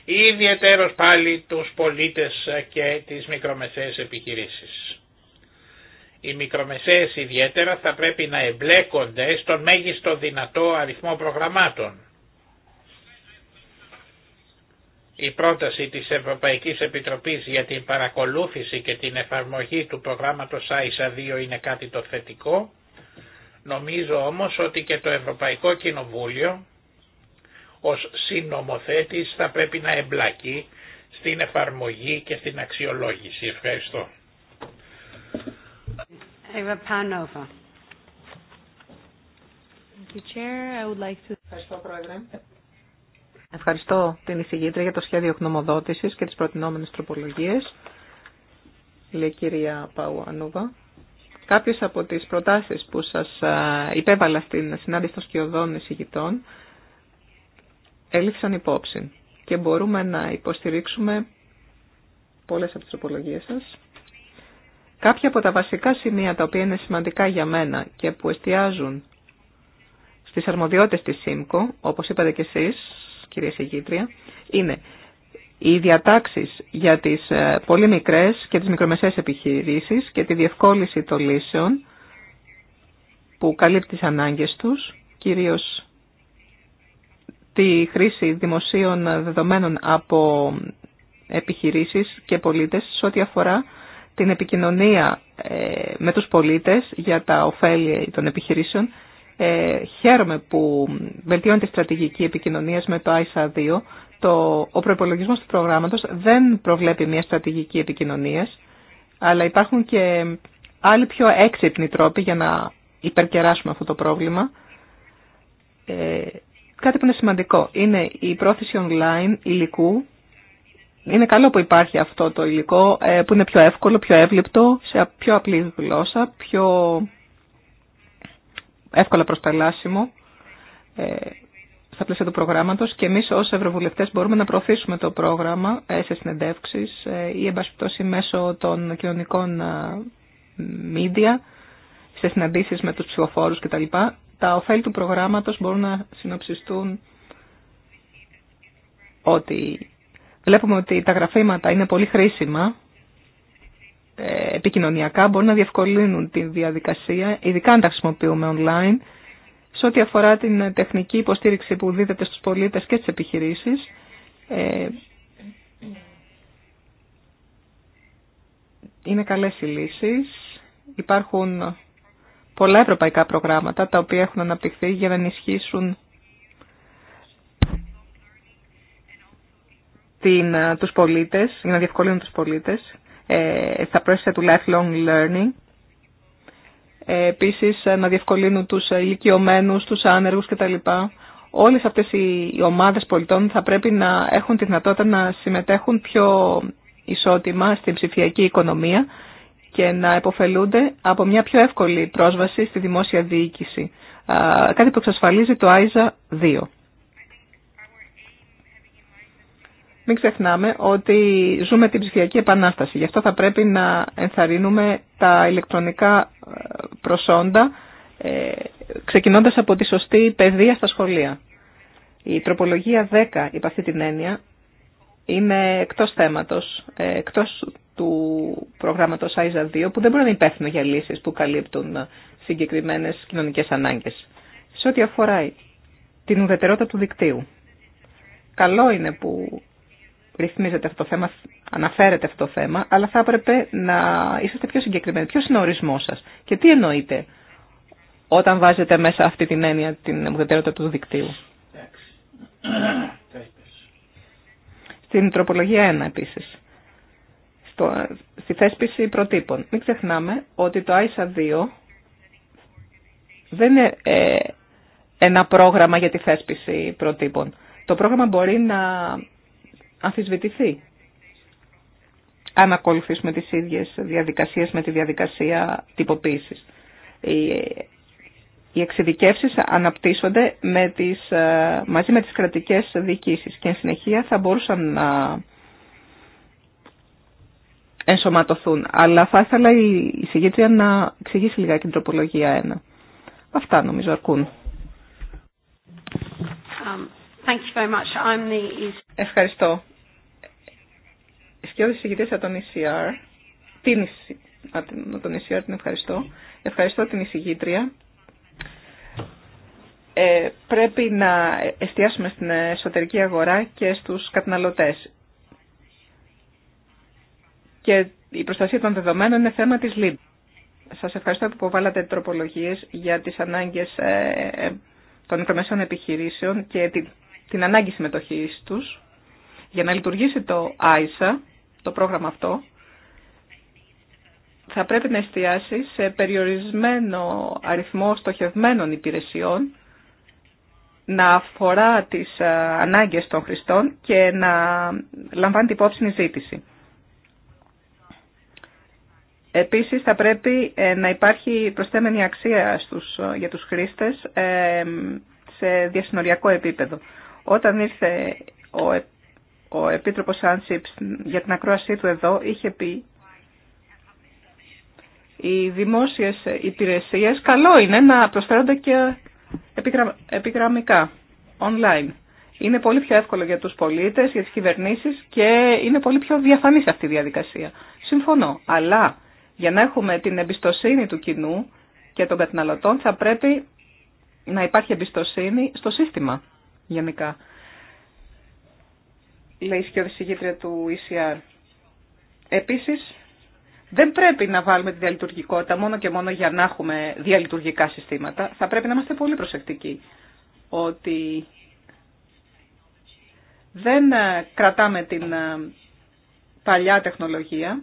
S2: ιδιαίτερος πάλι τους πολίτες και τις μικρομεσαίες επιχειρήσεις. Οι μικρομεσαίες ιδιαίτερα θα πρέπει να εμπλέκονται στον μέγιστο δυνατό αριθμό προγραμμάτων Η πρόταση της Ευρωπαϊκής Επιτροπής για την παρακολούθηση και την εφαρμογή του προγράμματος ΆΙΣΑ 2 είναι κάτι το θετικό. Νομίζω όμως ότι και το Ευρωπαϊκό Κοινοβούλιο ως συνομοθέτης θα πρέπει να εμπλακεί στην εφαρμογή και στην αξιολόγηση. Ευχαριστώ.
S1: Ευχαριστώ, Πρόεδρε. Ευχαριστώ
S4: την εισηγήτρια για το σχέδιο γνωμοδότηση και τι προτινόμενε τροπολογίε, λέει κυρία Παουάνοβα. Κάποιε από τι προτάσει που σα ε, υπέβαλα στην συνάντηση των σκιωδών εισηγητών έληφθαν υπόψη και μπορούμε να υποστηρίξουμε πολλέ από τι τροπολογίε σα. Κάποια από τα βασικά σημεία τα οποία είναι σημαντικά για μένα και που εστιάζουν στις αρμοδιότητες της ΣΥΜΚΟ, όπως είπατε και εσείς, κυρία Συγγήτρια, είναι οι διατάξεις για τις ε, πολύ μικρές και τις μικρομεσαίες επιχειρήσεις και τη διευκόλυνση των λύσεων που καλύπτει τις ανάγκες τους, κυρίως τη χρήση δημοσίων δεδομένων από επιχειρήσεις και πολίτες σε ό,τι αφορά την επικοινωνία ε, με τους πολίτες για τα ωφέλη των επιχειρήσεων ε, χαίρομαι που βελτιώνεται η στρατηγική επικοινωνίας με το ISA 2. Το, ο προπολογισμό του προγράμματος δεν προβλέπει μια στρατηγική επικοινωνίας, αλλά υπάρχουν και άλλοι πιο έξυπνοι τρόποι για να υπερκεράσουμε αυτό το πρόβλημα. Ε, κάτι που είναι σημαντικό είναι η πρόθεση online υλικού. Είναι καλό που υπάρχει αυτό το υλικό ε, που είναι πιο εύκολο, πιο εύληπτο, σε πιο απλή γλώσσα, πιο εύκολα προσταλάσιμο ε, στα πλαίσια του προγράμματος και εμείς ως Ευρωβουλευτές μπορούμε να προωθήσουμε το πρόγραμμα ε, σε συνεντεύξεις ε, ή εμπασπιτώσει μέσω των κοινωνικών media, σε συναντήσεις με τους ψηφοφόρους κτλ. Τα ωφέλη του προγράμματος μπορούν να συνοψιστούν ότι βλέπουμε ότι τα γραφήματα είναι πολύ χρήσιμα ε, επικοινωνιακά μπορούν να διευκολύνουν τη διαδικασία, ειδικά αν τα χρησιμοποιούμε online, σε ό,τι αφορά την τεχνική υποστήριξη που δίδεται στους πολίτες και στις επιχειρήσεις. Ε, είναι καλές οι λύσεις. Υπάρχουν πολλά ευρωπαϊκά προγράμματα τα οποία έχουν αναπτυχθεί για να ενισχύσουν την, ε, τους πολίτες, για να διευκολύνουν τους πολίτες στα ε, πρόσφατα του lifelong learning. Ε, επίσης ε, να διευκολύνουν τους ηλικιωμένους, τους άνεργους κτλ. Όλες αυτές οι ομάδες πολιτών θα πρέπει να έχουν τη δυνατότητα να συμμετέχουν πιο ισότιμα στην ψηφιακή οικονομία και να επωφελούνται από μια πιο εύκολη πρόσβαση στη δημόσια διοίκηση. Κάτι που εξασφαλίζει το ΆΙΖΑ 2. Μην ξεχνάμε ότι ζούμε την ψηφιακή επανάσταση. Γι' αυτό θα πρέπει να ενθαρρύνουμε τα ηλεκτρονικά ε, προσόντα, ε, ξεκινώντας από τη σωστή παιδεία στα σχολεία. Η τροπολογία 10, υπ' αυτή την έννοια, είναι εκτός θέματος, ε, εκτός του προγράμματος ΆΙΖΑ 2, που δεν μπορεί να είναι υπεύθυνο για λύσεις που καλύπτουν συγκεκριμένες κοινωνικές ανάγκες. Σε ό,τι αφορά την ουδετερότητα του δικτύου. Καλό είναι που ρυθμίζεται αυτό το θέμα, αναφέρεται αυτό το θέμα, αλλά θα έπρεπε να είσαστε πιο συγκεκριμένοι. Ποιο είναι ο ορισμό σα και τι εννοείτε όταν βάζετε μέσα αυτή την έννοια την ουδετερότητα του δικτύου. Στην τροπολογία 1 επίση. στη θέσπιση προτύπων. Μην ξεχνάμε ότι το ISA 2 δεν είναι ε, ένα πρόγραμμα για τη θέσπιση προτύπων. Το πρόγραμμα μπορεί να αμφισβητηθεί αν ακολουθήσουμε τις ίδιες διαδικασίες με τη διαδικασία τυποποίησης. Οι εξειδικεύσεις αναπτύσσονται με τις, ε, μαζί με τις κρατικές διοικήσεις και εν συνεχεία θα μπορούσαν να ενσωματωθούν. Αλλά θα ήθελα η συγγήτρια να εξηγήσει λιγάκι την τροπολογία 1. Αυτά νομίζω αρκούν.
S1: Um, thank you very
S4: Ευχαριστώ οι ηγητής από τον ECR, e την, από τον ECR την ευχαριστώ. Ευχαριστώ την εισηγήτρια. Ε, πρέπει να εστιάσουμε στην εσωτερική αγορά και στους καταναλωτές. Και η προστασία των δεδομένων είναι θέμα της LIB. Σας ευχαριστώ που υποβάλλατε τροπολογίες για τις ανάγκες ε, ε, των μικρομεσαίων επιχειρήσεων και την ανάγκη συμμετοχής τους. Για να λειτουργήσει το ISA το πρόγραμμα αυτό θα πρέπει να εστιάσει σε περιορισμένο αριθμό στοχευμένων υπηρεσιών, να αφορά τις ε, ανάγκες των χρηστών και να λαμβάνει την υπόψη η ζήτηση. Επίσης θα πρέπει ε, να υπάρχει προσθέμενη αξία στους, ε, για τους χρήστες σε διασυνοριακό επίπεδο. Όταν ήρθε ο ο Επίτροπος Άντσιπς για την ακρόασή του εδώ είχε πει οι δημόσιες υπηρεσίες καλό είναι να προσφέρονται και επιγραμμικά, online. Είναι πολύ πιο εύκολο για τους πολίτες, για τις κυβερνήσεις και είναι πολύ πιο διαφανής αυτή η διαδικασία. Συμφωνώ, αλλά για να έχουμε την εμπιστοσύνη του κοινού και των καταναλωτών θα πρέπει να υπάρχει εμπιστοσύνη στο σύστημα γενικά λέει η σκιοδησηγήτρια του ECR. Επίσης, δεν πρέπει να βάλουμε τη διαλειτουργικότητα μόνο και μόνο για να έχουμε διαλειτουργικά συστήματα. Θα πρέπει να είμαστε πολύ προσεκτικοί ότι δεν ε, κρατάμε την ε, παλιά τεχνολογία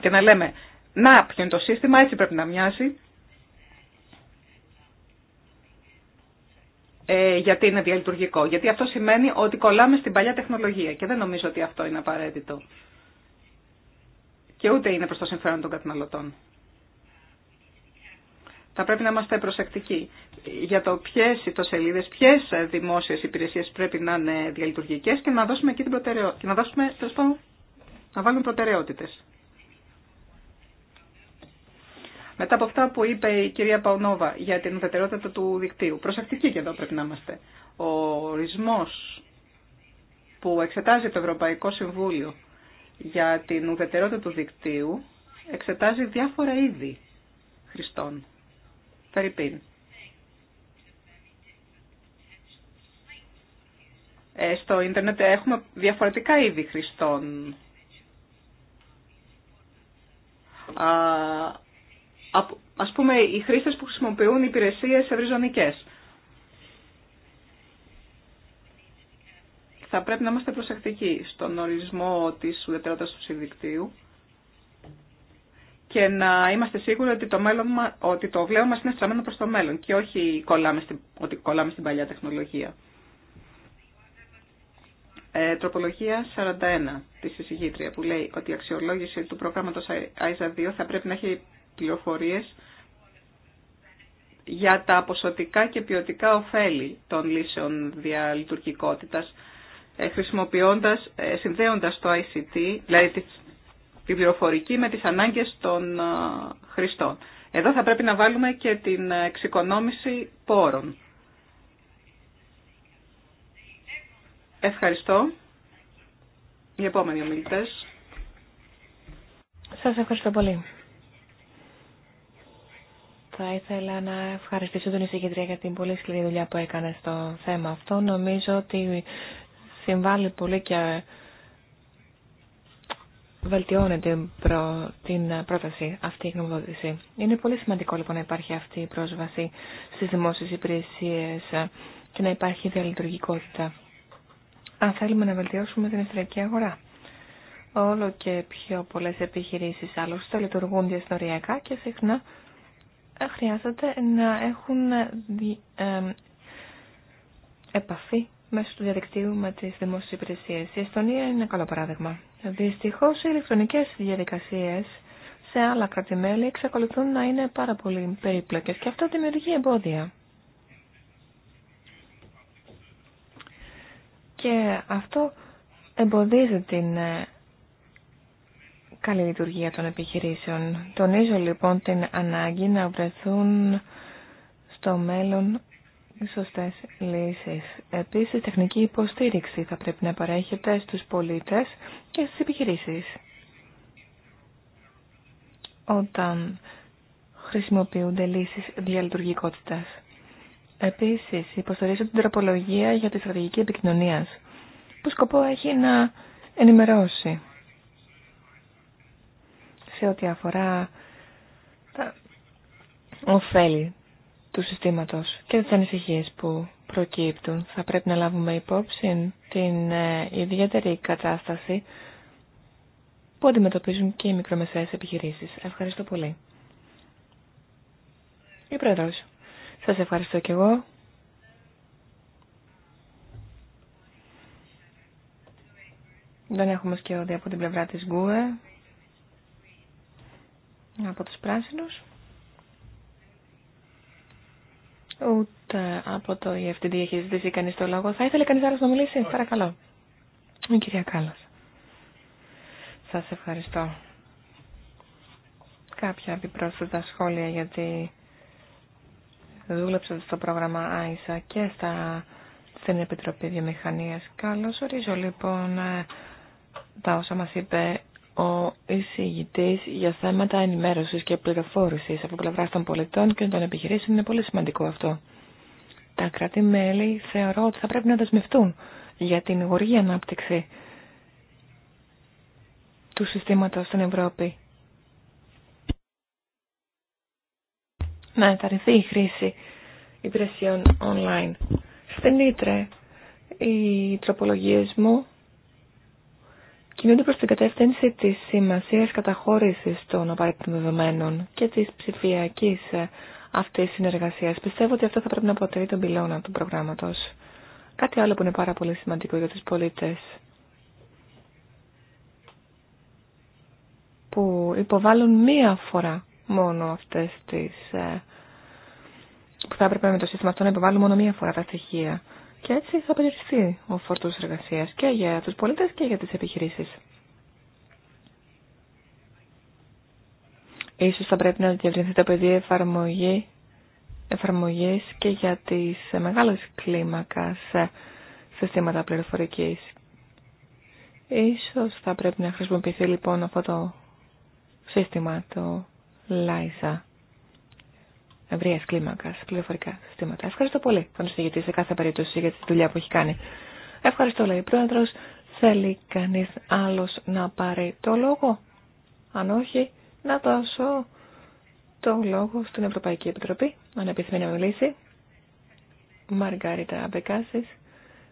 S4: και να λέμε να ποιο είναι το σύστημα, έτσι πρέπει να μοιάζει. Ε, γιατί είναι διαλειτουργικό. Γιατί αυτό σημαίνει ότι κολλάμε στην παλιά τεχνολογία και δεν νομίζω ότι αυτό είναι απαραίτητο. Και ούτε είναι προς το συμφέρον των καταναλωτών. Θα πρέπει να είμαστε προσεκτικοί για το ποιε ιστοσελίδε, ποιε δημόσιε υπηρεσίε πρέπει να είναι διαλειτουργικέ και να δώσουμε εκεί την προτεραιότητα. Και να δώσουμε, τέλο να βάλουμε προτεραιότητε. Μετά από αυτά που είπε η κυρία Παουνόβα για την ουδετερότητα του δικτύου, προσεκτικοί και εδώ πρέπει να είμαστε. Ο ορισμό που εξετάζει το Ευρωπαϊκό Συμβούλιο για την ουδετερότητα του δικτύου εξετάζει διάφορα είδη χρηστών. Περιπίν. Ε, στο ίντερνετ έχουμε διαφορετικά είδη χρηστών. Α, ας πούμε, οι χρήστες που χρησιμοποιούν υπηρεσίες ευρυζωνικές. Θα πρέπει να είμαστε προσεκτικοί στον ορισμό της ουδετερότητας του συνδικτύου και να είμαστε σίγουροι ότι το, μέλλον, ότι το βλέμμα μας είναι στραμμένο προς το μέλλον και όχι κολλάμε στην, ότι κολλάμε στην παλιά τεχνολογία. Ε, τροπολογία 41 της εισηγήτρια που λέει ότι η αξιολόγηση του προγράμματος ISA 2 θα πρέπει να έχει πληροφορίες για τα ποσοτικά και ποιοτικά ωφέλη των λύσεων διαλειτουργικότητας, ε, χρησιμοποιώντας, ε, συνδέοντας το ICT, δηλαδή την πληροφορική με τις ανάγκες των ε, χρηστών. Εδώ θα πρέπει να βάλουμε και την εξοικονόμηση πόρων. Ευχαριστώ. Οι επόμενοι ομιλητές.
S3: Σας ευχαριστώ πολύ. Θα ήθελα να ευχαριστήσω τον εισηγητρία για την πολύ σκληρή δουλειά που έκανε στο θέμα αυτό. Νομίζω ότι συμβάλλει πολύ και βελτιώνει την, προ... την πρόταση αυτή η γνωμοδότηση. Είναι πολύ σημαντικό λοιπόν να υπάρχει αυτή η πρόσβαση στις δημόσιες υπηρεσίες και να υπάρχει διαλειτουργικότητα. Αν θέλουμε να βελτιώσουμε την ιστορική αγορά. Όλο και πιο πολλές επιχειρήσεις άλλωστε λειτουργούν διαστοριακά και συχνά χρειάζεται να έχουν επαφή μέσω του διαδικτύου με τις δημόσιες υπηρεσίες. Η Εστονία είναι ένα καλό παράδειγμα. Δυστυχώς οι ηλεκτρονικές διαδικασίες σε άλλα κρατημέλη εξακολουθούν να είναι πάρα πολύ περίπλοκες και αυτό δημιουργεί εμπόδια. Και αυτό εμποδίζει την ε, καλή λειτουργία των επιχειρήσεων. Τονίζω λοιπόν την ανάγκη να βρεθούν στο μέλλον σωστές λύσεις. Επίσης, τεχνική υποστήριξη θα πρέπει να παρέχεται στους πολίτες και στις επιχειρήσεις. Όταν χρησιμοποιούνται λύσεις διαλειτουργικότητας. Επίσης, υποστηρίζω την τροπολογία για τη στρατηγική επικοινωνία που σκοπό έχει να ενημερώσει σε ό,τι αφορά τα ωφέλη του συστήματος και τις ανησυχίες που προκύπτουν. Θα πρέπει να λάβουμε υπόψη την ε, ιδιαίτερη κατάσταση που αντιμετωπίζουν και οι μικρομεσαίες επιχειρήσεις. Ευχαριστώ πολύ. Η Πρόεδρος. Σας ευχαριστώ και εγώ. Δεν έχουμε σκιώδη από την πλευρά της Google από τους πράσινους. Ούτε από το EFTD έχει ζητήσει κανείς το λόγο. Θα ήθελε κανείς άλλος να μιλήσει. Όχι. Παρακαλώ. Η κυρία Κάλλας. Σας ευχαριστώ. Κάποια επιπρόσθετα σχόλια γιατί δούλεψα στο πρόγραμμα ΆΙΣΑ και στα, στην Επιτροπή Διαμηχανίας. Καλώς ορίζω λοιπόν ε, τα όσα μας είπε ο εισηγητή για θέματα ενημέρωση και πληροφόρηση από πλευρά των πολιτών και των επιχειρήσεων είναι πολύ σημαντικό αυτό. Τα κράτη-μέλη θεωρώ ότι θα πρέπει να δεσμευτούν για την γοργή ανάπτυξη του συστήματος στην Ευρώπη. Να ενταρρυνθεί η χρήση υπηρεσιών online. Στην Ήτρε, οι τροπολογίε μου κινούνται προς την κατεύθυνση της σημασίας καταχώρησης των απαραίτητων δεδομένων και της ψηφιακής ε, αυτής συνεργασίας. Πιστεύω ότι αυτό θα πρέπει να αποτελεί τον πυλώνα του προγράμματος. Κάτι άλλο που είναι πάρα πολύ σημαντικό για τους πολίτες που υποβάλλουν μία φορά μόνο αυτές τις... Ε, που θα έπρεπε με το σύστημα αυτό να υποβάλλουν μόνο μία φορά τα στοιχεία. Και έτσι θα περιοριστεί ο φόρτος εργασίας και για τους πολίτες και για τις επιχειρήσεις. Ίσως θα πρέπει να διευρυνθεί το πεδίο εφαρμογή, εφαρμογής και για τις μεγάλες κλίμακας ε, συστήματα πληροφορικής. Ίσως θα πρέπει να χρησιμοποιηθεί λοιπόν αυτό το σύστημα, το ΛΑΙΖΑ ευρεία κλίμακα πληροφορικά συστήματα. Ευχαριστώ πολύ τον εισηγητή σε κάθε περίπτωση για τη δουλειά που έχει κάνει. Ευχαριστώ, λέει η πρόεδρο. Θέλει κανεί άλλο να πάρει το λόγο. Αν όχι, να δώσω το λόγο στην Ευρωπαϊκή Επιτροπή, αν επιθυμεί να μιλήσει. Μαργκάριτα Αμπεκάση,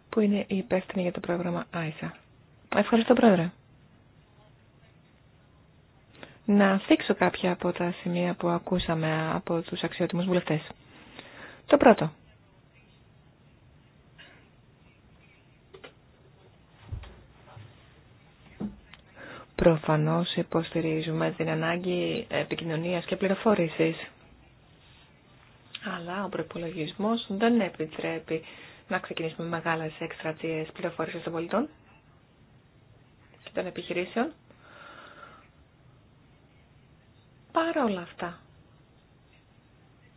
S3: που είναι η υπεύθυνη για το πρόγραμμα ΆΙΣΑ. Ευχαριστώ, πρόεδρε να θίξω κάποια από τα σημεία που ακούσαμε από τους αξιότιμους βουλευτές. Το πρώτο. Προφανώς υποστηρίζουμε την ανάγκη επικοινωνίας και πληροφόρησης. Αλλά ο προπολογισμό δεν επιτρέπει να ξεκινήσουμε μεγάλες εκστρατείες πληροφόρησης των πολιτών και των επιχειρήσεων. Παρόλα όλα αυτά,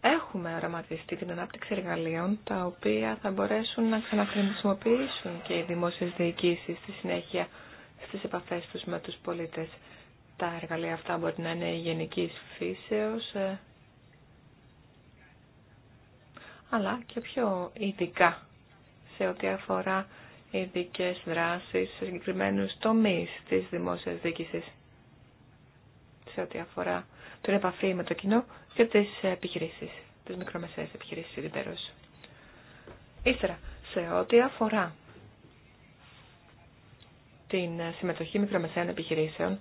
S3: έχουμε οραματιστεί την ανάπτυξη εργαλείων τα οποία θα μπορέσουν να ξαναχρησιμοποιήσουν και οι δημόσιες διοικήσεις στη συνέχεια στις επαφές τους με τους πολίτες. Τα εργαλεία αυτά μπορεί να είναι γενικής φύσεως, ε, αλλά και πιο ειδικά σε ό,τι αφορά ειδικέ δράσεις σε συγκεκριμένους τομείς της δημόσιας διοίκησης σε ό,τι αφορά την επαφή με το κοινό και τις επιχειρήσεις, τι μικρομεσαίες επιχειρήσεις ιδιαίτερω. Ύστερα, σε ό,τι αφορά την συμμετοχή μικρομεσαίων επιχειρήσεων,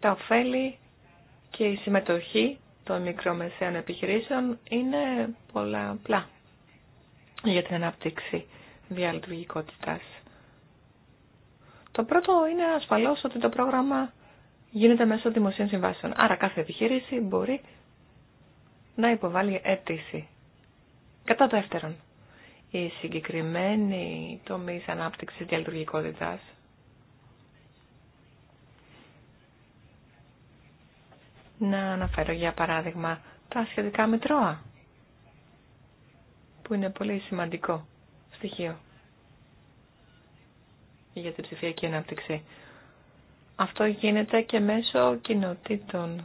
S3: τα ωφέλη και η συμμετοχή των μικρομεσαίων επιχειρήσεων είναι πολλαπλά για την ανάπτυξη διαλειτουργικότητας. Το πρώτο είναι ασφαλώς ότι το πρόγραμμα γίνεται μέσω δημοσίων συμβάσεων. Άρα κάθε επιχείρηση μπορεί να υποβάλει αίτηση. Κατά το δεύτερον, οι συγκεκριμένοι τομή ανάπτυξης διαλειτουργικότητας Να αναφέρω για παράδειγμα τα σχετικά μετρώα, που είναι πολύ σημαντικό στοιχείο για την ψηφιακή ανάπτυξη. Αυτό γίνεται και μέσω κοινοτήτων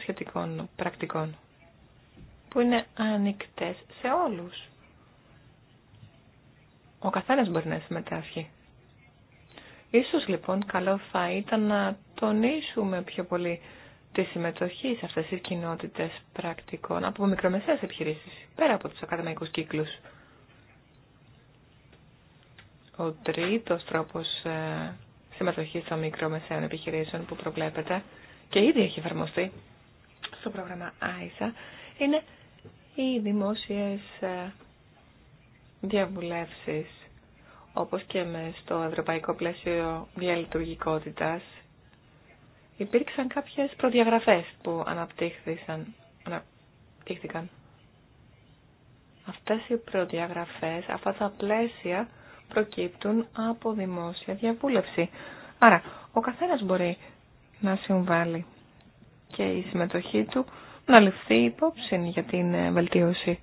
S3: σχετικών πρακτικών που είναι ανοιχτέ σε όλους. Ο καθένας μπορεί να συμμετάσχει. Ίσως λοιπόν καλό θα ήταν να τονίσουμε πιο πολύ τη συμμετοχή σε αυτές τις κοινότητες πρακτικών από μικρομεσαίες επιχειρήσεις, πέρα από τους ακαδημαϊκούς κύκλους ο τρίτος τρόπος ε, συμμετοχής των μικρομεσαίων επιχειρήσεων που προβλέπεται και ήδη έχει εφαρμοστεί στο πρόγραμμα ISA είναι οι δημόσιες ε, διαβουλεύσεις όπως και με στο Ευρωπαϊκό Πλαίσιο Διαλειτουργικότητας υπήρξαν κάποιες προδιαγραφές που αναπτύχθηκαν. αναπτύχθηκαν. Αυτές οι προδιαγραφές, αυτά τα πλαίσια προκύπτουν από δημόσια διαβούλευση. Άρα, ο καθένας μπορεί να συμβάλλει και η συμμετοχή του να ληφθεί υπόψη για την ε, βελτίωση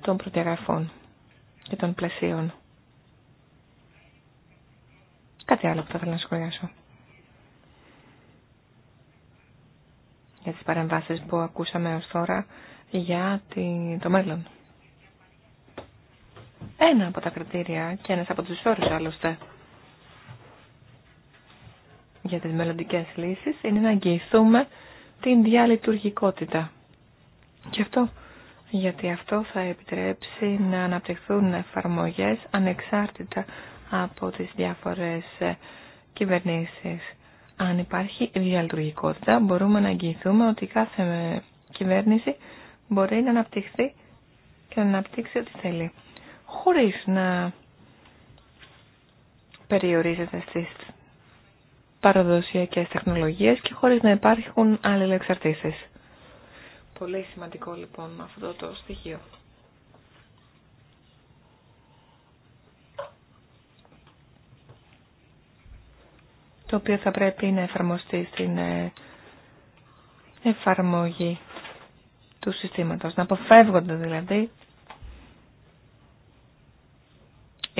S3: των πρωτογραφών και των πλαισίων. Κάτι άλλο που θα ήθελα να σχολιάσω. Για τις παρεμβάσεις που ακούσαμε ως τώρα για το μέλλον. Ένα από τα κριτήρια και ένας από τους όρους άλλωστε για τις μελλοντικέ λύσεις είναι να αγγιηθούμε την διαλειτουργικότητα. Και αυτό γιατί αυτό θα επιτρέψει να αναπτυχθούν εφαρμογές ανεξάρτητα από τις διάφορες ε, κυβερνήσεις. Αν υπάρχει διαλειτουργικότητα μπορούμε να αγγιηθούμε ότι κάθε ε, κυβέρνηση μπορεί να αναπτυχθεί και να αναπτύξει ό,τι θέλει χωρίς να περιορίζεται στις παραδοσιακές τεχνολογίες και χωρίς να υπάρχουν αλληλεξαρτήσεις. Πολύ σημαντικό λοιπόν αυτό το στοιχείο. το οποίο θα πρέπει να εφαρμοστεί στην ε, εφαρμογή του συστήματος. Να αποφεύγονται δηλαδή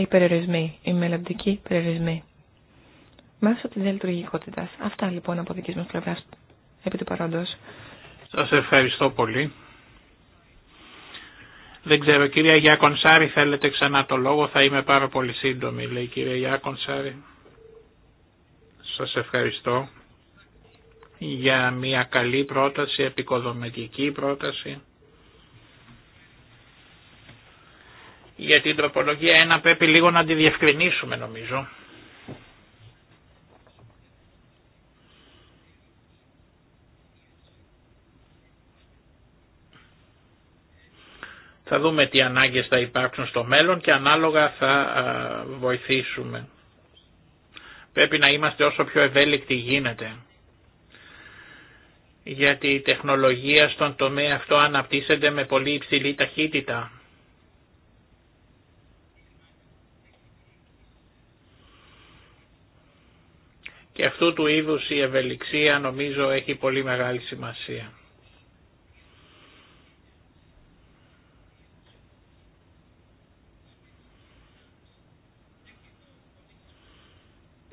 S3: οι περιορισμοί, οι μελλοντικοί περιορισμοί μέσω τη διαλειτουργικότητα. Αυτά λοιπόν από δική μα πλευρά επί του παρόντο.
S2: Σα ευχαριστώ πολύ. Δεν ξέρω, κυρία Γιάκονσάρη, θέλετε ξανά το λόγο, θα είμαι πάρα πολύ σύντομη, λέει η κυρία Γιάκονσάρη. Σα ευχαριστώ για μια καλή πρόταση, επικοδομητική πρόταση. Για την τροπολογία 1 πρέπει λίγο να τη διευκρινίσουμε νομίζω. Θα δούμε τι ανάγκες θα υπάρξουν στο μέλλον και ανάλογα θα βοηθήσουμε. Πρέπει να είμαστε όσο πιο ευέλικτοι γίνεται. Γιατί η τεχνολογία στον τομέα αυτό αναπτύσσεται με πολύ υψηλή ταχύτητα. Και αυτού του είδους η ευελιξία νομίζω έχει πολύ μεγάλη σημασία.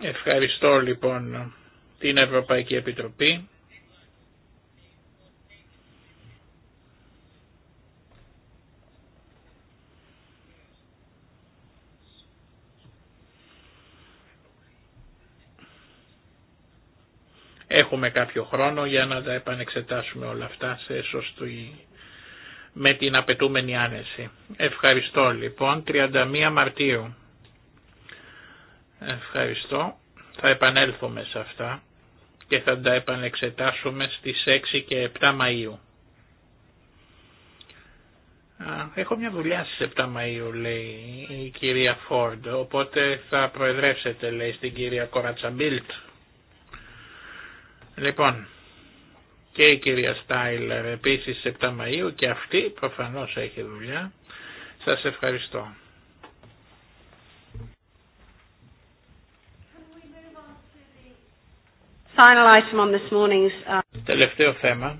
S2: Ευχαριστώ λοιπόν την Ευρωπαϊκή Επιτροπή. Έχουμε κάποιο χρόνο για να τα επανεξετάσουμε όλα αυτά σε με την απαιτούμενη άνεση. Ευχαριστώ λοιπόν. 31 Μαρτίου. Ευχαριστώ. Θα επανέλθουμε σε αυτά και θα τα επανεξετάσουμε στις 6 και 7 Μαΐου. Έχω μια δουλειά στις 7 Μαΐου λέει η κυρία Φόρντ, οπότε θα προεδρεύσετε λέει στην κυρία Κορατσαμπίλτ. Λοιπόν, και η κυρία Στάιλερ επίσης 7 Μαΐου και αυτή προφανώς έχει δουλειά. Σας ευχαριστώ.
S1: Uh,
S2: Τελευταίο θέμα.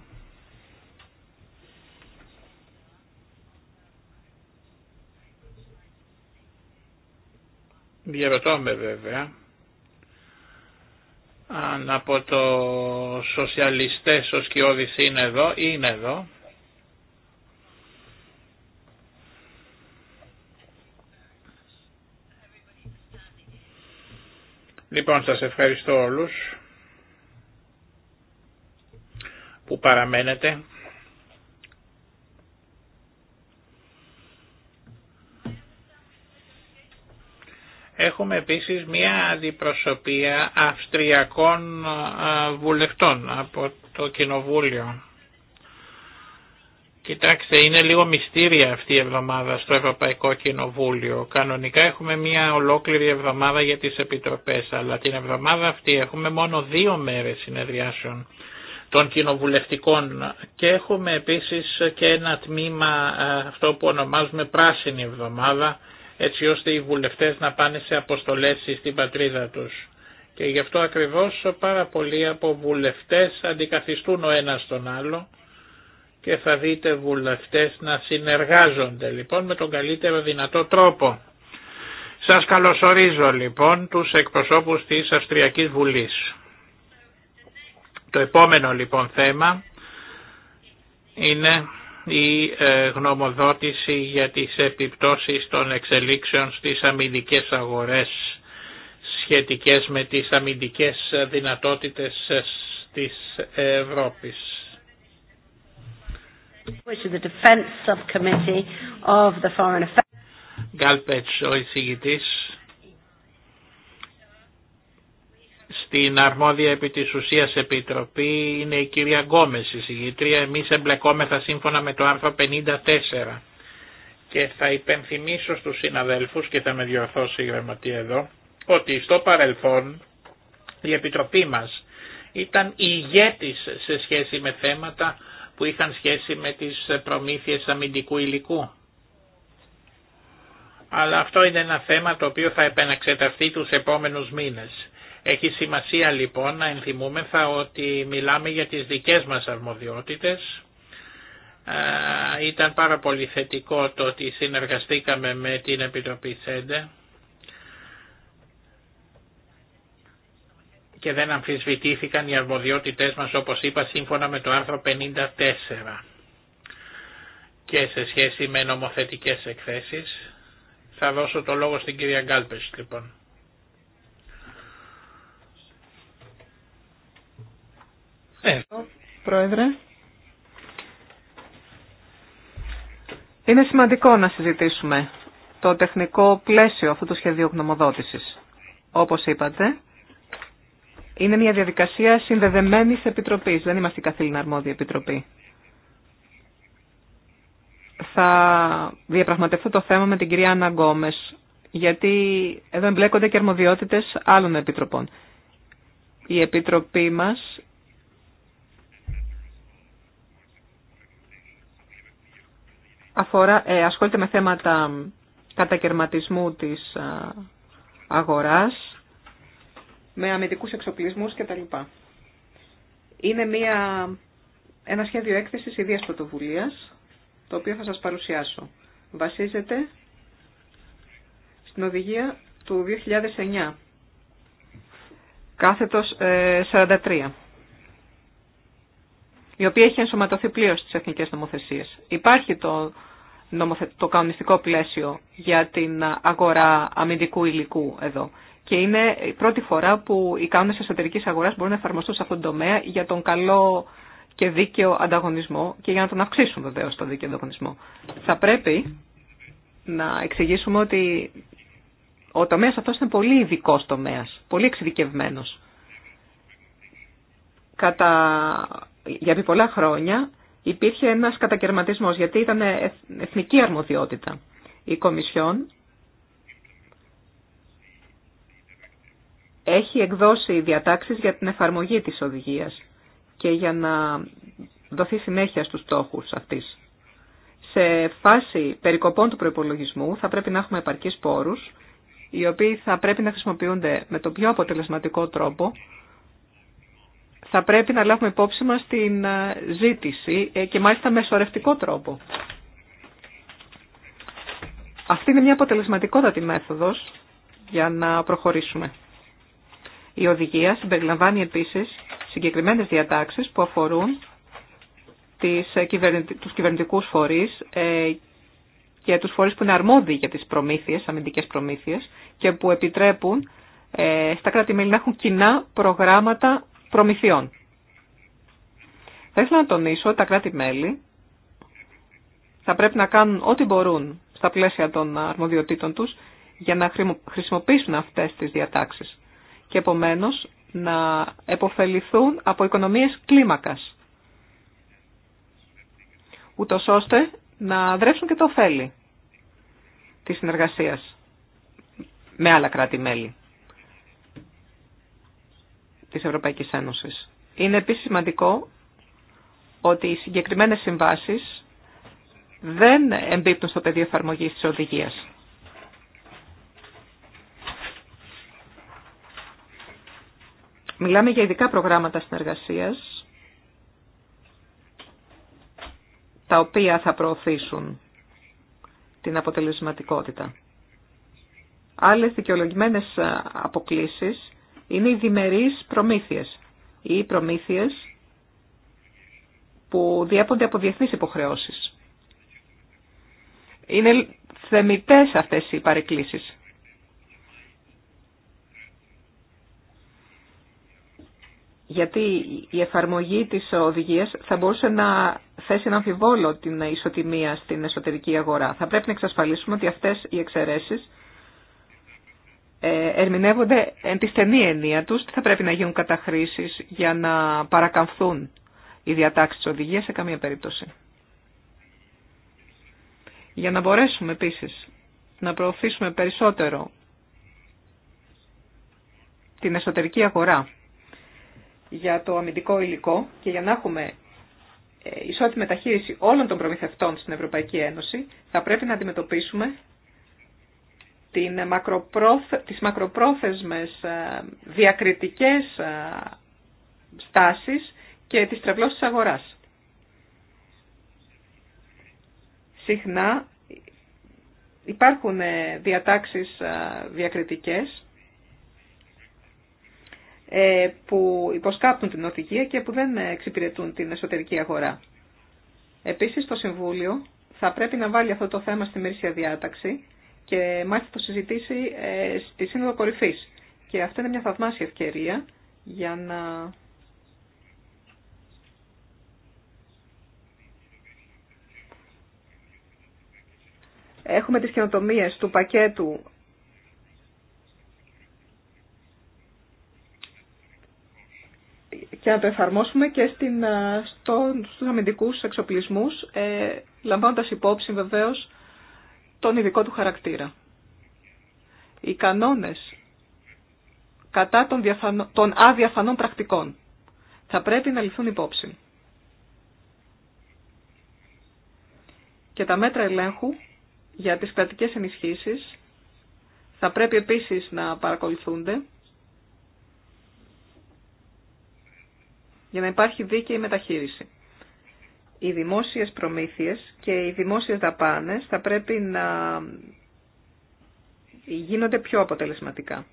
S2: Διαρωτώ με βέβαια αν από το σοσιαλιστές ο Σκιώδης είναι εδώ, είναι εδώ. Λοιπόν, σας ευχαριστώ όλους που παραμένετε. Έχουμε επίσης μια αντιπροσωπεία αυστριακών βουλευτών από το Κοινοβούλιο. Κοιτάξτε, είναι λίγο μυστήρια αυτή η εβδομάδα στο Ευρωπαϊκό Κοινοβούλιο. Κανονικά έχουμε μια ολόκληρη εβδομάδα για τις επιτροπές, αλλά την εβδομάδα αυτή έχουμε μόνο δύο μέρες συνεδριάσεων των κοινοβουλευτικών και έχουμε επίσης και ένα τμήμα αυτό που ονομάζουμε πράσινη εβδομάδα έτσι ώστε οι βουλευτές να πάνε σε αποστολές στην πατρίδα τους. Και γι' αυτό ακριβώς πάρα πολλοί από βουλευτές αντικαθιστούν ο ένας τον άλλο και θα δείτε βουλευτές να συνεργάζονται λοιπόν με τον καλύτερο δυνατό τρόπο. Σας καλωσορίζω λοιπόν τους εκπροσώπους της Αυστριακής Βουλής. Το επόμενο λοιπόν θέμα είναι η ε, γνωμοδότηση για τις επιπτώσεις των εξελίξεων στις αμυντικές αγορές σχετικές με τις αμυντικές δυνατότητες της Ευρώπης. Γκάλπετς, ο εισηγητής στην αρμόδια επί της ουσίας επιτροπή είναι η κυρία Γκόμες η συγγητρία. Εμείς εμπλεκόμεθα σύμφωνα με το άρθρο 54 και θα υπενθυμίσω στους συναδέλφους και θα με διορθώσει η γραμματή εδώ ότι στο παρελθόν η επιτροπή μας ήταν ηγέτης σε σχέση με θέματα που είχαν σχέση με τις προμήθειες αμυντικού υλικού. Αλλά αυτό είναι ένα θέμα το οποίο θα επαναξεταστεί τους επόμενους μήνες. Έχει σημασία λοιπόν να ενθυμούμεθα ότι μιλάμε για τις δικές μας αρμοδιότητες. Ήταν πάρα πολύ θετικό το ότι συνεργαστήκαμε με την Επιτροπή ΣΕΝΤΕ και δεν αμφισβητήθηκαν οι αρμοδιότητές μας όπως είπα σύμφωνα με το άρθρο 54 και σε σχέση με νομοθετικές εκθέσεις. Θα δώσω το λόγο στην κυρία Γκάλπες λοιπόν.
S5: Ε,
S4: πρόεδρε. Είναι σημαντικό να συζητήσουμε το τεχνικό πλαίσιο αυτού του σχεδίου γνωμοδότησης. Όπως είπατε, είναι μια διαδικασία συνδεδεμένης επιτροπής. Δεν είμαστε η καθήλυνα αρμόδια επιτροπή. Θα διαπραγματευτώ το θέμα με την κυρία Άννα γιατί εδώ εμπλέκονται και αρμοδιότητες άλλων επιτροπών. Η επιτροπή μας αφορά, ε, ασχολείται με θέματα κατακαιρματισμού της ε, αγοράς, με αμυντικούς εξοπλισμούς κτλ. Είναι μια, ένα σχέδιο έκθεσης ιδίας πρωτοβουλία, το οποίο θα σας παρουσιάσω. Βασίζεται στην οδηγία του 2009, κάθετος 43. Ε, η οποία έχει ενσωματωθεί πλήρως στις εθνικές νομοθεσίες. Υπάρχει το, το κανονιστικό πλαίσιο για την αγορά αμυντικού υλικού εδώ. Και είναι η πρώτη φορά που οι κανόνες εσωτερικής αγοράς μπορούν να εφαρμοστούν σε αυτόν τον τομέα για τον καλό και δίκαιο ανταγωνισμό και για να τον αυξήσουν βεβαίω τον δίκαιο ανταγωνισμό. Θα πρέπει να εξηγήσουμε ότι ο τομέα αυτό είναι πολύ ειδικό τομέα, πολύ εξειδικευμένο. Κατά για πολλά χρόνια υπήρχε ένας κατακαιρματισμός, γιατί ήταν εθνική αρμοδιότητα. Η Κομισιόν έχει εκδώσει διατάξεις για την εφαρμογή της οδηγίας και για να δοθεί συνέχεια στους στόχους αυτής. Σε φάση περικοπών του προϋπολογισμού θα πρέπει να έχουμε επαρκείς πόρους, οι οποίοι θα πρέπει να χρησιμοποιούνται με τον πιο αποτελεσματικό τρόπο θα πρέπει να λάβουμε υπόψη μας την ε, ζήτηση ε, και μάλιστα με σωρευτικό τρόπο. Αυτή είναι μια αποτελεσματικότατη μέθοδος για να προχωρήσουμε. Η οδηγία συμπεριλαμβάνει επίσης συγκεκριμένες διατάξεις που αφορούν τις, ε, τους κυβερνητικούς φορείς και τους φορείς που είναι αρμόδιοι για τις προμήθειες, αμυντικές προμήθειες και που επιτρέπουν στα κράτη-μέλη να έχουν κοινά προγράμματα προμηθειών. Θα ήθελα να τονίσω ότι τα κράτη-μέλη θα πρέπει να κάνουν ό,τι μπορούν στα πλαίσια των αρμοδιοτήτων τους για να χρησιμοποιήσουν αυτές τις διατάξεις και επομένως να επωφεληθούν από οικονομίες κλίμακας, ούτω ώστε να δρέψουν και το ωφέλη της συνεργασίας με άλλα κράτη-μέλη της Ευρωπαϊκής Ένωσης. Είναι επίσης σημαντικό ότι οι συγκεκριμένες συμβάσεις δεν εμπίπτουν στο πεδίο εφαρμογής της οδηγίας. Μιλάμε για ειδικά προγράμματα συνεργασίας, τα οποία θα προωθήσουν την αποτελεσματικότητα. Άλλες δικαιολογημένες αποκλήσεις είναι οι διμερείς προμήθειες ή προμήθειες που διέπονται από διεθνείς υποχρεώσεις. Είναι θεμητές αυτές οι παρεκκλήσεις. Γιατί η εφαρμογή της οδηγίας θα μπορούσε να θέσει ένα αμφιβόλο την ισοτιμία στην εσωτερική αγορά. Θα πρέπει να εξασφαλίσουμε ότι αυτές οι εξαιρέσεις ε, ερμηνεύονται εν τη στενή ενία τους, τι θα πρέπει να γίνουν καταχρήσεις για να παρακαμφθούν οι διατάξεις της οδηγίας σε καμία περίπτωση. Για να μπορέσουμε επίσης να προωθήσουμε περισσότερο την εσωτερική αγορά για το αμυντικό υλικό και για να έχουμε ε, ισότιμη μεταχείριση όλων των προμηθευτών στην Ευρωπαϊκή Ένωση, θα πρέπει να αντιμετωπίσουμε την μακροπρόθε, τις μακροπρόθεσμες ε, διακριτικές ε, στάσεις και τις τρευλώσεις αγοράς. Συχνά υπάρχουν ε, διατάξεις διακριτικές που υποσκάπτουν την οδηγία και που δεν εξυπηρετούν την εσωτερική αγορά. Επίσης το Συμβούλιο θα πρέπει να βάλει αυτό το θέμα στη μερίσια διάταξη και μάλιστα το συζητήσει ε, στη Σύνοδο Κορυφή. Και αυτή είναι μια θαυμάσια ευκαιρία για να Έχουμε τις καινοτομίες του πακέτου και να το εφαρμόσουμε και στην, ε, στο, στους αμυντικούς εξοπλισμούς, ε, λαμβάνοντας υπόψη βεβαίως τον ειδικό του χαρακτήρα. Οι κανόνες κατά των, αδιαφανών πρακτικών θα πρέπει να ληφθούν υπόψη. Και τα μέτρα ελέγχου για τις κρατικές ενισχύσεις θα πρέπει επίσης να παρακολουθούνται για να υπάρχει δίκαιη μεταχείριση οι δημόσιες προμήθειες και οι δημόσιες δαπάνες θα πρέπει να γίνονται πιο αποτελεσματικά.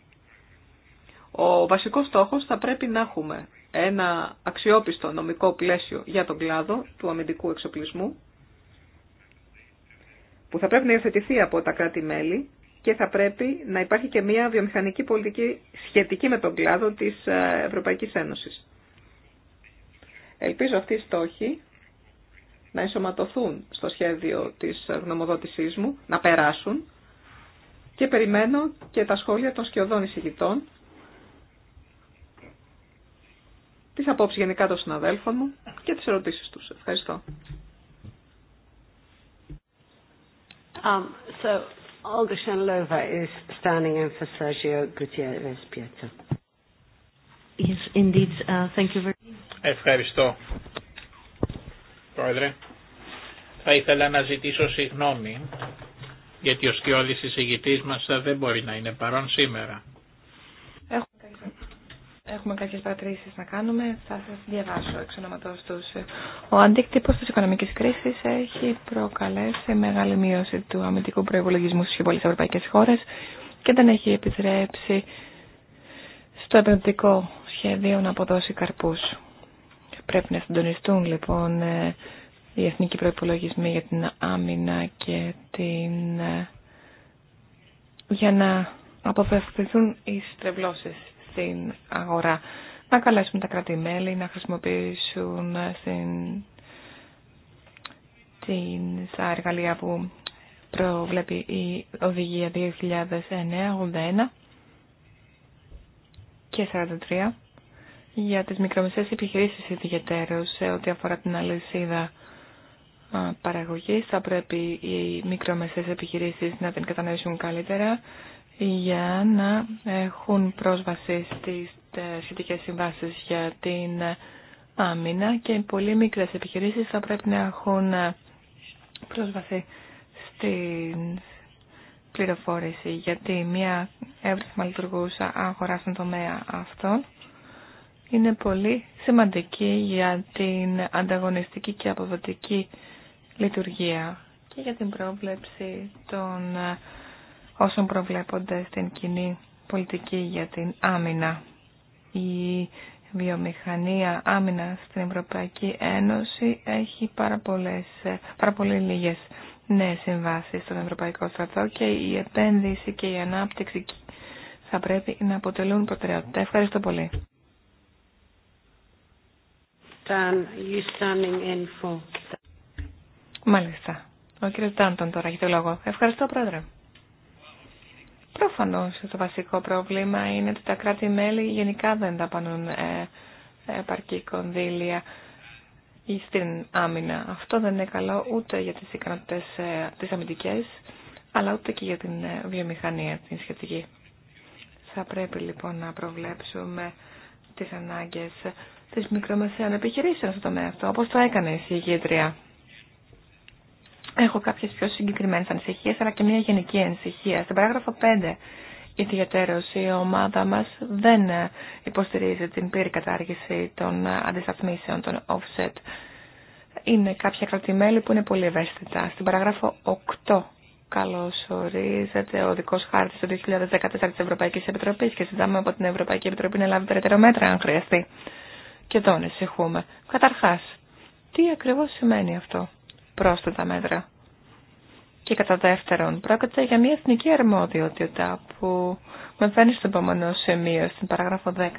S4: Ο βασικός στόχος θα πρέπει να έχουμε ένα αξιόπιστο νομικό πλαίσιο για τον κλάδο του αμυντικού εξοπλισμού που θα πρέπει να υιοθετηθεί από τα κράτη-μέλη και θα πρέπει να υπάρχει και μια βιομηχανική πολιτική σχετική με τον κλάδο της Ευρωπαϊκής Ένωσης. Ελπίζω αυτή η στόχοι να ενσωματωθούν στο σχέδιο της γνωμοδότησής μου, να περάσουν και περιμένω και τα σχόλια των σκιωδών εισηγητών, τις απόψεις γενικά των συναδέλφων μου και τις ερωτήσεις τους.
S1: Ευχαριστώ. Um, so, Olga Shanlova is standing in for Sergio Gutierrez Pietro. Yes, indeed. Uh, thank you very much.
S2: Ευχαριστώ. Πρόεδρε, θα ήθελα να ζητήσω συγγνώμη γιατί ο σκιώδης εισηγητής μας δεν μπορεί να είναι παρόν σήμερα.
S3: Έχουμε κάποιες, έχουμε να κάνουμε. Θα σας διαβάσω εξ ονόματος τους. Ο αντίκτυπος της οικονομικής κρίσης έχει προκαλέσει μεγάλη μείωση του αμυντικού προϋπολογισμού στις πολλές ευρωπαϊκές χώρες και δεν έχει επιτρέψει στο επενδυτικό σχέδιο να αποδώσει καρπούς. Πρέπει να συντονιστούν λοιπόν ε, οι εθνικοί προπολογισμοί για την άμυνα και την... Ε, για να αποφευκθούν οι στρεβλώσεις στην αγορά. Να καλέσουν τα κρατη να χρησιμοποιήσουν ε, την... τα εργαλεία που προβλέπει η οδηγία 2009-81 και 43 για τις μικρομεσαίες επιχειρήσεις ιδιαιτέρως σε ό,τι αφορά την αλυσίδα παραγωγής. Θα πρέπει οι μικρομεσαίες επιχειρήσεις να την κατανοήσουν καλύτερα για να έχουν πρόσβαση στις ε, σχετικές συμβάσεις για την ε, άμυνα και οι πολύ μικρές επιχειρήσεις θα πρέπει να έχουν ε, πρόσβαση στην πληροφόρηση γιατί μια εύρυθμα λειτουργούσα αγορά στον τομέα αυτό είναι πολύ σημαντική για την ανταγωνιστική και αποδοτική λειτουργία και για την πρόβλεψη των ε, όσων προβλέπονται στην κοινή πολιτική για την άμυνα. Η βιομηχανία άμυνα στην Ευρωπαϊκή Ένωση έχει πάρα, πολλές, ε, πολύ λίγες νέες συμβάσεις στον Ευρωπαϊκό Στρατό και η επένδυση και η ανάπτυξη θα πρέπει να αποτελούν προτεραιότητα. Ευχαριστώ
S1: πολύ standing in for...
S3: Μάλιστα. Ο κύριο Ντάντον τώρα έχει το λόγο. Ευχαριστώ, Πρόεδρε. Πρόφανώ. το βασικό πρόβλημα είναι ότι τα κράτη-μέλη γενικά δεν δαπανούν ε, επαρκή κονδύλια ή στην άμυνα. Αυτό δεν είναι καλό ούτε για τι ικανότητες ε, τις αμυντικές, αλλά ούτε και για την ε, βιομηχανία την σχετική. Θα πρέπει λοιπόν να προβλέψουμε τι ανάγκε της μικρομεσαίων επιχειρήσεων στο τομέα αυτό, όπως το έκανε η συγγήτρια. Έχω κάποιε πιο συγκεκριμένε ανησυχίε, αλλά και μια γενική ανησυχία. Στην παράγραφο 5, ιδιαίτερως η ομάδα μα δεν υποστηρίζει την πλήρη κατάργηση των αντισταθμίσεων, των offset. Είναι κάποια κρατημέλη που είναι πολύ ευαίσθητα. Στην παράγραφο 8, καλώ ορίζεται, ο δικό χάρτη του 2014 τη Ευρωπαϊκή Επιτροπή και συζητάμε από την Ευρωπαϊκή Επιτροπή να λάβει περαιτέρω μέτρα, αν χρειαστεί και εδώ ανησυχούμε. Καταρχάς, τι ακριβώς σημαίνει αυτό, πρόσθετα μέτρα. Και κατά δεύτερον, πρόκειται για μια εθνική αρμόδιότητα που με φαίνει στο επόμενο σημείο, στην παράγραφο 10,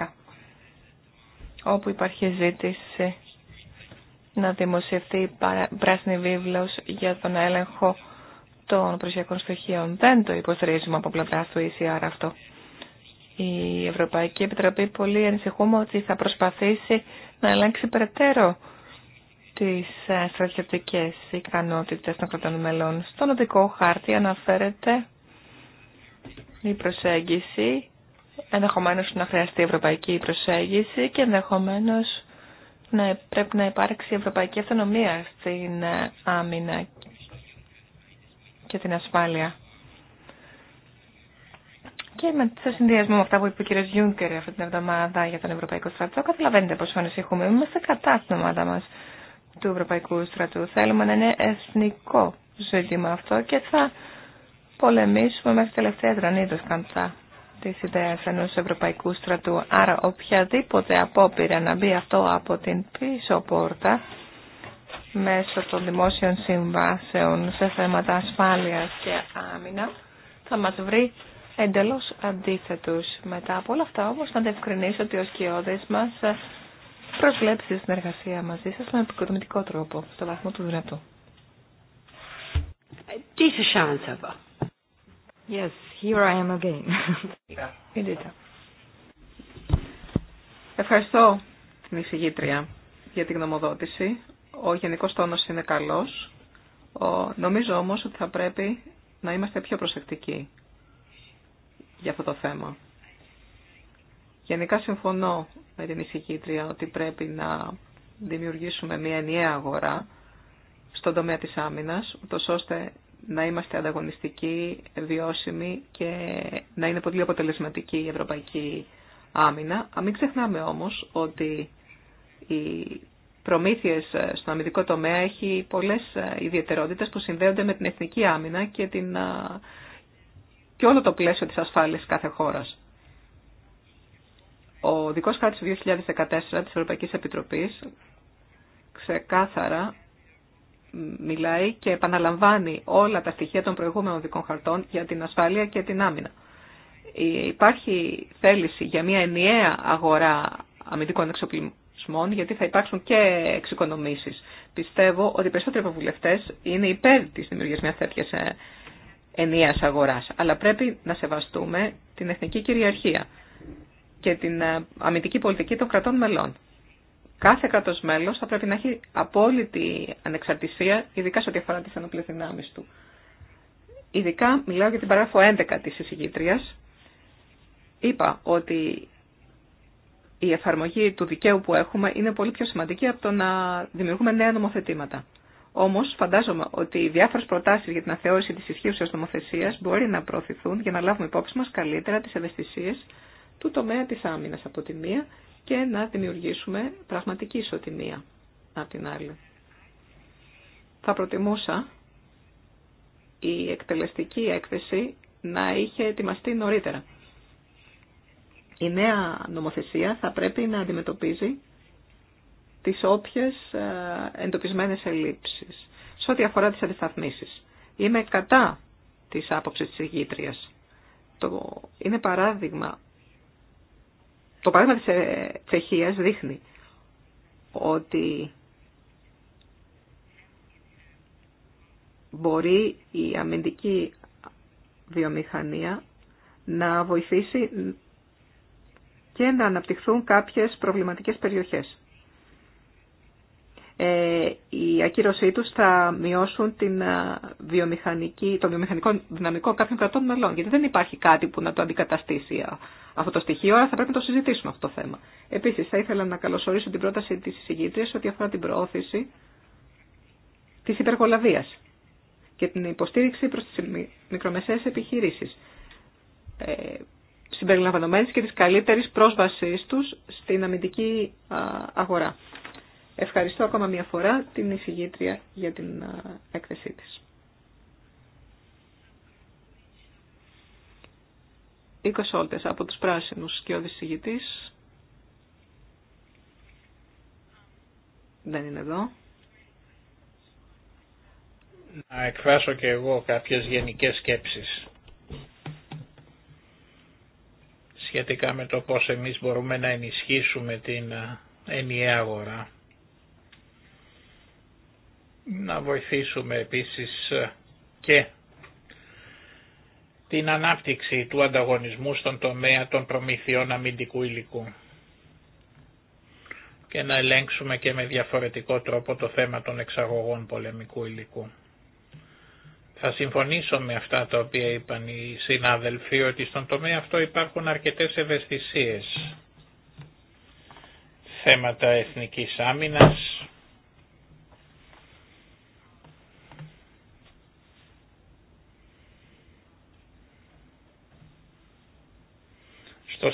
S3: όπου υπάρχει ζήτηση να δημοσιευτεί η πράσινη βίβλος για τον έλεγχο των προσιακών στοιχείων. Δεν το υποστηρίζουμε από πλευρά του ECR αυτό. Η Ευρωπαϊκή Επιτροπή πολύ ανησυχούμε ότι θα προσπαθήσει να ελέγξει περαιτέρω τις ε, στρατιωτικές ικανότητες των κρατών μελών. Στον οδικό χάρτη αναφέρεται η προσέγγιση, ενδεχομένως να χρειαστεί η ευρωπαϊκή προσέγγιση και ενδεχομένως να ε, πρέπει να υπάρξει ευρωπαϊκή αυτονομία στην ε, άμυνα και την ασφάλεια και με, σε συνδυασμό με αυτά που είπε ο κ. Γιούνκερ αυτή την εβδομάδα για τον Ευρωπαϊκό Στρατό, καταλαβαίνετε πόσο ανησυχούμε. Είμαστε κατά την ομάδα μα του Ευρωπαϊκού Στρατού. Θέλουμε να είναι εθνικό ζήτημα αυτό και θα πολεμήσουμε μέχρι τελευταία δρανίδα κατά τη ιδέα ενό Ευρωπαϊκού Στρατού. Άρα, οποιαδήποτε απόπειρα να μπει αυτό από την πίσω πόρτα μέσω των δημόσιων συμβάσεων σε θέματα ασφάλεια και άμυνα θα μα βρει εντελώς αντίθετους. Μετά από όλα αυτά όμως να διευκρινίσω ότι ο σκιώδης μας προσβλέπει τη συνεργασία μαζί σας με επικοδομητικό τρόπο, στο βαθμό του δυνατού.
S4: Yes, here I am again. Ευχαριστώ την εισηγήτρια για την γνωμοδότηση. Ο γενικός τόνος είναι καλός. νομίζω όμως ότι θα πρέπει να είμαστε πιο προσεκτικοί για αυτό το θέμα. Γενικά συμφωνώ με την ησυχήτρια ότι πρέπει να δημιουργήσουμε μια ενιαία αγορά στον τομέα της άμυνας, ούτως ώστε να είμαστε ανταγωνιστικοί, βιώσιμοι και να είναι πολύ αποτελεσματική η ευρωπαϊκή άμυνα. Α, μην ξεχνάμε όμως ότι οι προμήθειες στον αμυντικό τομέα έχει πολλές ιδιαιτερότητες που συνδέονται με την εθνική άμυνα και την και όλο το πλαίσιο της ασφάλειας κάθε χώρας. Ο δικός χάρτης του 2014 της Ευρωπαϊκής Επιτροπής ξεκάθαρα μιλάει και επαναλαμβάνει όλα τα στοιχεία των προηγούμενων δικών χαρτών για την ασφάλεια και την άμυνα. Ε, υπάρχει θέληση για μια ενιαία αγορά αμυντικών εξοπλισμών, γιατί θα υπάρξουν και εξοικονομήσεις. Πιστεύω ότι οι περισσότεροι ευρωβουλευτέ είναι υπέρ της δημιουργίας μιας τέτοιας ε, ενιαίας αγοράς, αλλά πρέπει να σεβαστούμε την εθνική κυριαρχία και την ε, αμυντική πολιτική των κρατών μελών. Κάθε κράτος μέλος θα πρέπει να έχει απόλυτη ανεξαρτησία, ειδικά σε ό,τι αφορά τις ενοπλές δυνάμεις του. Ειδικά μιλάω για την παράγραφο 11 της εισηγήτριας. Είπα ότι η εφαρμογή του δικαίου που έχουμε είναι πολύ πιο σημαντική από το να δημιουργούμε νέα νομοθετήματα. Όμω, φαντάζομαι ότι οι διάφορε προτάσει για την αθεώρηση τη ισχύουσα νομοθεσία μπορεί να προωθηθούν για να λάβουμε υπόψη μα καλύτερα τι ευαισθησίε του τομέα τη άμυνας από τη μία και να δημιουργήσουμε πραγματική ισοτιμία από την άλλη. Θα προτιμούσα η εκτελεστική έκθεση να είχε ετοιμαστεί νωρίτερα. Η νέα νομοθεσία θα πρέπει να αντιμετωπίζει τις όποιες ε, εντοπισμένες ελλείψεις. Σε ό,τι αφορά τις αντισταθμίσεις. Είμαι κατά της άποψης της ηγήτριας. Το, είναι παράδειγμα, το παράδειγμα της ε, Τσεχίας δείχνει ότι μπορεί η αμυντική βιομηχανία να βοηθήσει και να αναπτυχθούν κάποιες προβληματικές περιοχές. Ε, η ακύρωσή τους θα μειώσουν την, ε, βιομηχανική, το βιομηχανικό δυναμικό κάποιων κρατών μελών. Γιατί δεν υπάρχει κάτι που να το αντικαταστήσει αυτό το στοιχείο, αλλά θα πρέπει να το συζητήσουμε αυτό το θέμα. Επίσης, θα ήθελα να καλωσορίσω την πρόταση της εισηγήτριας ότι αφορά την προώθηση της υπεργολαβίας και την υποστήριξη προς τις μικρομεσαίες επιχειρήσεις ε, συμπεριλαμβανομένης και της καλύτερης πρόσβασής τους στην αμυντική αγορά. Ευχαριστώ ακόμα μια φορά την εισηγήτρια για την έκθεσή της. 20 όλτες από τους πράσινους και ο δισηγητής. Δεν είναι εδώ.
S2: Να εκφράσω και εγώ κάποιες γενικές σκέψεις σχετικά με το πώς εμείς μπορούμε να ενισχύσουμε την ενιαία αγορά. Να βοηθήσουμε επίσης ε, και την ανάπτυξη του ανταγωνισμού στον τομέα των προμηθειών αμυντικού υλικού και να ελέγξουμε και με διαφορετικό τρόπο το θέμα των εξαγωγών πολεμικού υλικού. Θα συμφωνήσω με αυτά τα οποία είπαν οι συνάδελφοι ότι στον τομέα αυτό υπάρχουν αρκετές ευαισθησίες. Θέματα εθνικής άμυνας,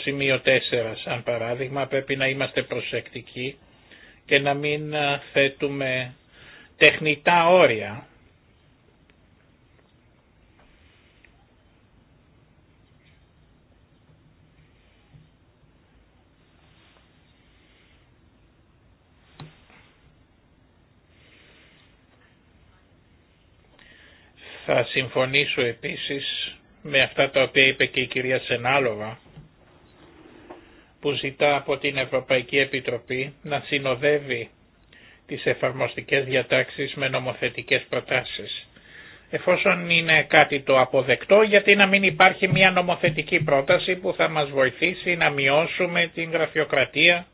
S2: σημείο 4 σαν παράδειγμα πρέπει να είμαστε προσεκτικοί και να μην θέτουμε τεχνητά όρια. Θα συμφωνήσω επίσης με αυτά τα οποία είπε και η κυρία Σενάλοβα που ζητά από την Ευρωπαϊκή Επιτροπή να συνοδεύει τις εφαρμοστικές διατάξεις με νομοθετικές προτάσεις. Εφόσον είναι κάτι το αποδεκτό, γιατί να μην υπάρχει μια νομοθετική πρόταση που θα μας βοηθήσει να μειώσουμε την γραφειοκρατία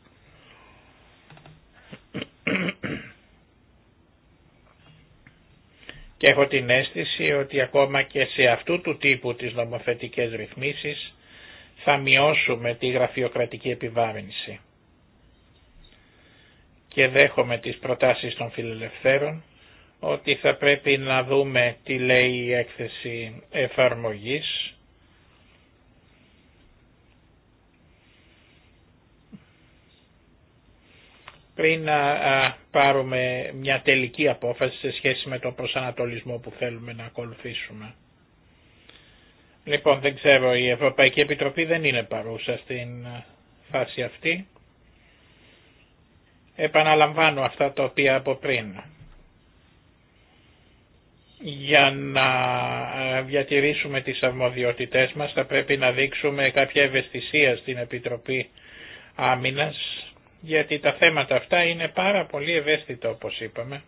S2: και έχω την αίσθηση ότι ακόμα και σε αυτού του τύπου της νομοθετικές ρυθμίσεις θα μειώσουμε τη γραφειοκρατική επιβάρυνση. Και δέχομαι τις προτάσεις των φιλελευθέρων ότι θα πρέπει να δούμε τι λέει η έκθεση εφαρμογής πριν να πάρουμε μια τελική απόφαση σε σχέση με τον προσανατολισμό που θέλουμε να ακολουθήσουμε. Λοιπόν, δεν ξέρω, η Ευρωπαϊκή Επιτροπή δεν είναι παρούσα στην ε, φάση αυτή. Επαναλαμβάνω αυτά τα οποία από πριν. Για να ε, διατηρήσουμε τις αρμοδιότητές μας θα πρέπει να δείξουμε κάποια ευαισθησία στην Επιτροπή Άμυνας, γιατί τα θέματα αυτά είναι πάρα πολύ ευαίσθητα όπως είπαμε.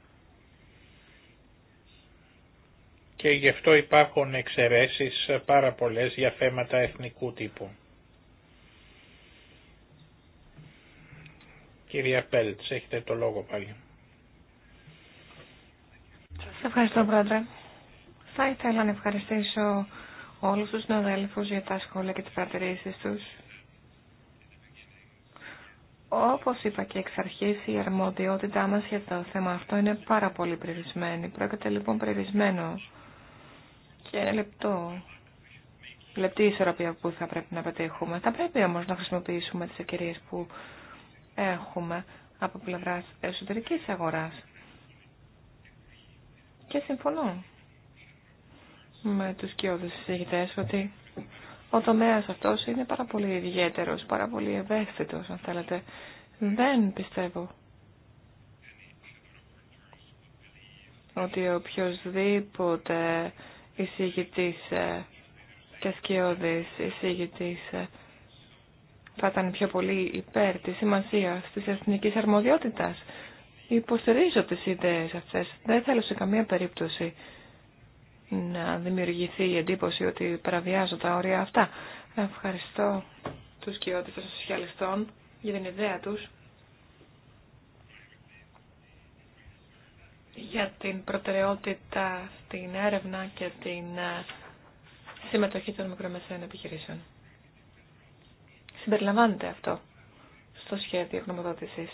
S2: και γι' αυτό υπάρχουν εξαιρέσεις πάρα πολλές για θέματα εθνικού τύπου. Κυρία Πέλτς, έχετε το λόγο πάλι.
S3: Σας ευχαριστώ πρόεδρε. Θα ήθελα να ευχαριστήσω όλους τους συναδέλφους για τα σχόλια και τις παρατηρήσεις τους. Όπως είπα και εξ αρχής, η αρμοδιότητά μας για το θέμα αυτό είναι πάρα πολύ περιορισμένη. Πρόκειται λοιπόν περιορισμένο και λεπτό. Λεπτή ισορροπία που θα πρέπει να πετύχουμε. Θα πρέπει όμως να χρησιμοποιήσουμε τις ευκαιρίε που έχουμε από πλευράς εσωτερικής αγοράς. Και συμφωνώ με τους κοιόδους συζητητές ότι ο τομέας αυτός είναι πάρα πολύ ιδιαίτερος, πάρα πολύ ευαίσθητος αν θέλετε. Δεν πιστεύω ότι οποιοδήποτε εισηγητής ε, και σκιώδης εισηγητής ε, θα ήταν πιο πολύ υπέρ της σημασίας της εθνικής αρμοδιότητας. Υποστηρίζω τις ιδέες αυτές. Δεν θέλω σε καμία περίπτωση να δημιουργηθεί η εντύπωση ότι παραβιάζω τα όρια αυτά. Ευχαριστώ
S4: τους κοιότητες των σοσιαλιστών για
S3: την ιδέα τους. για την προτεραιότητα στην έρευνα και την ε, συμμετοχή των μικρομεσαίων επιχειρήσεων. Συμπεριλαμβάνεται αυτό στο σχέδιο γνωμοδότησης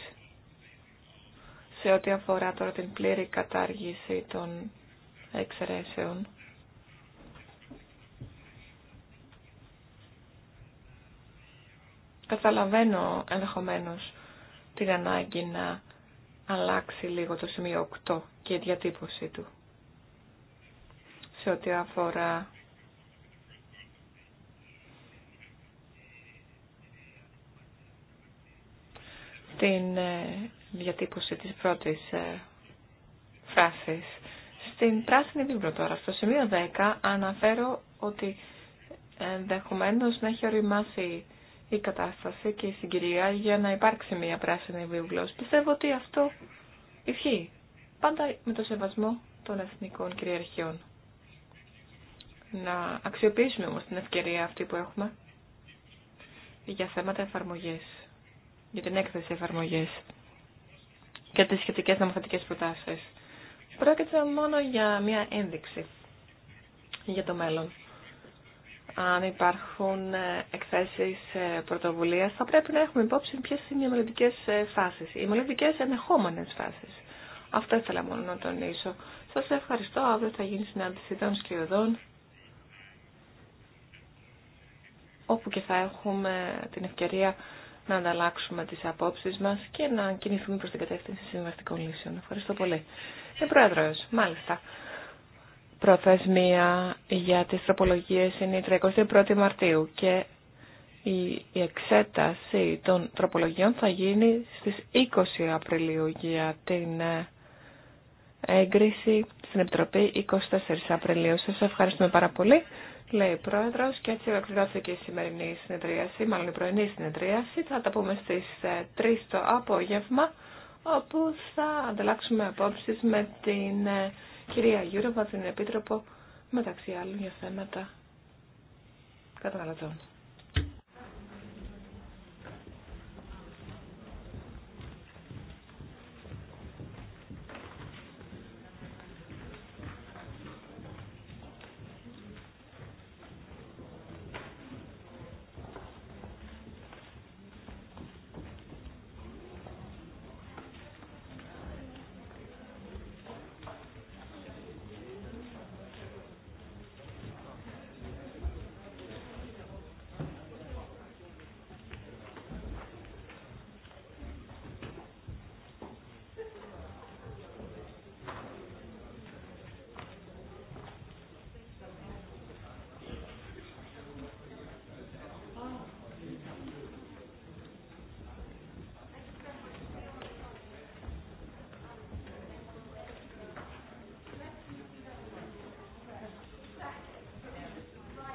S3: σε ό,τι αφορά τώρα την πλήρη κατάργηση των εξαιρέσεων. Καταλαβαίνω ενδεχομένως την ανάγκη να αλλάξει λίγο το σημείο και διατύπωση του σε ό,τι αφορά την ε, διατύπωση της πρώτης ε, φράσης. Στην πράσινη βίβλο τώρα, στο σημείο 10, αναφέρω ότι ενδεχομένω να έχει οριμάσει η κατάσταση και η συγκυρία για να υπάρξει μια πράσινη βίβλος. Πιστεύω ότι αυτό ισχύει πάντα με το σεβασμό των εθνικών κυριαρχιών. Να αξιοποιήσουμε όμως την ευκαιρία αυτή που έχουμε για θέματα εφαρμογής, για την έκθεση εφαρμογής και τις σχετικές νομοθετικές προτάσεις. Πρόκειται μόνο για μία ένδειξη για το μέλλον. Αν υπάρχουν ε, εκθέσεις ε, πρωτοβουλίας, θα πρέπει να έχουμε υπόψη ποιες είναι οι μελλοντικές ε, φάσεις, οι μελλοντικές ενεχόμενες φάσεις. Αυτό ήθελα μόνο να τονίσω. Σας ευχαριστώ. Αύριο θα γίνει συνάντηση των σκιωδών όπου και θα έχουμε την ευκαιρία να ανταλλάξουμε τις απόψεις μας και να κινηθούμε προς την κατεύθυνση συμβαστικών λύσεων. Ευχαριστώ πολύ. Ε, Πρόεδρος, μάλιστα. Προθεσμία για τις τροπολογίες είναι η 31η Μαρτίου και η εξέταση των τροπολογιών θα γίνει στις 20 Απριλίου για την ε, έγκριση στην Επιτροπή 24 Απριλίου. Σας ευχαριστούμε πάρα πολύ, λέει η Πρόεδρος, και έτσι ολοκληρώθηκε η σημερινή συνεδρίαση, μάλλον η πρωινή συνεδρίαση. Θα τα πούμε στις 3 ε, το απόγευμα, όπου θα ανταλλάξουμε απόψεις με την ε, κυρία Γιούροβα, την Επίτροπο, μεταξύ άλλων για θέματα
S4: καταναλωτών.